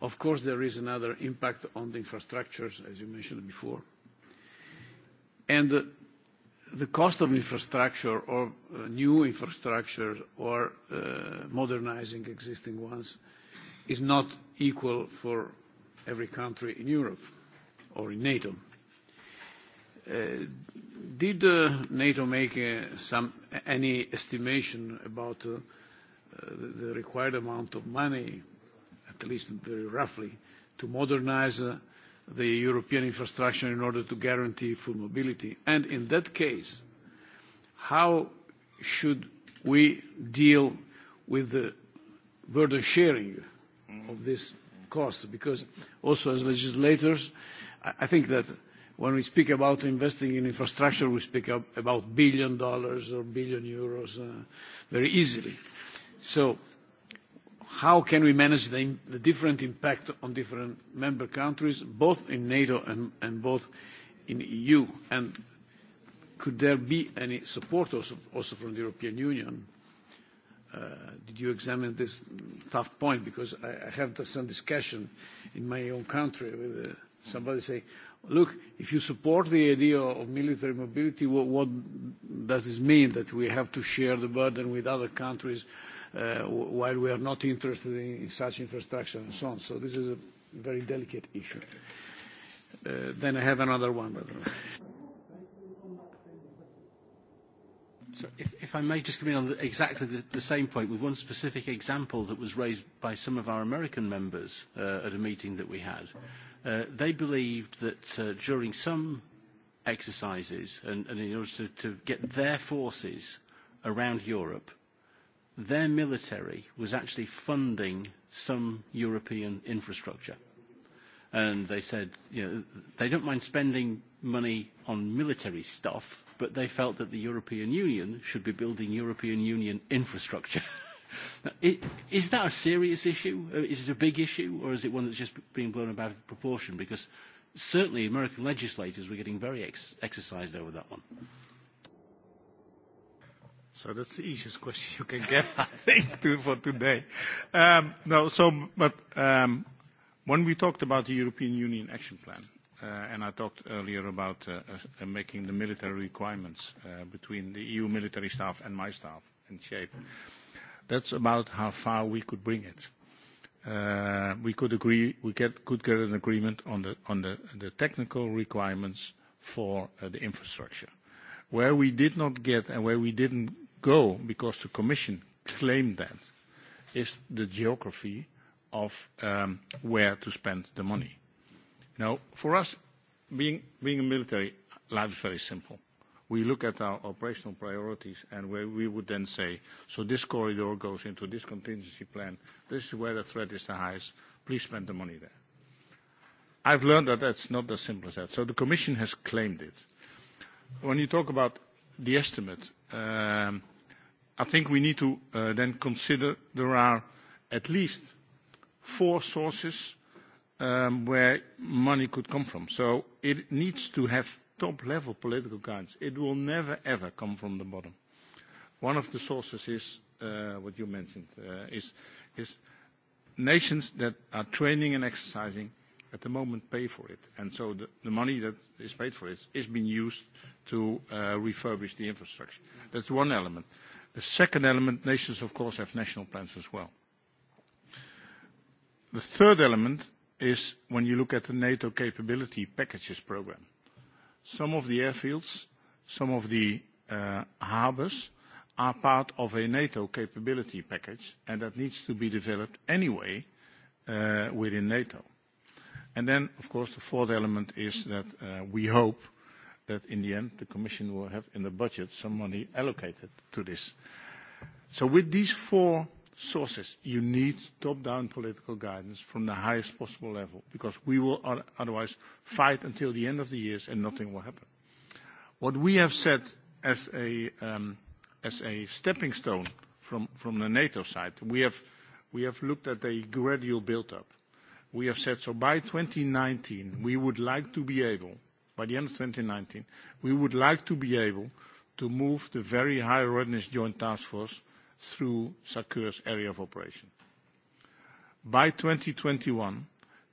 of course, there is another impact on the infrastructures, as you mentioned before. And the, uh, the cost of infrastructure or uh, new infrastructure or uh, modernizing existing ones is not equal for every country in Europe or in NATO. Uh, did uh, NATO make uh, any estimation about the, required amount of money, at least very roughly, to modernize the European infrastructure in order to guarantee full mobility? And in that case, how should we deal with the burden sharing of this cost? Because also as legislators, I think that When we speak about investing in infrastructure, we speak about billion dollars or billion euros uh, very easily. So how can we manage the, different impact on different member countries, both in NATO and, both in EU? And could there be any support also, from the European Union? Uh, did you examine this tough point? Because I, have some discussion in my own country with uh, somebody saying, look, if you support the idea of military mobility, what, does this mean? That we have to share the burden with other countries uh, while we are not interested in, such infrastructure and so on. So this is a very delicate issue. Uh, then I have another one. So if, I may just come in on exactly the, same point with one specific example that was raised by some of our American members uh, at a meeting that we had. Uh, they believed that uh, during some exercises and, and in order to, to get their forces around Europe, their military was actually funding some European infrastructure. And they said, you know, they don't mind spending money on military stuff, but they felt that the European Union should be building European Union infrastructure. is that a serious issue? Uh, is it a big issue, or is it one that's just being blown about of proportion? Because certainly American legislators were getting very exercised over that one. So that's the easiest question you can get, I think, to, for today. Um, no, so but um, when we talked about the European Union Action Plan, uh, and I talked earlier about uh, making the military requirements between the EU military staff and my staff in shape. That's about how far we could bring it. Uh, we could agree, we could get an agreement on the, technical requirements for uh, the infrastructure. Where we did not get and where we didn't go, because the commission claimed that, is the geography of um, where to spend the money. Now, for us, being a military, life is very simple we look at our operational priorities and where we would then say, "So this corridor goes into this contingency plan. This is where the threat is the highest. Please spend the money there." I've learned that that's not as simple as that. So the Commission has claimed it. When you talk about the estimate, um, I think we need to uh, then consider there are at least four sources um, where money could come from. So it needs to have top-level political guidance. It will never, ever come from the bottom. One of the sources is uh, what you mentioned, uh, is, is nations that are training and exercising at the moment pay for it. And so the, the money that is paid for it is being used to uh, refurbish the infrastructure. That's one element. The second element, nations, of course, have national plans as well. The third element is when you look at the NATO capability packages program. Some of the airfields, some of the uh, harbors are part of a NATO capability package, and that needs to be developed anyway uh, within NATO. And then, of course, the fourth element is that uh, we hope that in the end, the Commission will have in the budget some money allocated to this. So with these four sources. You need top-down political guidance from the highest possible level, because we will otherwise fight until the end of the years and nothing will happen. What we have said as a, um, as a stepping stone from, from the NATO side, we have, we have looked at a gradual build-up. We have said, so by 2019, we would like to be able, by the end of 2019, we would like to be able to move the Very High Readiness Joint Task Force through SACEUR's area of operation. By 2021,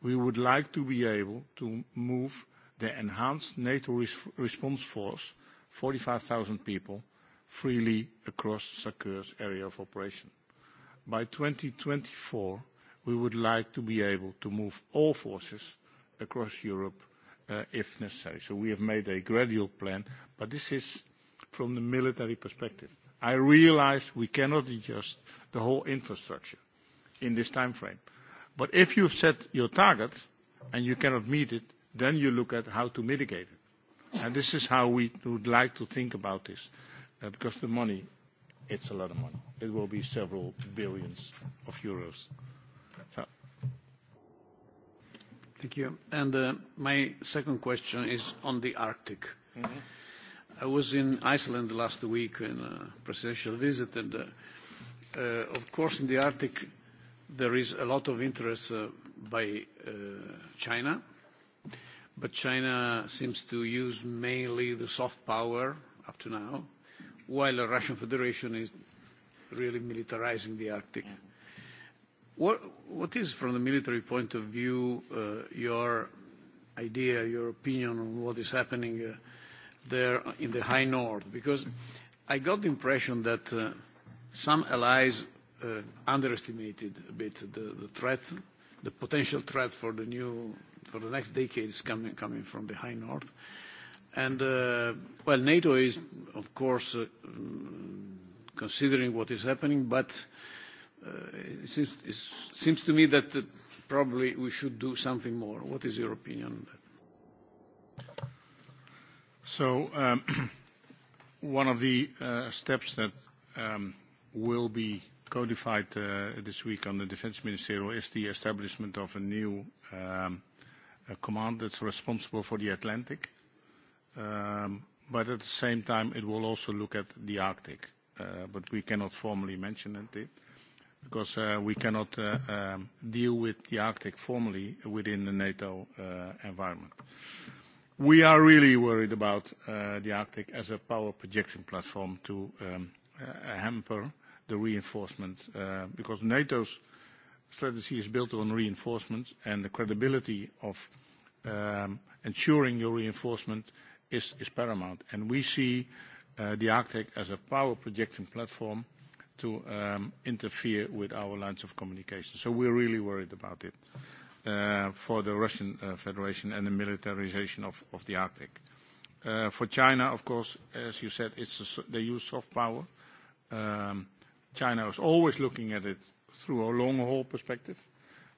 we would like to be able to move the enhanced NATO res response force, 45,000 people, freely across SACEUR's area of operation. By 2024, we would like to be able to move all forces across Europe, uh, if necessary. So we have made a gradual plan, but this is from the military perspective. I realize we cannot adjust the whole infrastructure in this time frame. But if you've set your target and you cannot meet it, then you look at how to mitigate it. And this is how we would like to think about this, uh, because the money, it's a lot of money. It will be several billions of euros. So. Thank you. And uh, my second question is on the Arctic. Mm-hmm. I was in Iceland last week in a presidential visit, and uh, uh, of course, in the Arctic, there is a lot of interest uh, by uh, China, but China seems to use mainly the soft power up to now, while the Russian Federation is really militarizing the Arctic. What, what is, from the military point of view, uh, your idea, your opinion on what is happening uh, there in the high north? Because I got the impression that uh, some allies uh, underestimated a bit the, the threat, the potential threat for the new, for the next decades coming, coming from the high north. And, uh, well, NATO is, of course, uh, considering what is happening, but uh, it, seems, it seems to me that uh, probably we should do something more. What is your opinion on that? So um, one of the uh, steps that um, will be codified uh, this week on the Defense Ministerial is the establishment of a new um, command that's responsible for the Atlantic. But at the same time, it will also look at the Arctic. Uh, but we cannot formally mention it because we cannot deal with the Arctic formally within the NATO environment. We are really worried about uh, the Arctic as a power projection platform to um, uh, hamper the reinforcement, uh, because NATO's strategy is built on reinforcement, and the credibility of um, ensuring your reinforcement is, is paramount. And we see uh, the Arctic as a power projection platform to um, interfere with our lines of communication. So we're really worried about it. Uh, for the Russian uh, Federation and the militarization of, of the Arctic. Uh, for China, of course, as you said, it's a, they use soft power. Um, China is always looking at it through a long-haul perspective,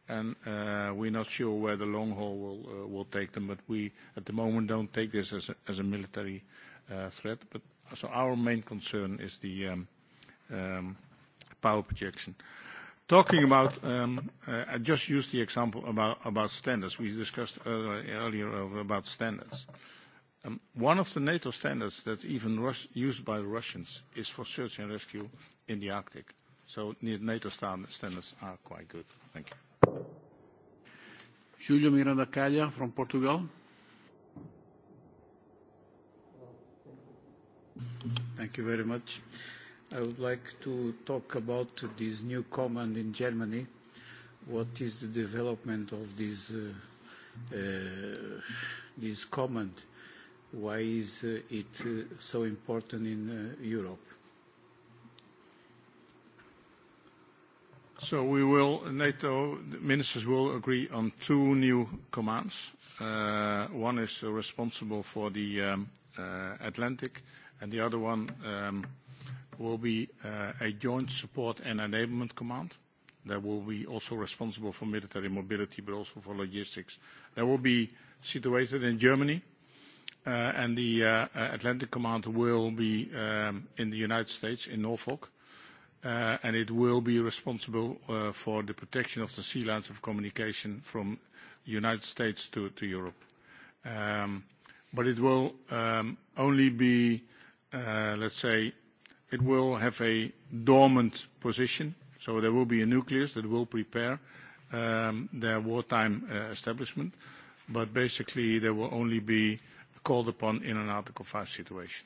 and uh, we're not sure where the long haul will, uh, will take them, but we, at the moment, don't take this as a, as a military uh, threat. But, so our main concern is the um, um, power projection. Talking about, um, uh, I just used the example about, standards. We discussed earlier, about standards. Um, one of the NATO standards that's even used by the Russians is for search and rescue in the Arctic. So NATO standards are quite good. Thank you. Julio Miranda Calle from Portugal. Thank you very much. I would like to talk about this new command in Germany. What is the development of this uh, uh this command? Why is uh, it uh, so important in Europe? So we will, NATO ministers will agree on two new commands. Uh, one is responsible for the um, uh, Atlantic, and the other one um, will be uh, a joint support and enablement command that will be also responsible for military mobility, but also for logistics. That will be situated in Germany, uh, and the uh, Atlantic Command will be um, in the United States, in Norfolk. Uh, and it will be responsible uh, for the protection of the sea lines of communication from the United States to, to Europe. Um, but it will um, only be, uh, let's say, it will have a dormant position, so there will be a nucleus that will prepare um, their wartime uh, establishment, but basically they will only be called upon in an Article 5 situation.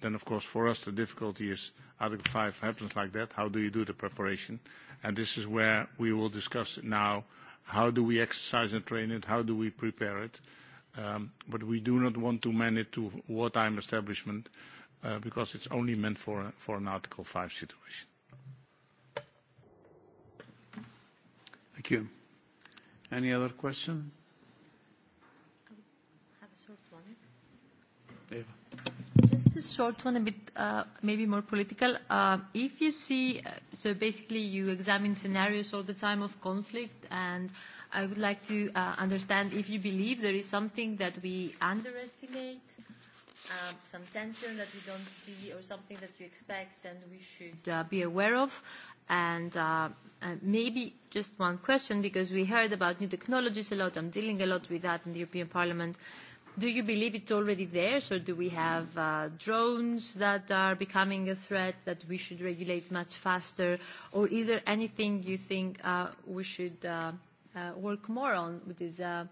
Then, of course, for us, the difficulty is Article 5 happens like that, how do you do the preparation? And this is where we will discuss it now, how do we exercise and train it? How do we prepare it? Um, but we do not want to man it to wartime establishment Uh, because it's only meant for, for an Article 5 situation. Thank you. Any other question? I have a short one. Eva. Just a short one, a bit uh, maybe more political. Uh, if you see, so basically you examine scenarios all the time of conflict, and I would like to understand if you believe there is something that we underestimate Um, some tension that we don't see or something that you expect and we should uh, be aware of? And uh, uh, maybe just one question, because we heard about new technologies a lot. I'm dealing a lot with that in the European Parliament. Do you believe it's already there? So do we have uh, drones that are becoming a threat that we should regulate much faster? Or is there anything you think uh, we should uh, uh, work more on, which is uh,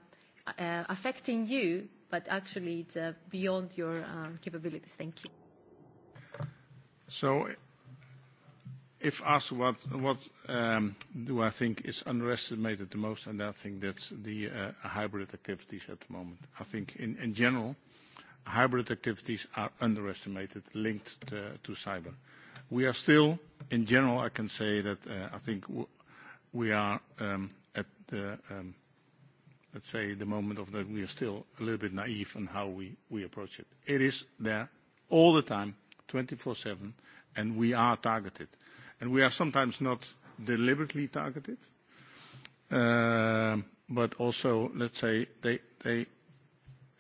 uh, affecting you but actually it's uh, beyond your um, capabilities. Thank you. So if asked what, what um, do I think is underestimated the most, and I think that's the uh, hybrid activities at the moment. I think in, in general, hybrid activities are underestimated, linked to, to cyber. We are still, in general, I can say that uh, I think we are um, at the um, let's say, the moment of that we are still a little bit naive on how we, we approach it. It is there all the time, 24/7, and we are targeted. And we are sometimes not deliberately targeted, uh, but also, let's say, they, they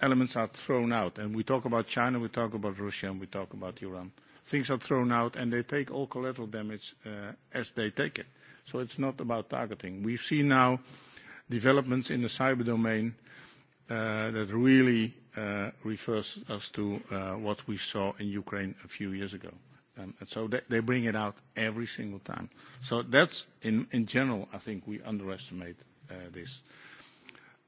elements are thrown out. And we talk about China, we talk about Russia, and we talk about Iran. Things are thrown out, and they take all collateral damage uh, as they take it. So it's not about targeting. We've seen now developments in the cyber domain uh, that really uh, refers us to uh, what we saw in Ukraine a few years ago. Um, and so they, bring it out every single time. So that's in, general, I think we underestimate this.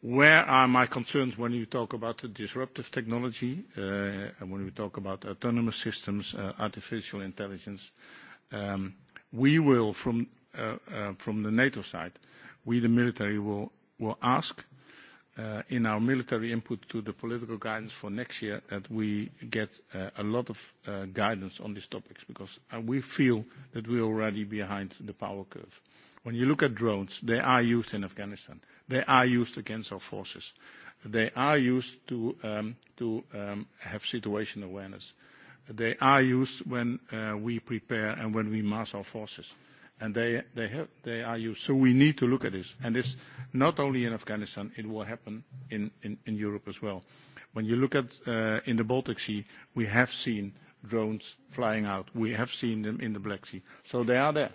Where are my concerns when you talk about the disruptive technology, and when we talk about autonomous systems, artificial intelligence? Um, we will, from, from the NATO side, we, the military, will, will ask uh, in our military input to the political guidance for next year that we get uh, a lot of uh, guidance on these topics because uh, we feel that we're already behind the power curve. When you look at drones, they are used in Afghanistan. They are used against our forces. They are used to, um, to um, have situation awareness. They are used when uh, we prepare and when we mass our forces and they, they, have, they are used. So we need to look at this, and this not only in Afghanistan, it will happen in, in, in Europe as well. When you look at uh, in the Baltic Sea, we have seen drones flying out. We have seen them in the Black Sea, so they are there.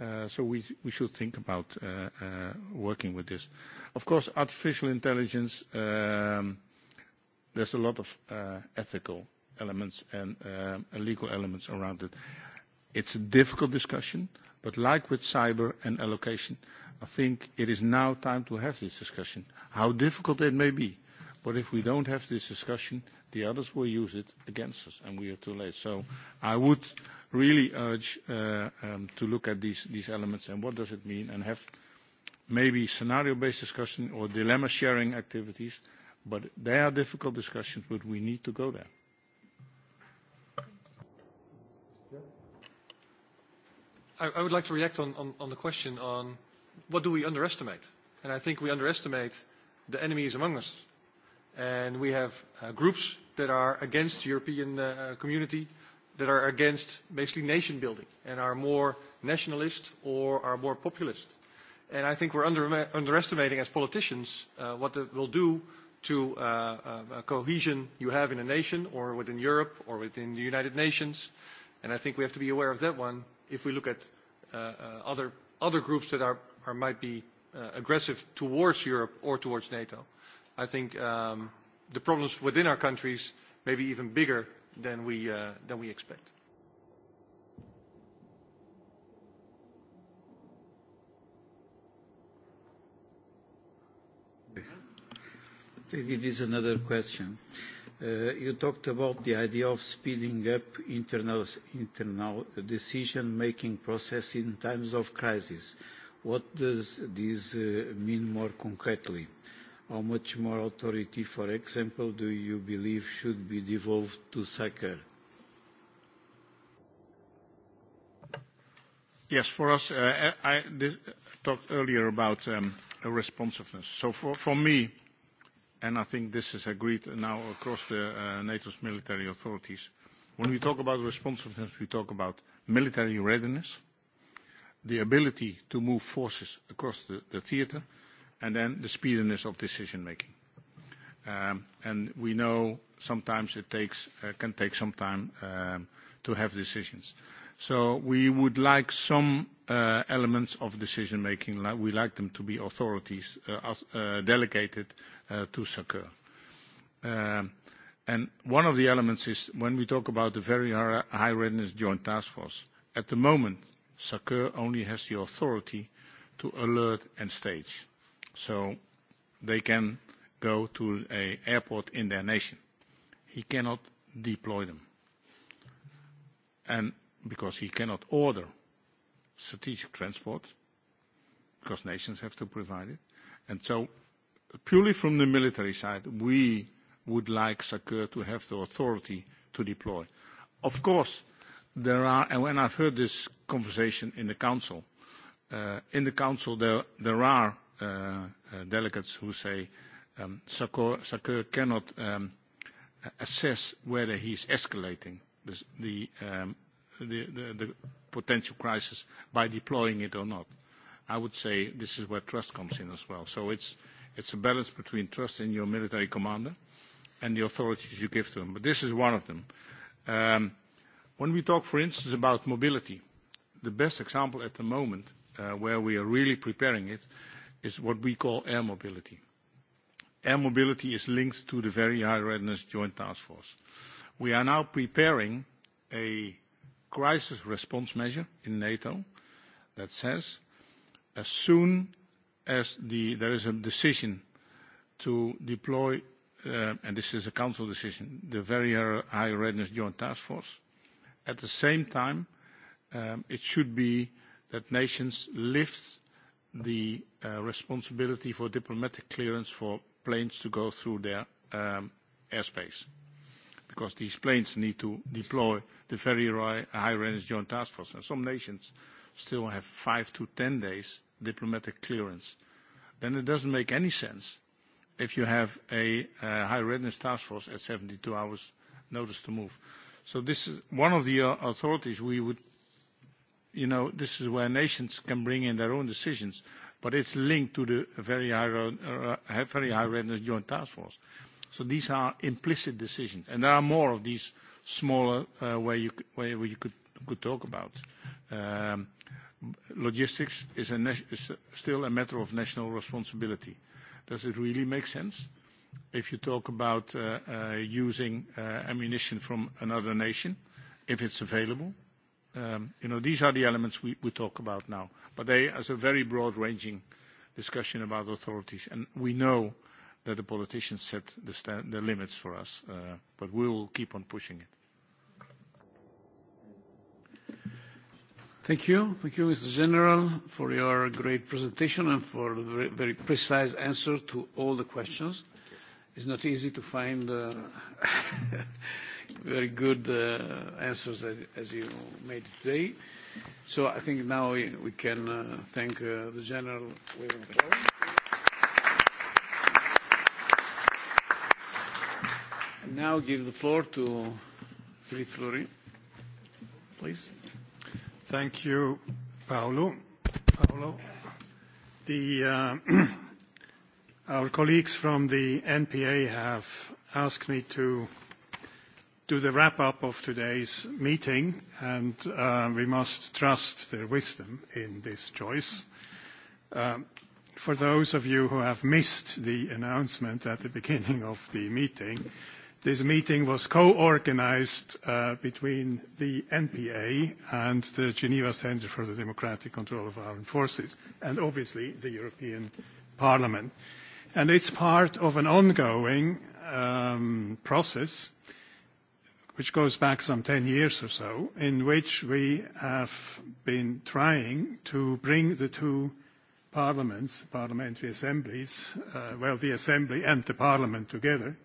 Uh, so we, we should think about uh, uh working with this. Of course, artificial intelligence, um, there's a lot of uh, ethical elements and uh, legal elements around it. It's a difficult discussion. But like with cyber and allocation, I think it is now time to have this discussion, how difficult it may be. But if we don't have this discussion, the others will use it against us, and we are too late. So I would really urge uh, um, to look at these, these elements and what does it mean, and have maybe scenario-based discussion or dilemma-sharing activities, but they are difficult discussions, but we need to go there. I, would like to react on, the question on what do we underestimate? And I think we underestimate the enemies among us. And we have uh, groups that are against the European uh, community, that are against basically nation building, and are more nationalist or are more populist. And I think we're underestimating as politicians uh, what it will do to a cohesion you have in a nation or within Europe or within the United Nations. And I think we have to be aware of that one if we look at Uh, uh, other, other groups that are, are might be uh, aggressive towards Europe or towards NATO. I think um, the problems within our countries may be even bigger than we, than we expect. I think it is another question. Uh, you talked about the idea of speeding up internal, internal decision-making process in times of crisis. What does this uh, mean more concretely? How much more authority, for example, do you believe should be devolved to SACEUR? Yes, for us, uh, I, I talked earlier about um, responsiveness. So for, for me, and I think this is agreed now across the uh, NATO's military authorities. When we talk about responsiveness, we talk about military readiness, the ability to move forces across the, the theater, and then the speediness of decision-making. Um, and we know sometimes it takes, uh, can take some time um, to have decisions. So we would like some uh, elements of decision-making. Like we like them to be authorities uh, uh, delegated uh, to SACEUR. Um, and one of the elements is when we talk about the very high readiness joint task force. At the moment, SACEUR only has the authority to alert and stage. So they can go to an airport in their nation. He cannot deploy them. And because he cannot order strategic transport because nations have to provide it. And so purely from the military side, we would like SACEUR to have the authority to deploy. Of course, there are, and when I've heard this conversation in the council, uh, in the council there, there are uh, uh, delegates who say um, SACEUR cannot um, assess whether he's escalating the, the um, the, the, the potential crisis by deploying it or not. I would say this is where trust comes in as well. So it's, it's a balance between trust in your military commander and the authorities you give to them. But this is one of them. Um, when we talk, for instance, about mobility, the best example at the moment uh, where we are really preparing it is what we call air mobility. Air mobility is linked to the Very High Readiness Joint Task Force. We are now preparing a crisis response measure in NATO that says as soon as the, there is a decision to deploy, uh, and this is a council decision, the very high readiness joint task force, at the same time, um, it should be that nations lift the uh, responsibility for diplomatic clearance for planes to go through their um, airspace because these planes need to deploy the very high range joint task force. And some nations still have five to 10 days diplomatic clearance. Then it doesn't make any sense if you have a, a high readiness task force at 72 hours notice to move. So this is one of the uh, authorities we would, you know, this is where nations can bring in their own decisions, but it's linked to the very high, uh, very high readiness joint task force. So these are implicit decisions, and there are more of these smaller uh, where you where you could could talk about. Um, logistics is, a is still a matter of national responsibility. Does it really make sense? If you talk about uh, uh, using uh, ammunition from another nation, if it's available, um, you know, these are the elements we, we talk about now. But they as a very broad-ranging discussion about authorities, and we know that the politicians set the, stand, the limits for us, uh, but we will keep on pushing it. Thank you. Thank you, Mr. General, for your great presentation and for the very, very precise answer to all the questions. It's not easy to find uh, very good uh, answers as, as you made today. So I think now we, we can uh, thank uh, the General with applause. now give the floor to Philippe Fleury, please. Thank you, Paolo. Paolo. The, uh, our colleagues from the NPA have asked me to do the wrap-up of today's meeting, and uh, we must trust their wisdom in this choice. Uh, for those of you who have missed the announcement at the beginning of the meeting, This meeting was co-organized uh, between the NPA and the Geneva Center for the Democratic Control of Armed Forces, and obviously the European Parliament. it's part of an ongoing um, process which goes back some 10 years or so, in which we have been trying to bring the two parliaments, parliamentary assemblies, uh, well, the assembly and the parliament together,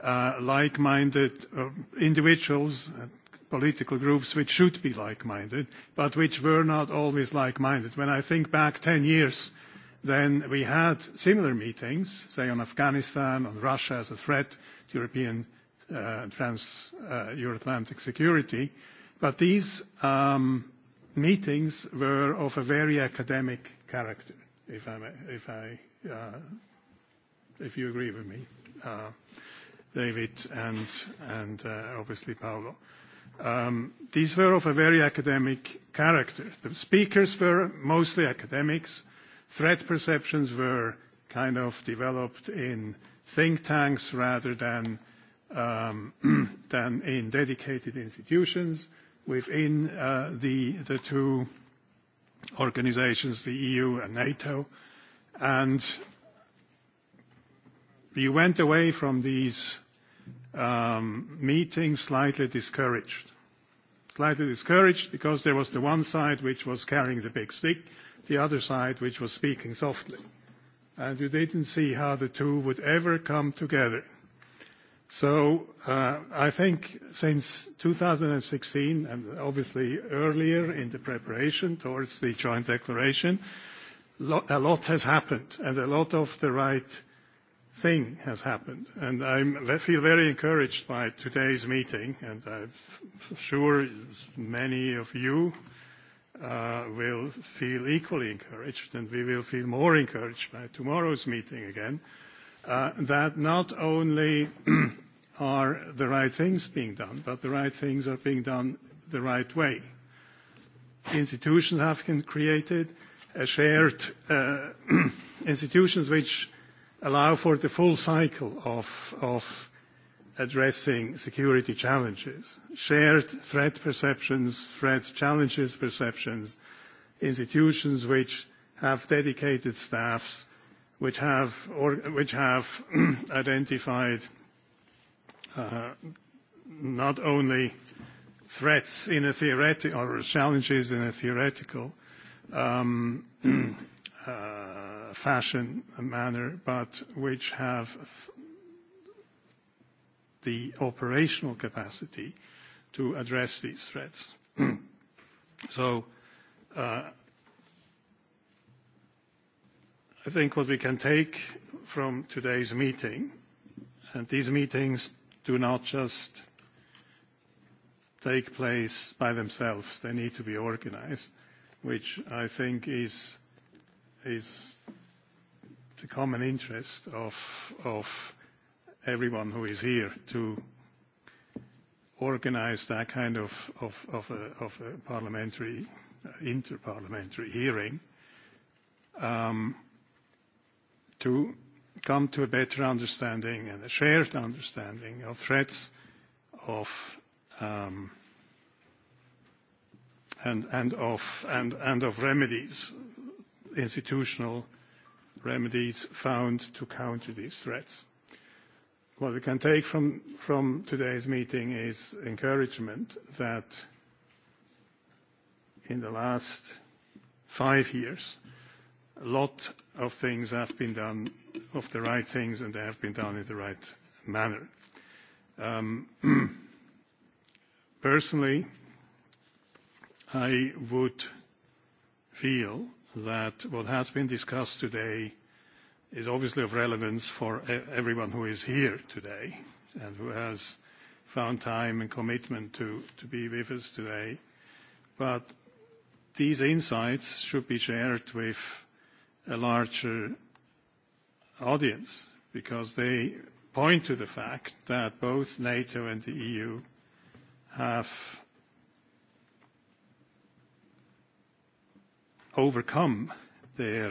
Uh, like-minded uh, individuals, uh, political groups which should be like-minded, but which were not always like-minded. When I think back 10 years, then we had similar meetings, say on Afghanistan, on Russia as a threat to European and trans Euro-Atlantic security. But these um, meetings were of a very academic character, if I, if I, if you agree with me. David, and, uh, obviously Paolo. Um, these were of a very academic character. The speakers were mostly academics. Threat perceptions were kind of developed in think tanks rather than, um, in dedicated institutions within uh, the, the two organizations, the EU and NATO. And We went away from these um, meetings slightly discouraged. Slightly discouraged because there was the one side which was carrying the big stick, the other side which was speaking softly. And you didn't see how the two would ever come together. So uh, I think since 2016, and obviously earlier in the preparation towards the joint declaration, a lot has happened, and a lot of the right thing has happened. And I'm, I feel very encouraged by today's meeting, and I'm sure many of you uh, will feel equally encouraged, and we will feel more encouraged by tomorrow's meeting again, uh, that not only are the right things being done, but the right things are being done the right way. Institutions have been created, a shared uh, institutions which allow for the full cycle of, addressing security challenges, shared threat perceptions, threat challenges perceptions, institutions which have dedicated staffs, which have, which have identified uh, not only threats in a theoretical or challenges in a theoretical um, uh, fashion manner, but which have the operational capacity to address these threats. so uh, I think what we can take from today's meeting, and these meetings do not just take place by themselves. They need to be organized, which I think is, is the common interest of, of everyone who is here to organize that kind of, of, of, a, of a parliamentary, inter-parliamentary hearing um, to come to a better understanding and a shared understanding of threats of um, and, and, of, and, and of remedies, institutional remedies found to counter these threats. What we can take from, from today's meeting is encouragement that in the last five years, a lot of things have been done, of the right things, and they have been done in the right manner. Um, personally, I would feel that what has been discussed today is obviously of relevance for e-, everyone who is here today and who has found time and commitment to, to be with us today. But these insights should be shared with a larger audience because they point to the fact that both NATO and the EU have overcome their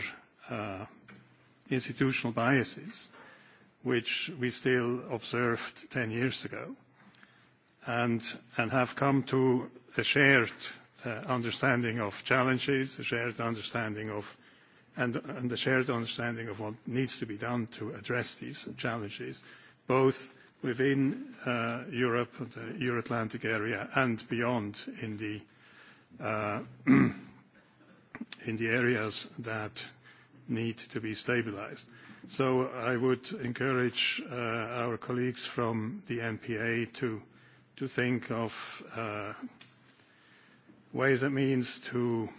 uh, institutional biases, which we still observed 10 years ago, and, and have come to a shared uh, understanding of challenges, a shared understanding of and, and the shared understanding of what needs to be done to address these challenges, both within uh, Europe, the Euro-Atlantic area, and beyond in the uh, in the areas that need to be stabilized. So I would encourage uh, our colleagues from the NPA to, to think of uh, ways and means to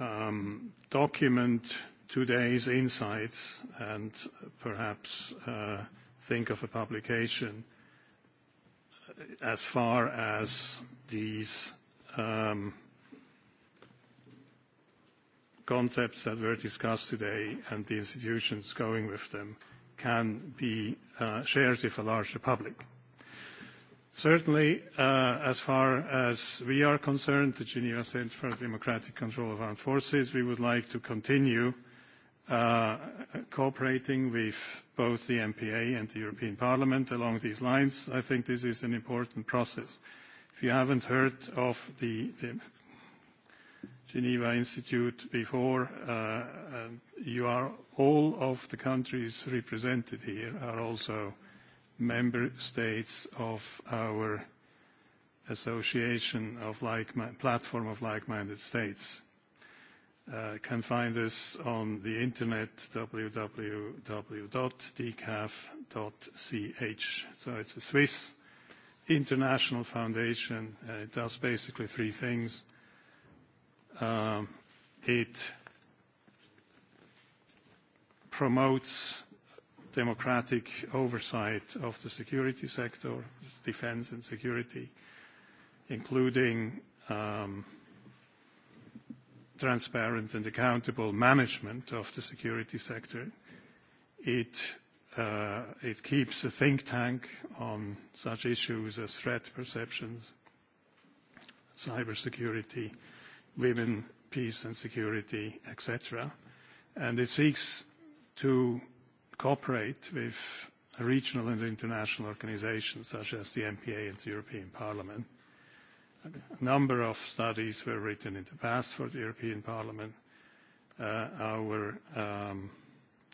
um, document today's insights and perhaps uh, think of a publication uh, as far as these um, concepts that were discussed today and the institutions going with them can be uh, shared with a larger public. Certainly, uh, as far as we are concerned, the Geneva Center for Democratic Control of Armed Forces, we would like to continue uh, cooperating with both the MPA and the European Parliament along these lines. I think this is an important process. If you haven't heard of the, the Geneva Institute before, uh, and you are all of the countries represented here are also member states of our association of like platform of like-minded states. Uh, can find us on the internet, www.decaf.ch. So it's a Swiss international foundation, uh, it does basically three things: Uh, it promotes democratic oversight of the security sector, defense and security, including um, transparent and accountable management of the security sector. It, uh, it keeps a think tank on such issues as threat perceptions, cybersecurity, women, peace and security, etc. And it seeks to cooperate with regional and international organizations such as the MPA and the European Parliament. A number of studies were written in the past for the European Parliament. Uh, our um,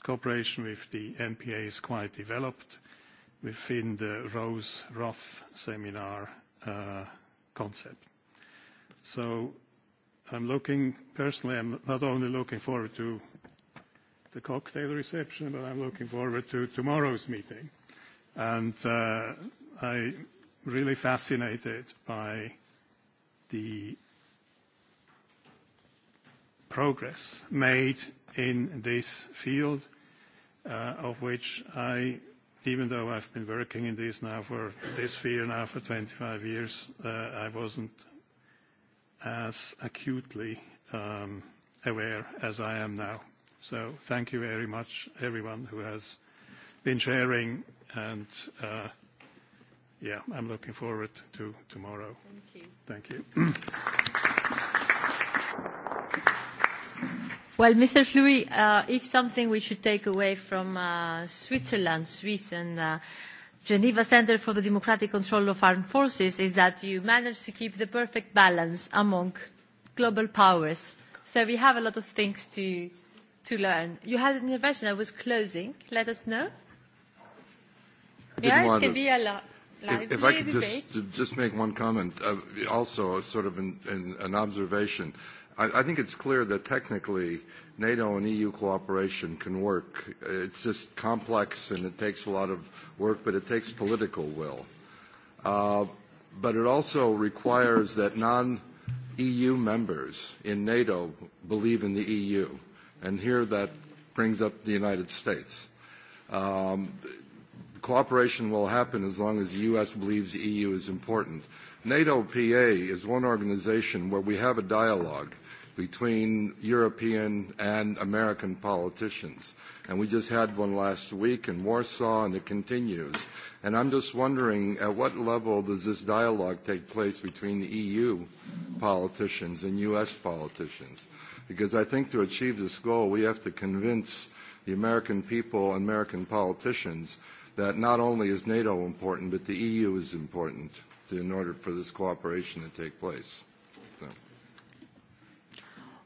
cooperation with the NPA is quite developed within the Rose-Roth seminar uh, concept. So I'm looking personally, I'm not only looking forward to the cocktail reception, but I'm looking forward to tomorrow's meeting. And uh, I'm really fascinated by the progress made in this field, uh, of which I, even though I've been working in this now for this field now for 25 years, uh, I wasn't as acutely um, aware as I am now. So thank you very much, everyone who has been sharing, and uh, yeah, I'm looking forward to tomorrow. Thank you. Thank you. Well, Mr. Fleury, uh, if something we should take away from uh, Switzerland, Swiss, and Geneva Center for the Democratic Control of Armed Forces is that you manage to keep the perfect balance among global powers. So we have a lot of things to, to learn. You had an intervention that was closing. Let us know. Yeah, it can to, be a lot. If, if I could just, just make one comment, uh, also sort of an, an, an observation. Uh, I, think it's clear that technically NATO and EU cooperation can work. It's just complex and it takes a lot of work, but it takes political will. Uh, but it also requires that non-EU members in NATO believe in the EU. And here that brings up the United States. Um, cooperation will happen as long as the U.S. believes the EU is important. NATO PA is one organization where we have a dialogue between European and American politicians. And we just had one last week in Warsaw, and it continues. And I'm just wondering, at what level does this dialogue take place between EU e politicians and U.S. politicians? Because I think to achieve this goal, we have to convince the American people and American politicians that not only is NATO important, but the EU is important in order for this cooperation to take place.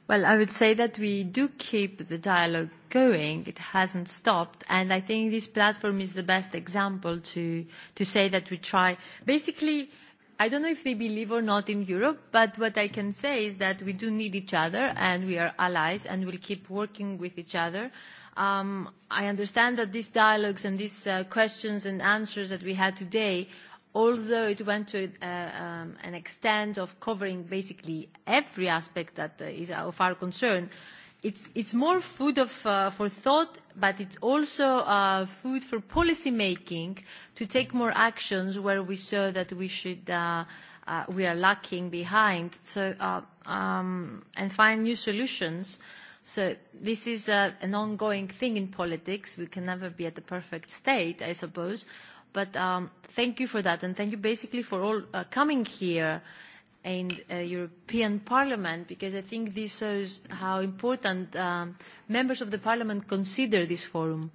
Well, I would say that we do keep the dialogue going. It hasn't stopped. And I think this platform is the best example to, to say that we try. Basically, I don't know if they believe or not in Europe, but what I can say is that we do need each other and we are allies and we'll keep working with each other. Um, I understand that these dialogues and these uh, questions and answers that we had today although it went to uh, um, an extent of covering basically every aspect that uh, is of our concern, it's, it's more food of, uh, for thought, but it's also uh, food for policy making to take more actions where we saw that we should uh, uh, we are lacking behind. So uh, um, and find new solutions. So this is uh, an ongoing thing in politics. We can never be at the perfect state, I suppose But um, thank you for that, and thank you basically for all uh, coming here in uh, European Parliament, because I think this shows how important um, members of the Parliament consider this forum.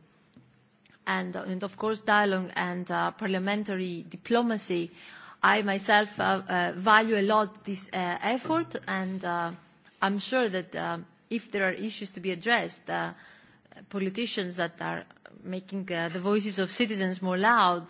And, uh, and of course, dialogue and uh, parliamentary diplomacy. I myself uh, uh, value a lot this uh, effort, and uh, I'm sure that uh, if there are issues to be addressed, uh, politicians that are making uh, the voices of citizens more loud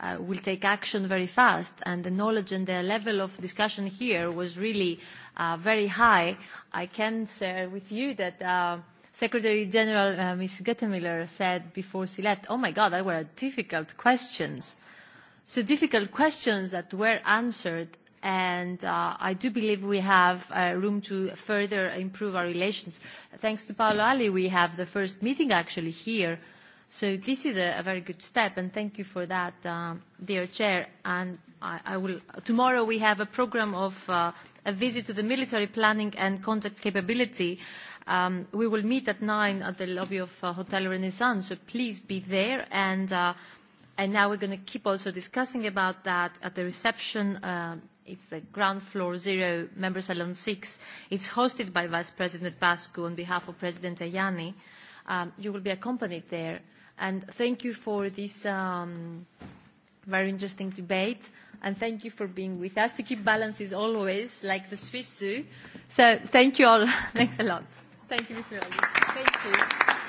uh, will take action very fast. And the knowledge and the level of discussion here was really uh, very high. I can share with you that uh, Secretary General uh, Ms. Guttemiller said before she left, oh my God, that were difficult questions. So difficult questions that were answered and uh, I do believe we have uh, room to further improve our relations. Thanks to Paolo Ali, we have the first meeting actually here So this is a, a very good step, and thank you for that, um, dear Chair. And I, I will, tomorrow we have a program of uh, a visit to the military planning and contact capability. Um, we will meet at nine at the lobby of uh, Hotel Renaissance, so please be there. And, uh, and now we're going to keep also discussing about that at the reception. Uh, it's the ground floor zero, Member Salon 6. It's hosted by Vice President Pascu on behalf of President Ayani. Um, you will be accompanied there And thank you for this um, very interesting debate. And thank you for being with us to keep balances always, like the Swiss do. So thank you all. Thanks a lot. Thank you, Mr. Thank you.